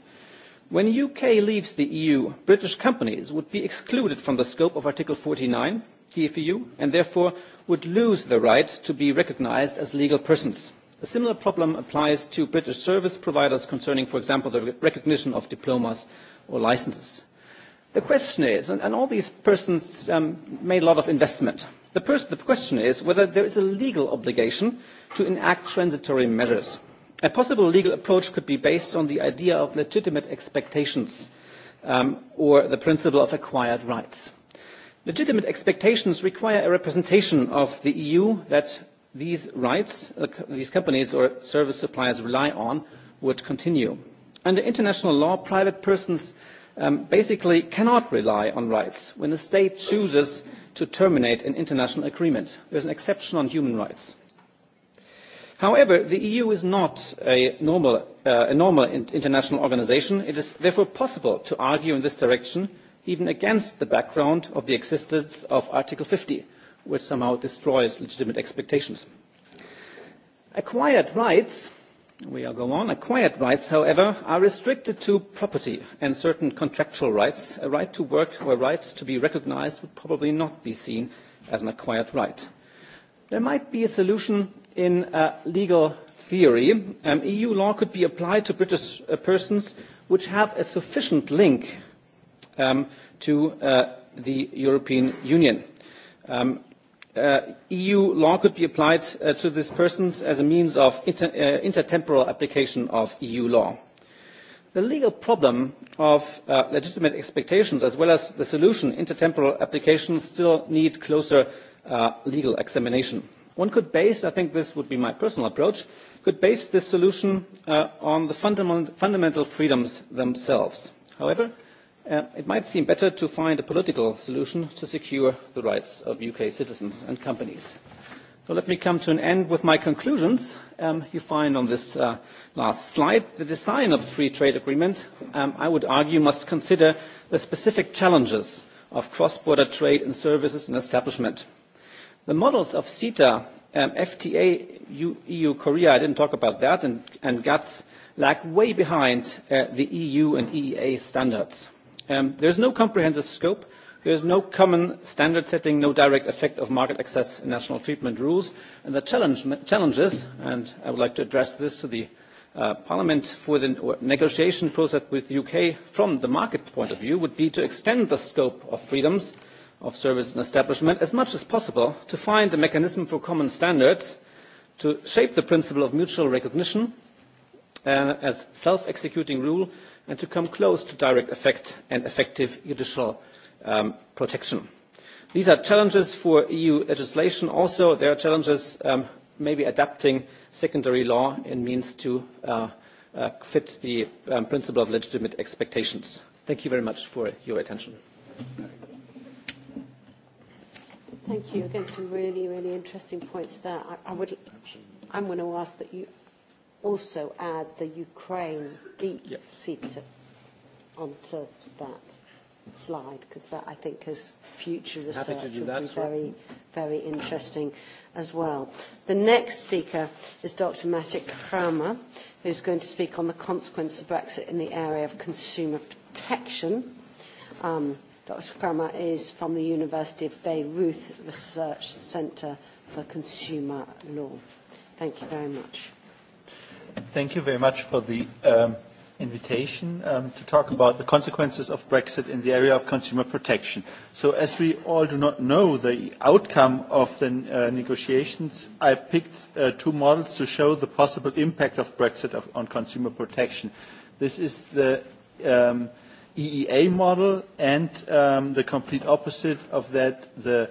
When the UK leaves the EU, British companies would be excluded from the scope of Article 49 TFU and therefore would lose the right to be recognized as legal persons. A similar problem applies to British service providers concerning, for example, the recognition of diplomas or licenses. The question is, and all these persons made a lot of investment, the question is whether there is a legal obligation to enact transitory measures. A possible legal approach could be based on the idea of legitimate expectations or the principle of acquired rights. Legitimate expectations require a representation of the EU that these rights these companies or service suppliers rely on would continue. Under international law, private persons basically cannot rely on rights when a state chooses to terminate an international agreement. There is an exception on human rights. However, the EU is not a normal international organization. It is therefore possible to argue in this direction, even against the background of the existence of Article 50 which somehow destroys legitimate expectations. Acquired rights, we are go on, acquired rights, however, are restricted to property and certain contractual rights. A right to work or rights to be recognized would probably not be seen as an acquired right. There might be a solution in legal theory. EU law could be applied to British persons which have a sufficient link to the European Union. EU law could be applied to these persons as a means of intertemporal application of EU law. The legal problem of legitimate expectations as well as the solution intertemporal applications still need closer legal examination. One could base, I think this would be my personal approach, could base this solution on the fundamental freedoms themselves. However, It might seem better to find a political solution to secure the rights of UK citizens and companies. So let me come to an end with my conclusions. You find on this last slide the design of a free trade agreement, I would argue, must consider the specific challenges of cross-border trade in services and establishment. The models of CETA, FTA, EU-Korea, I didn't talk about that, and GATS lag way behind the EU and EEA standards. There is no comprehensive scope. There is no common standard setting, no direct effect of market access and national treatment rules. And the challenges, and I would like to address this to the Parliament for the negotiation process with the UK from the market point of view, would be to extend the scope of freedoms of service and establishment as much as possible to find a mechanism for common standards to shape the principle of mutual recognition as self-executing rule and to come close to direct effect and effective judicial protection. These are challenges for EU legislation. Also, there are challenges maybe adapting secondary law in means to fit the principle of legitimate expectations. Thank you very much for your attention. Thank you. Again, some really, really interesting points there. I would, I'm going to ask that you also add the Ukraine deep seater onto that slide because that I think is future research will be very, very interesting as well. The next speaker is Dr. Matic Kramer, is going to speak on the consequence of Brexit in the area of consumer protection. Um, Dr. Kramer is from the University of Beirut Research Center for Consumer Law. Thank you very much. Thank you very much for the invitation to talk about the consequences of Brexit in the area of consumer protection. So as we all do not know the outcome of the negotiations, I picked two models to show the possible impact of Brexit on consumer protection. This is the EEA model and the complete opposite of that, the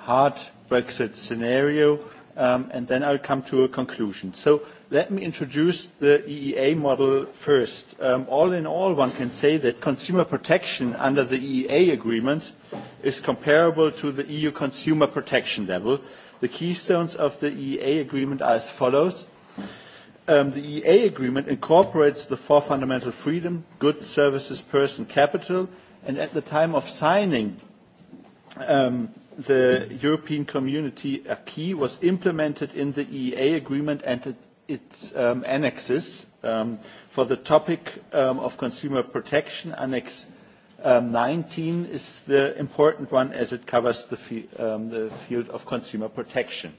hard Brexit scenario, and then I'll come to a conclusion. So Let me introduce the EEA model first. All in all, one can say that consumer protection under the EEA agreement is comparable to the EU consumer protection level. The keystones of the EEA agreement are as follows. The EEA agreement incorporates the four fundamental freedom, goods, services, person, capital, and at the time of signing, the European Community acquis was implemented in the EEA agreement and its annexes. For the topic of consumer protection, Annex 19 is the important one as it covers the field of consumer protection.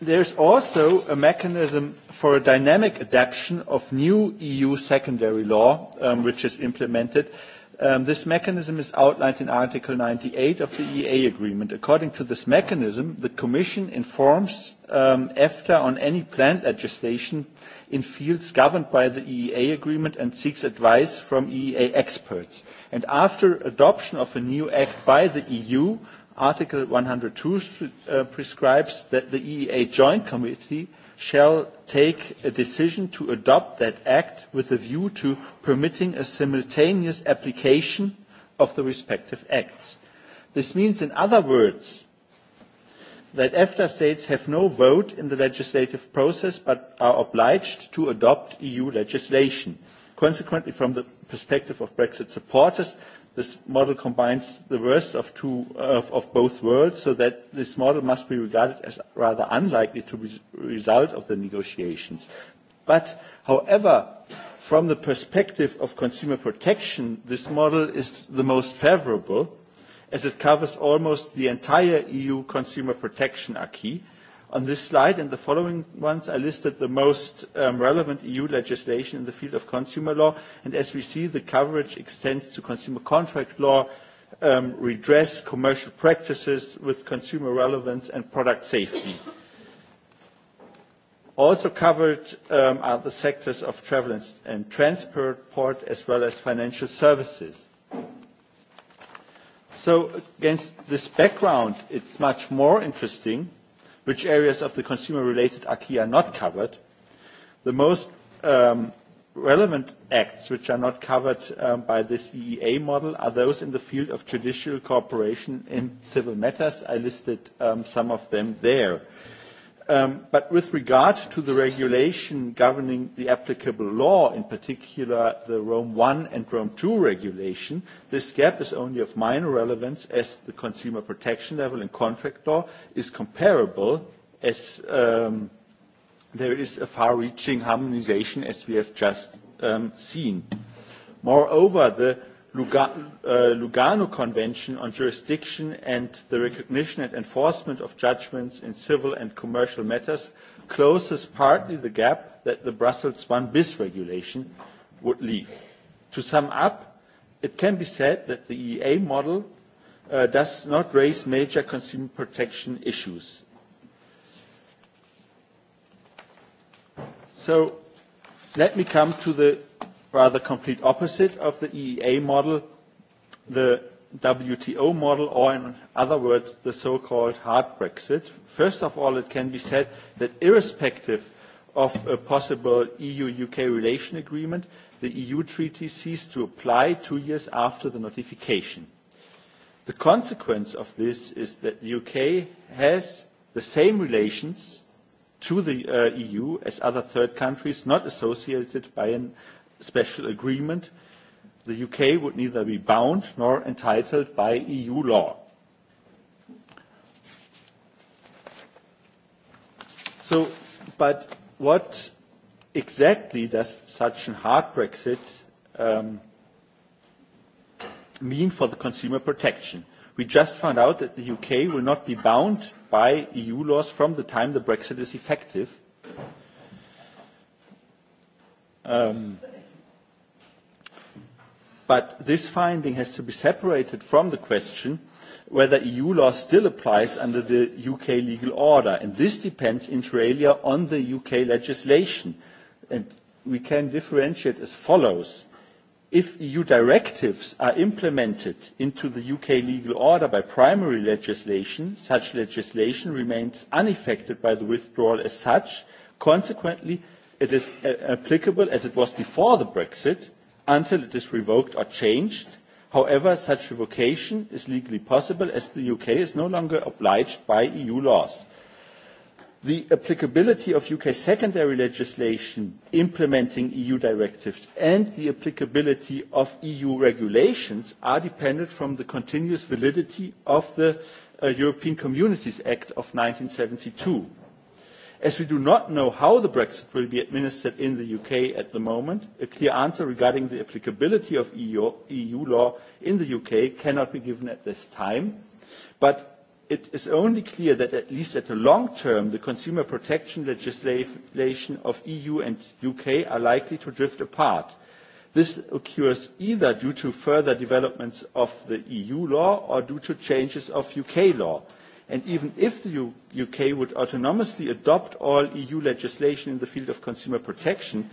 There is also a mechanism for a dynamic adaption of new EU secondary law, which is implemented This mechanism is outlined in Article 98 of the EEA Agreement. According to this mechanism, the Commission informs EFTA on any planned legislation in fields governed by the EEA Agreement and seeks advice from EEA experts. And after adoption of a new act by the EU, Article 102 prescribes that the EEA Joint Committee shall take a decision to adopt that act with a view to permitting a simultaneous application of the respective acts. This means, in other words, that EFTA states have no vote in the legislative process but are obliged to adopt EU legislation. Consequently, from the perspective of Brexit supporters, This model combines the worst of two of both worlds, so that this model must be regarded as rather unlikely to be result of the negotiations. But, however, from the perspective of consumer protection, this model is the most favorable, as it covers almost the entire EU consumer protection acquis On this slide and the following ones, I listed the most relevant EU legislation in the field of consumer law, and as we see, the coverage extends to consumer contract law, redress, commercial practices with consumer relevance, and product safety. Also covered are the sectors of travel and transport, as well as financial services. So against this background, it's much more interesting which areas of the consumer-related acquis are not covered. The most relevant acts which are not covered by this EEA model are those in the field of judicial cooperation in civil matters. I listed some of them there. But with regard to the regulation governing the applicable law, in particular the Rome I and Rome II regulation, this gap is only of minor relevance as the consumer protection level in contract law is comparable as there is a far-reaching harmonization as we have just seen. Moreover, the Lugano Convention on Jurisdiction and the Recognition and Enforcement of Judgments in Civil and Commercial Matters closes partly the gap that the Brussels 1 bis regulation would leave. To sum up, it can be said that the EEA model does not raise major consumer protection issues. So let me come to the rather complete opposite of the EEA model, the WTO model, or in other words, the so-called hard Brexit. First of all, it can be said that irrespective of a possible EU-UK relation agreement, the EU treaty ceased to apply two years after the notification. The consequence of this is that the UK has the same relations to the EU as other third countries not associated by an special agreement, the UK would neither be bound nor entitled by EU law. So, but what exactly does such a hard Brexit mean for the consumer protection? We just found out that the UK will not be bound by EU laws from the time the Brexit is effective. Um, but this finding has to be separated from the question whether EU law still applies under the UK legal order, and this depends inter alia on the UK legislation. And we can differentiate as follows. If EU directives are implemented into the UK legal order by primary legislation, such legislation remains unaffected by the withdrawal as such. Consequently, it is applicable as it was before the Brexit until it is revoked or changed. However, such revocation is legally possible as the UK is no longer obliged by EU laws. The applicability of UK secondary legislation implementing EU directives and the applicability of EU regulations are dependent from the continuous validity of the European Communities Act of 1972. As we do not know how the Brexit will be administered in the UK at the moment, a clear answer regarding the applicability of EU law in the UK cannot be given at this time, but it is only clear that at least at the long term the consumer protection legislation of EU and UK are likely to drift apart. This occurs either due to further developments of the EU law or due to changes of UK law and even if the UK would autonomously adopt all EU legislation in the field of consumer protection,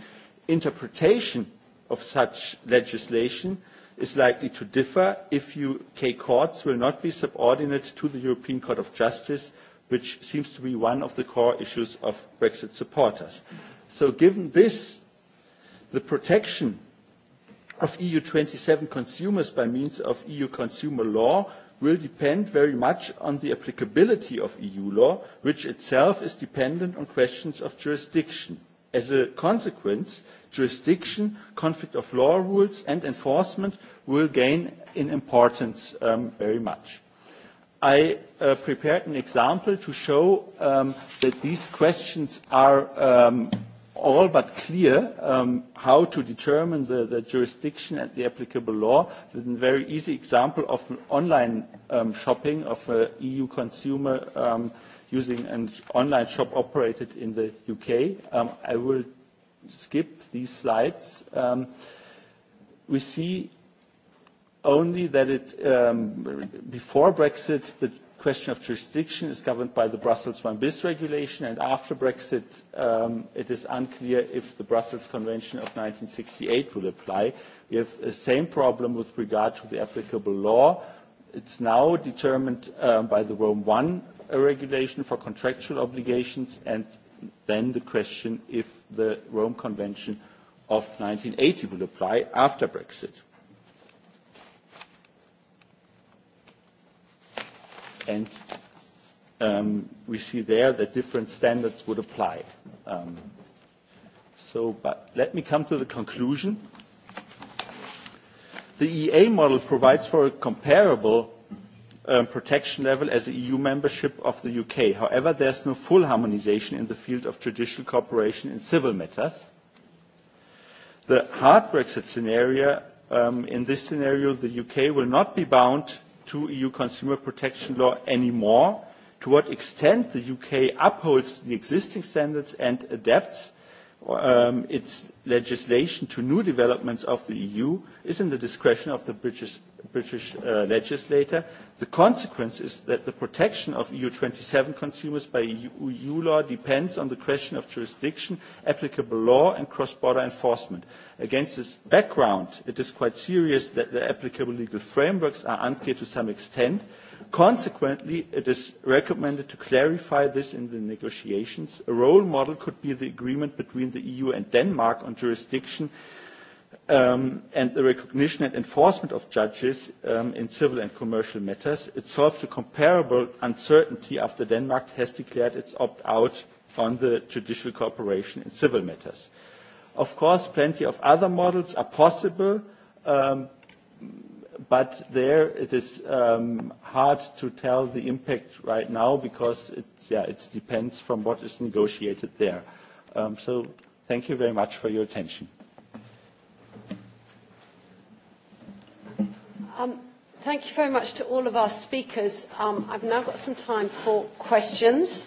interpretation of such legislation is likely to differ if UK courts will not be subordinate to the European Court of Justice, which seems to be one of the core issues of Brexit supporters. So given this, the protection of EU 27 consumers by means of EU consumer law will depend very much on the applicability of EU law, which itself is dependent on questions of jurisdiction. As a consequence, jurisdiction, conflict of law rules and enforcement will gain in importance very much. I prepared an example to show that these questions are all but clear how to determine the jurisdiction and the applicable law with a very easy example of online shopping of an EU consumer using an online shop operated in the UK. I will skip these slides. We see only that before Brexit, the question of jurisdiction is governed by the Brussels one bis regulation, and after Brexit, it is unclear if the Brussels Convention of 1968 will apply. We have the same problem with regard to the applicable law. It's now determined by the Rome 1 regulation for contractual obligations, and then the question if the Rome Convention of 1980 will apply after Brexit. and we see there that different standards would apply. So, but let me come to the conclusion. The EA model provides for a comparable protection level as EU membership of the UK. However, there is no full harmonisation in the field of judicial cooperation in civil matters. The hard Brexit scenario, in this scenario, the UK will not be bound to EU consumer protection law anymore, to what extent the UK upholds the existing standards and adapts its legislation to new developments of the EU is in the discretion of the British British legislator. The consequence is that the protection of EU27 consumers by EU law depends on the question of jurisdiction, applicable law, and cross-border enforcement. Against this background, it is quite serious that the applicable legal frameworks are unclear to some extent. Consequently, it is recommended to clarify this in the negotiations. A role model could be the agreement between the EU and Denmark on jurisdiction and the recognition and enforcement of judges in civil and commercial matters, it solved a comparable uncertainty after Denmark has declared its opt-out on the judicial cooperation in civil matters. Of course, plenty of other models are possible, but there it is hard to tell the impact right now because it depends from what is negotiated there. So thank you very much for your attention. Thank you very much to all of our speakers. I've now got some time for questions.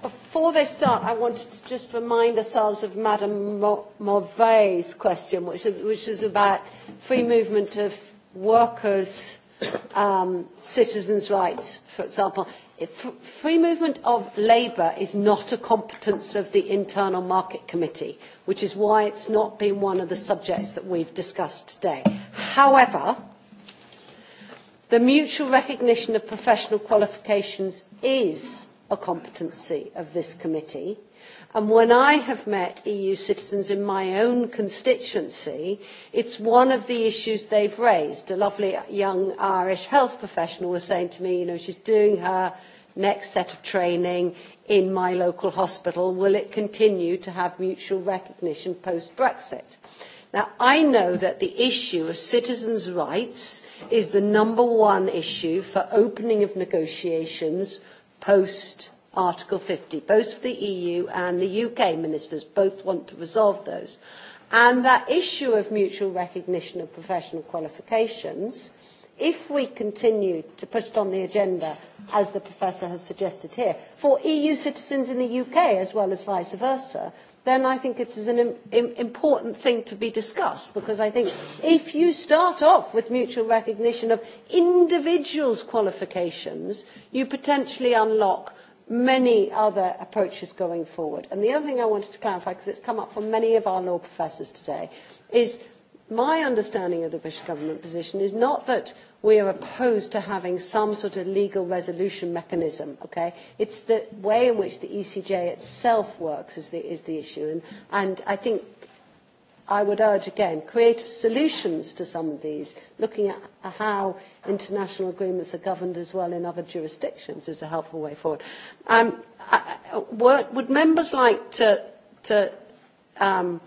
Before they start, I wanted to just remind ourselves of Madame Mauvais' question, which is about free movement of workers, citizens' rights, for example free movement of labour is not a competence of the internal market committee which is why it has not been one of the subjects that we have discussed today however the mutual recognition of professional qualifications is a competency of this committee And when I have met EU citizens in my own constituency, it's one of the issues they've raised. A lovely young Irish health professional was saying to me, you know, she's doing her next set of training in my local hospital. Will it continue to have mutual recognition post-Brexit? Now, I know that the issue of citizens' rights is the number one issue for opening of negotiations post-Brexit Article 50. Both the EU and the UK ministers both want to resolve those. And that issue of mutual recognition of professional qualifications, if we continue to put it on the agenda, as the Professor has suggested here, for EU citizens in the UK as well as vice versa, then I think it is an important thing to be discussed because I think if you start off with mutual recognition of individuals' qualifications, you potentially unlock many other approaches going forward. And the other thing I wanted to clarify, because it's come up from many of our law professors today, is my understanding of the British government position is not that we are opposed to having some sort of legal resolution mechanism, okay? It's the way in which the ECJ itself works is the, is the issue. And, and I think I would urge again, creative solutions to some of these, looking at how international agreements are governed as well in other jurisdictions is a helpful way forward. Would members like to answer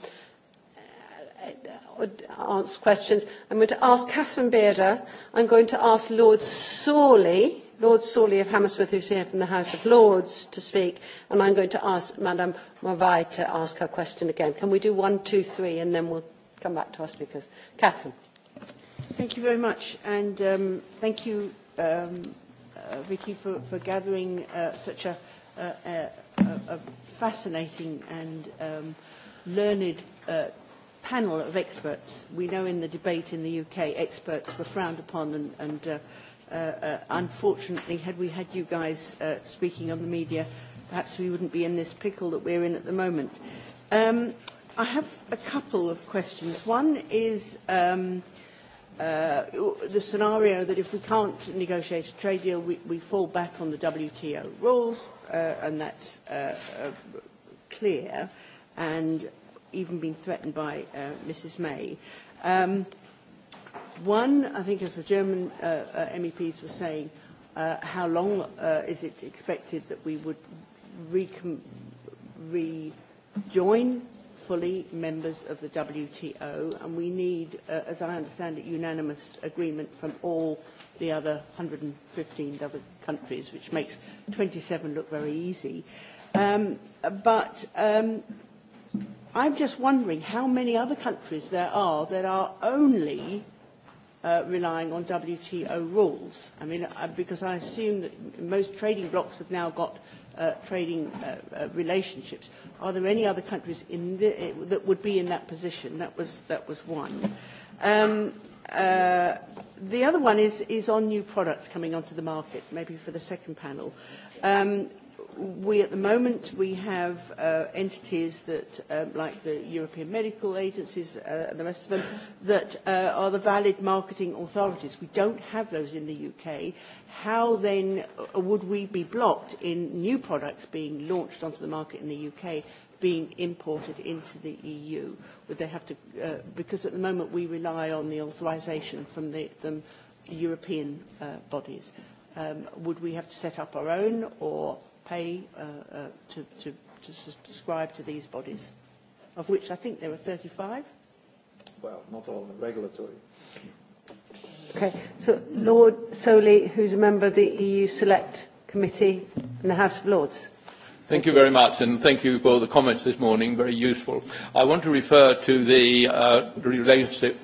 questions? I'm going to ask Catherine Bearder. I'm going to ask Lord Sawley Lord Sawley of Hammersmith, who's here from the House of Lords, to speak, and I'm going to ask Madame Morvai to ask her question again. Can we do one, two, three, and then we'll come back to our speakers? Catherine. Thank you very much, and um, thank you, um, Vicky, for, for gathering uh, such a, a fascinating and um, learned uh, panel of experts. We know in the debate in the UK, experts were frowned upon and, and uh, Unfortunately, had we had you guys speaking on the media, perhaps we wouldn't be in this pickle that we're in at the moment. I have a couple of questions. One is the scenario that if we can't negotiate a trade deal, we fall back on the WTO rules, and that's clear and even been threatened by Mrs. May. One, I think as the German MEPs were saying, how long is it expected that we would rejoin fully members of the WTO, and we need, as I understand it, unanimous agreement from all the other 115 other countries, which makes 27 look very easy. But I'm just wondering how many other countries there are that are only relying on WTO rules. I mean, because I assume that most trading blocks have now got trading relationships. Are there any other countries in that would be in that position? That was that was one. The other one is is on new products coming onto the market, maybe for the second panel. We at the moment we have entities that, like the European medical agencies and the rest of them, that are the valid marketing authorities. We don't have those in the UK. How then would we be blocked in new products being launched onto the market in the UK being imported into the EU? Would they have to, because at the moment we rely on the authorisation from the European bodies. Would we have to set up our own, or pay uh to, to, to subscribe to these bodies, of which I think there are 35. Well, not all regulatory. Okay, so Lord Soley, who's a member of the EU Select Committee in the House of Lords. Thank you very much, and thank you for the comments this morning. Very useful. I want to refer to the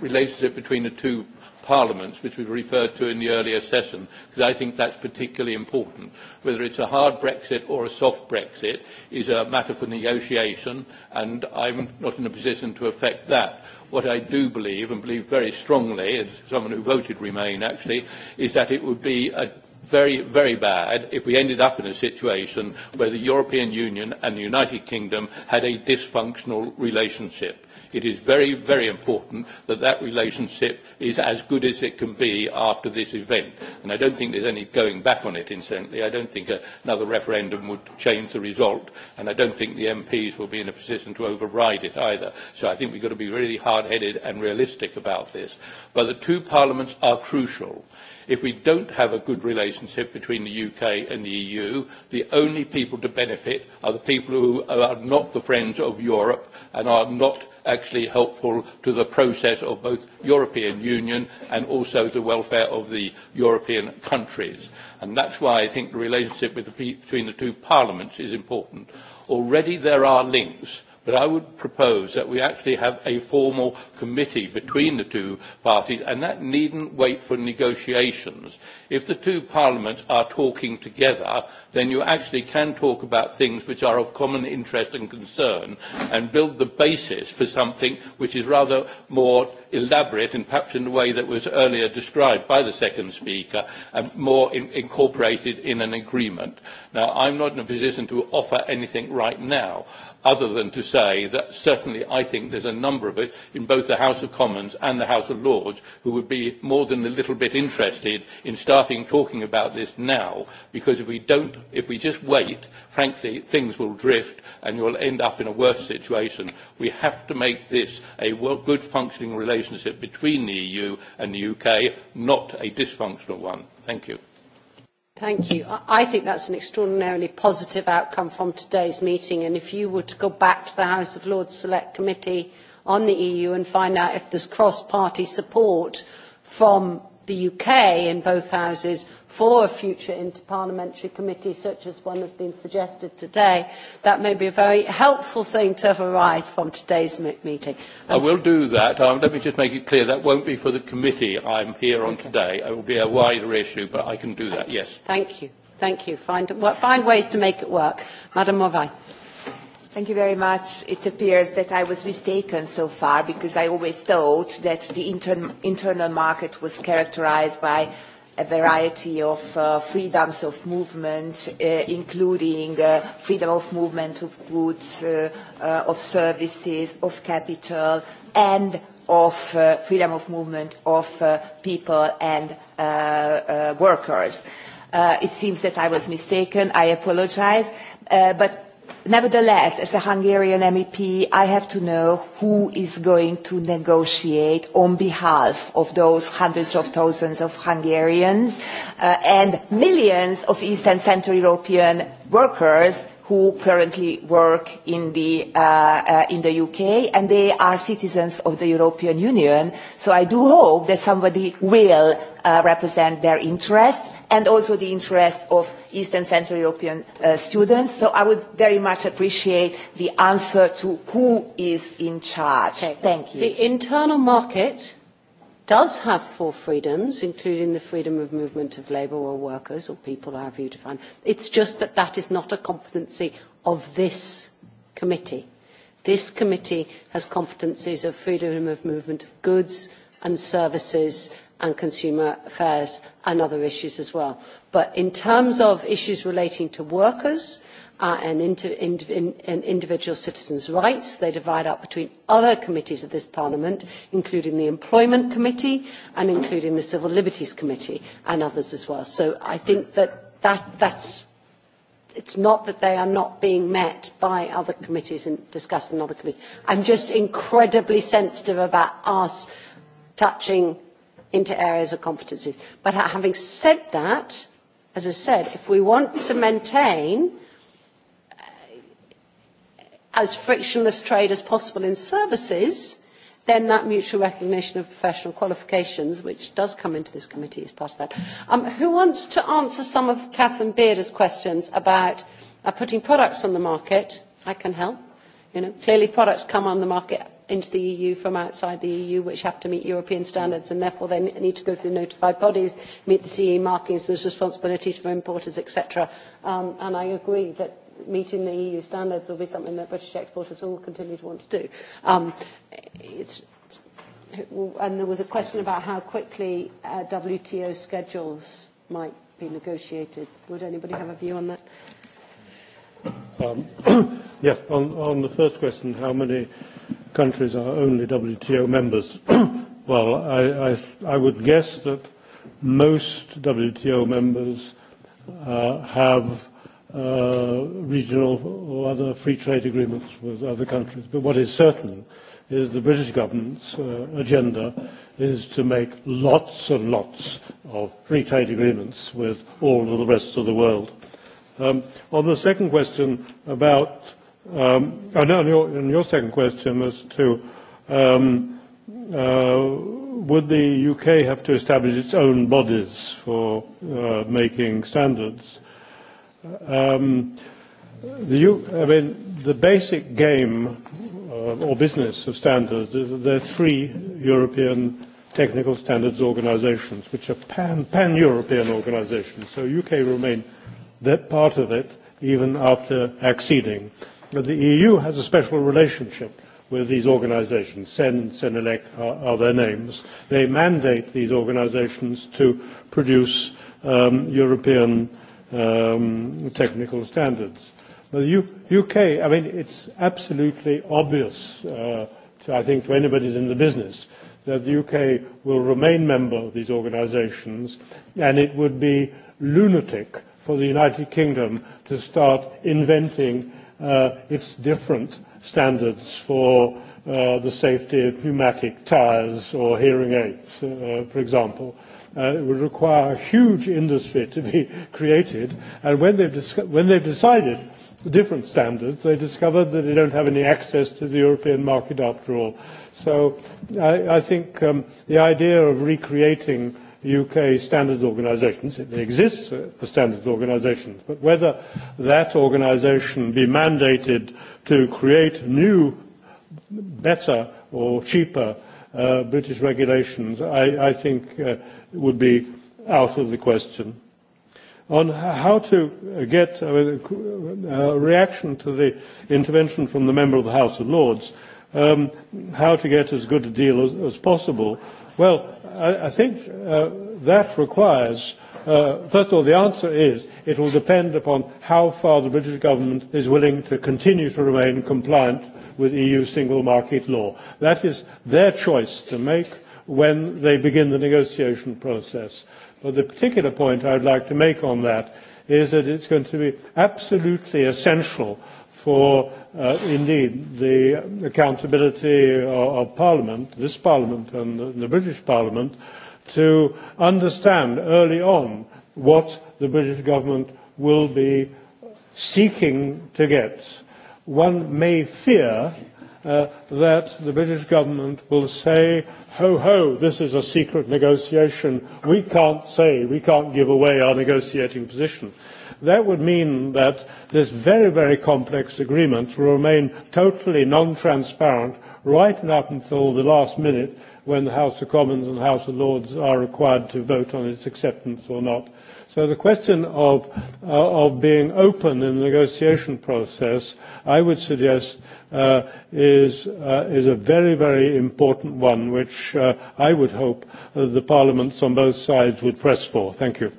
relationship between the two parliaments, which we've referred to in the earlier session, because I think that's particularly important. Whether it's a hard Brexit or a soft Brexit is a matter for negotiation, and I'm not in a position to affect that. What I do believe, and believe very strongly, as someone who voted Remain actually, is that it would be a very, very bad if we ended up in a situation where the European Union and the United Kingdom had a dysfunctional relationship. It is very, very important that that relationship is as good as it can be after this event. And I don't think there's any going back on it, incidentally. I don't think another referendum would change the result. And I don't think the MPs will be in a position to override it either. So I think we've got to be really hard-headed and realistic about this. But the two parliaments are crucial. If we don't have a good relationship between the UK and the EU, the only people to benefit are the people who are not the friends of Europe and are not actually helpful to the process of both European Union and also the welfare of the European countries. And that's why I think the relationship between the two parliaments is important. Already there are links But I would propose that we actually have a formal committee between the two parties, and that needn't wait for negotiations. If the two parliaments are talking together, then you actually can talk about things which are of common interest and concern and build the basis for something which is rather more elaborate and perhaps in the way that was earlier described by the second speaker and more incorporated in an agreement. Now, I'm not in a position to offer anything right now other than to say that certainly I think there's a number of it in both the House of Commons and the House of Lords who would be more than a little bit interested in starting talking about this now because if we don't, if we just wait, frankly, things will drift and you'll end up in a worse situation. We have to make this a good functioning relationship between the EU and the UK, not a dysfunctional one. Thank you. Thank you. I think that's an extraordinarily positive outcome from today's meeting. And if you were to go back to the House of Lords Select Committee on the EU and find out if there's cross-party support from the UK in both houses for a future interparliamentary committee such as one has been suggested today, that may be a very helpful thing to have arise from today's meeting. I will do that. Let me just make it clear that won't be for the committee I'm here on today. It will be a wider issue, but I can do that, yes. Thank you. Thank you. Find ways to make it work. Madam Morvai. Thank you very much. It appears that I was mistaken so far because I always thought that the internal market was characterized by a variety of freedoms of movement, including freedom of movement of goods, of services, of capital, and of freedom of movement of people and workers. It seems that I was mistaken. I apologize. But Nevertheless, as a Hungarian MEP, I have to know who is going to negotiate on behalf of those hundreds of thousands of Hungarians and millions of East and Central European workers who currently work in the UK, and they are citizens of the European Union. So I do hope that somebody will represent their interests and also the interests of East and Central European students. So I would very much appreciate the answer to who is in charge. Thank you. The internal market does have four freedoms, including the freedom of movement of labour or workers or people, however you define. It's just that that is not a competency of this committee. This committee has competencies of freedom of movement of goods and services and consumer affairs and other issues as well. But in terms of issues relating to workers and individual citizens' rights, they divide up between other committees of this Parliament, including the Employment Committee and including the Civil Liberties Committee and others as well. So I think that that's it's not that they are not being met by other committees and discussed in other committees. I'm just incredibly sensitive about us touching into areas of competency. But having said that, as I said, if we want to maintain as frictionless trade as possible in services, then that mutual recognition of professional qualifications, which does come into this committee, is part of that. Who wants to answer some of Catherine Bearder's questions about putting products on the market? I can help. You know, Clearly, products come on the market into the EU from outside the EU, which have to meet European standards, and therefore they need to go through notified bodies, meet the CE markings, there's responsibilities for importers, etc. And I agree that meeting the EU standards will be something that British exporters will continue to want to do. And there was a question about how quickly WTO schedules might be negotiated. Would anybody have a view on that? Yes, on the first question, how many countries are only WTO members. Well, I I would guess that most WTO members have regional or other free trade agreements with other countries. But what is certain is the British government's agenda is to make lots and lots of free trade agreements with all of the rest of the world. On the second question about And your second question was to would the UK have to establish its own bodies for making standards? The basic game or business of standards is that there are three European technical standards organisations, which are pan-European organisations. So UK remain that part of it even after acceding the EU has a special relationship with these organizations SEN and SENELEC are their names. They mandate these organizations to produce European technical standards. The UK, I mean, it's absolutely obvious, I think, to anybody in the business, that the UK will remain member of these organizations and it would be lunatic for the United Kingdom to start inventing its different standards for the safety of pneumatic tires or hearing aids, for example. It would require a huge industry to be created, and when they've decided different standards, they discovered that they don't have any access to the European market after all. So I think the idea of recreating UK standards organisations. It exists for standards organisations, but whether that organisation be mandated to create new, better or cheaper British regulations, I I think would be out of the question. On how to get a reaction to the intervention from the Member of the House of Lords, how to get as good a deal as possible Well, I think that requires, first of all, the answer is it will depend upon how far the British government is willing to continue to remain compliant with EU single market law. That is their choice to make when they begin the negotiation process. But the particular point I would like to make on that is that it's going to be absolutely essential for Indeed, the accountability of Parliament, this Parliament and the British Parliament, to understand early on what the British government will be seeking to get. One may fear that the British government will say, ho ho, this is a secret negotiation. We can't say, we can't give away our negotiating position. That would mean that this very, very complex agreement will remain totally non-transparent right up until the last minute when the House of Commons and the House of Lords are required to vote on its acceptance or not. So the question of being open in the negotiation process, I would suggest, is is a very very important one, which I would hope the parliaments on both sides would press for. Thank you.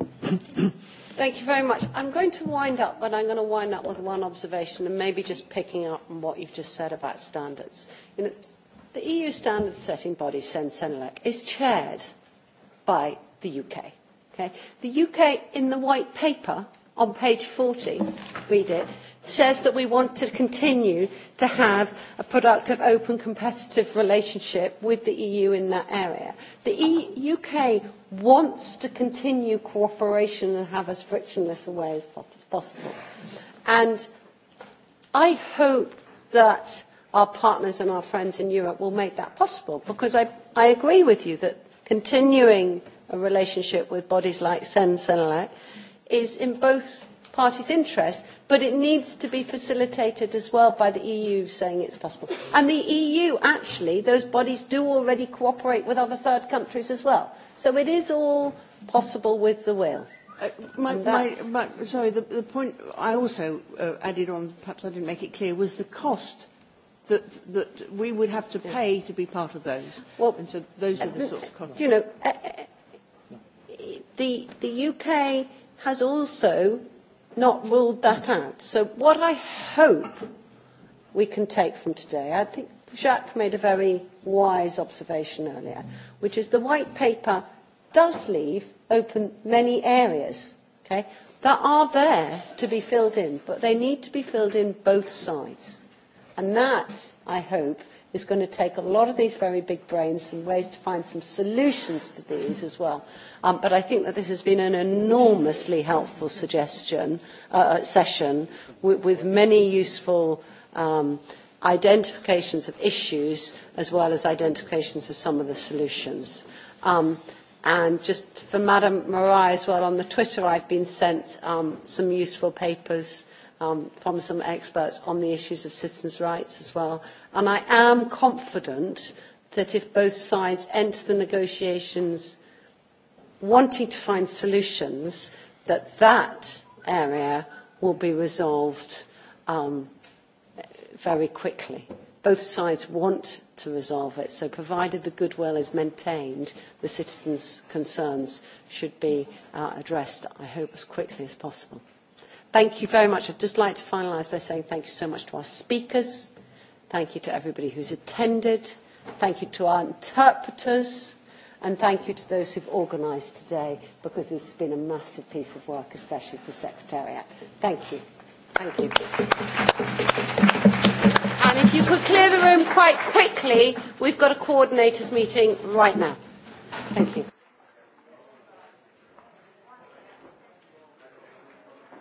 Thank you very much. I'm going to wind up, but I'm going to wind up with one observation and maybe just picking up on what you've just said about standards. The EU standards setting body, sen cenelec is chaired by the UK. Okay? The UK, in the white paper on page 40, read it, says that we want to continue to have a productive, open, competitive relationship with the EU in that area. The UK wants to continue cooperation and have as frictionless a way as possible. And I hope that our partners and our friends in Europe will make that possible, because I I agree with you that continuing a relationship with bodies like Sen cenelec is in both parties' interests, but it needs to be facilitated as well by the EU saying it's possible. And the EU, actually, those bodies do already cooperate with other third countries as well. So it is all possible with the will. Sorry, the point I also added on, perhaps I didn't make it clear, was the cost that we would have to pay to be part of those. And so those are the sorts of costs. You know, the UK has also not ruled that out. So what I hope we can take from today, I think Jacques made a very wise observation earlier, which is the white paper does leave open many areas that are there to be filled in, but they need to be filled in both sides. And that, I hope, is going to take a lot of these very big brains and ways to find some solutions to these as well. But I think that this has been an enormously helpful suggestion session with many useful identifications of issues as well as identifications of some of the solutions. And just for Madam Mariah as well, on the Twitter I've been sent some useful papers from some experts on the issues of citizens' rights as well and i am confident that if both sides enter the negotiations wanting to find solutions that that area will be resolved very quickly. Both sides want to resolve it, so provided the goodwill is maintained, the citizens' concerns should be addressed, I hope, as quickly as possible. Thank you very much. I'd just like to finalise by saying thank you so much to our speakers Thank you to everybody who's attended. Thank you to our interpreters. And thank you to those who've organised today, because this has been a massive piece of work, especially for the Secretariat. Thank you. Thank you. And if you could clear the room quite quickly, we've got a coordinators meeting right now. Thank you.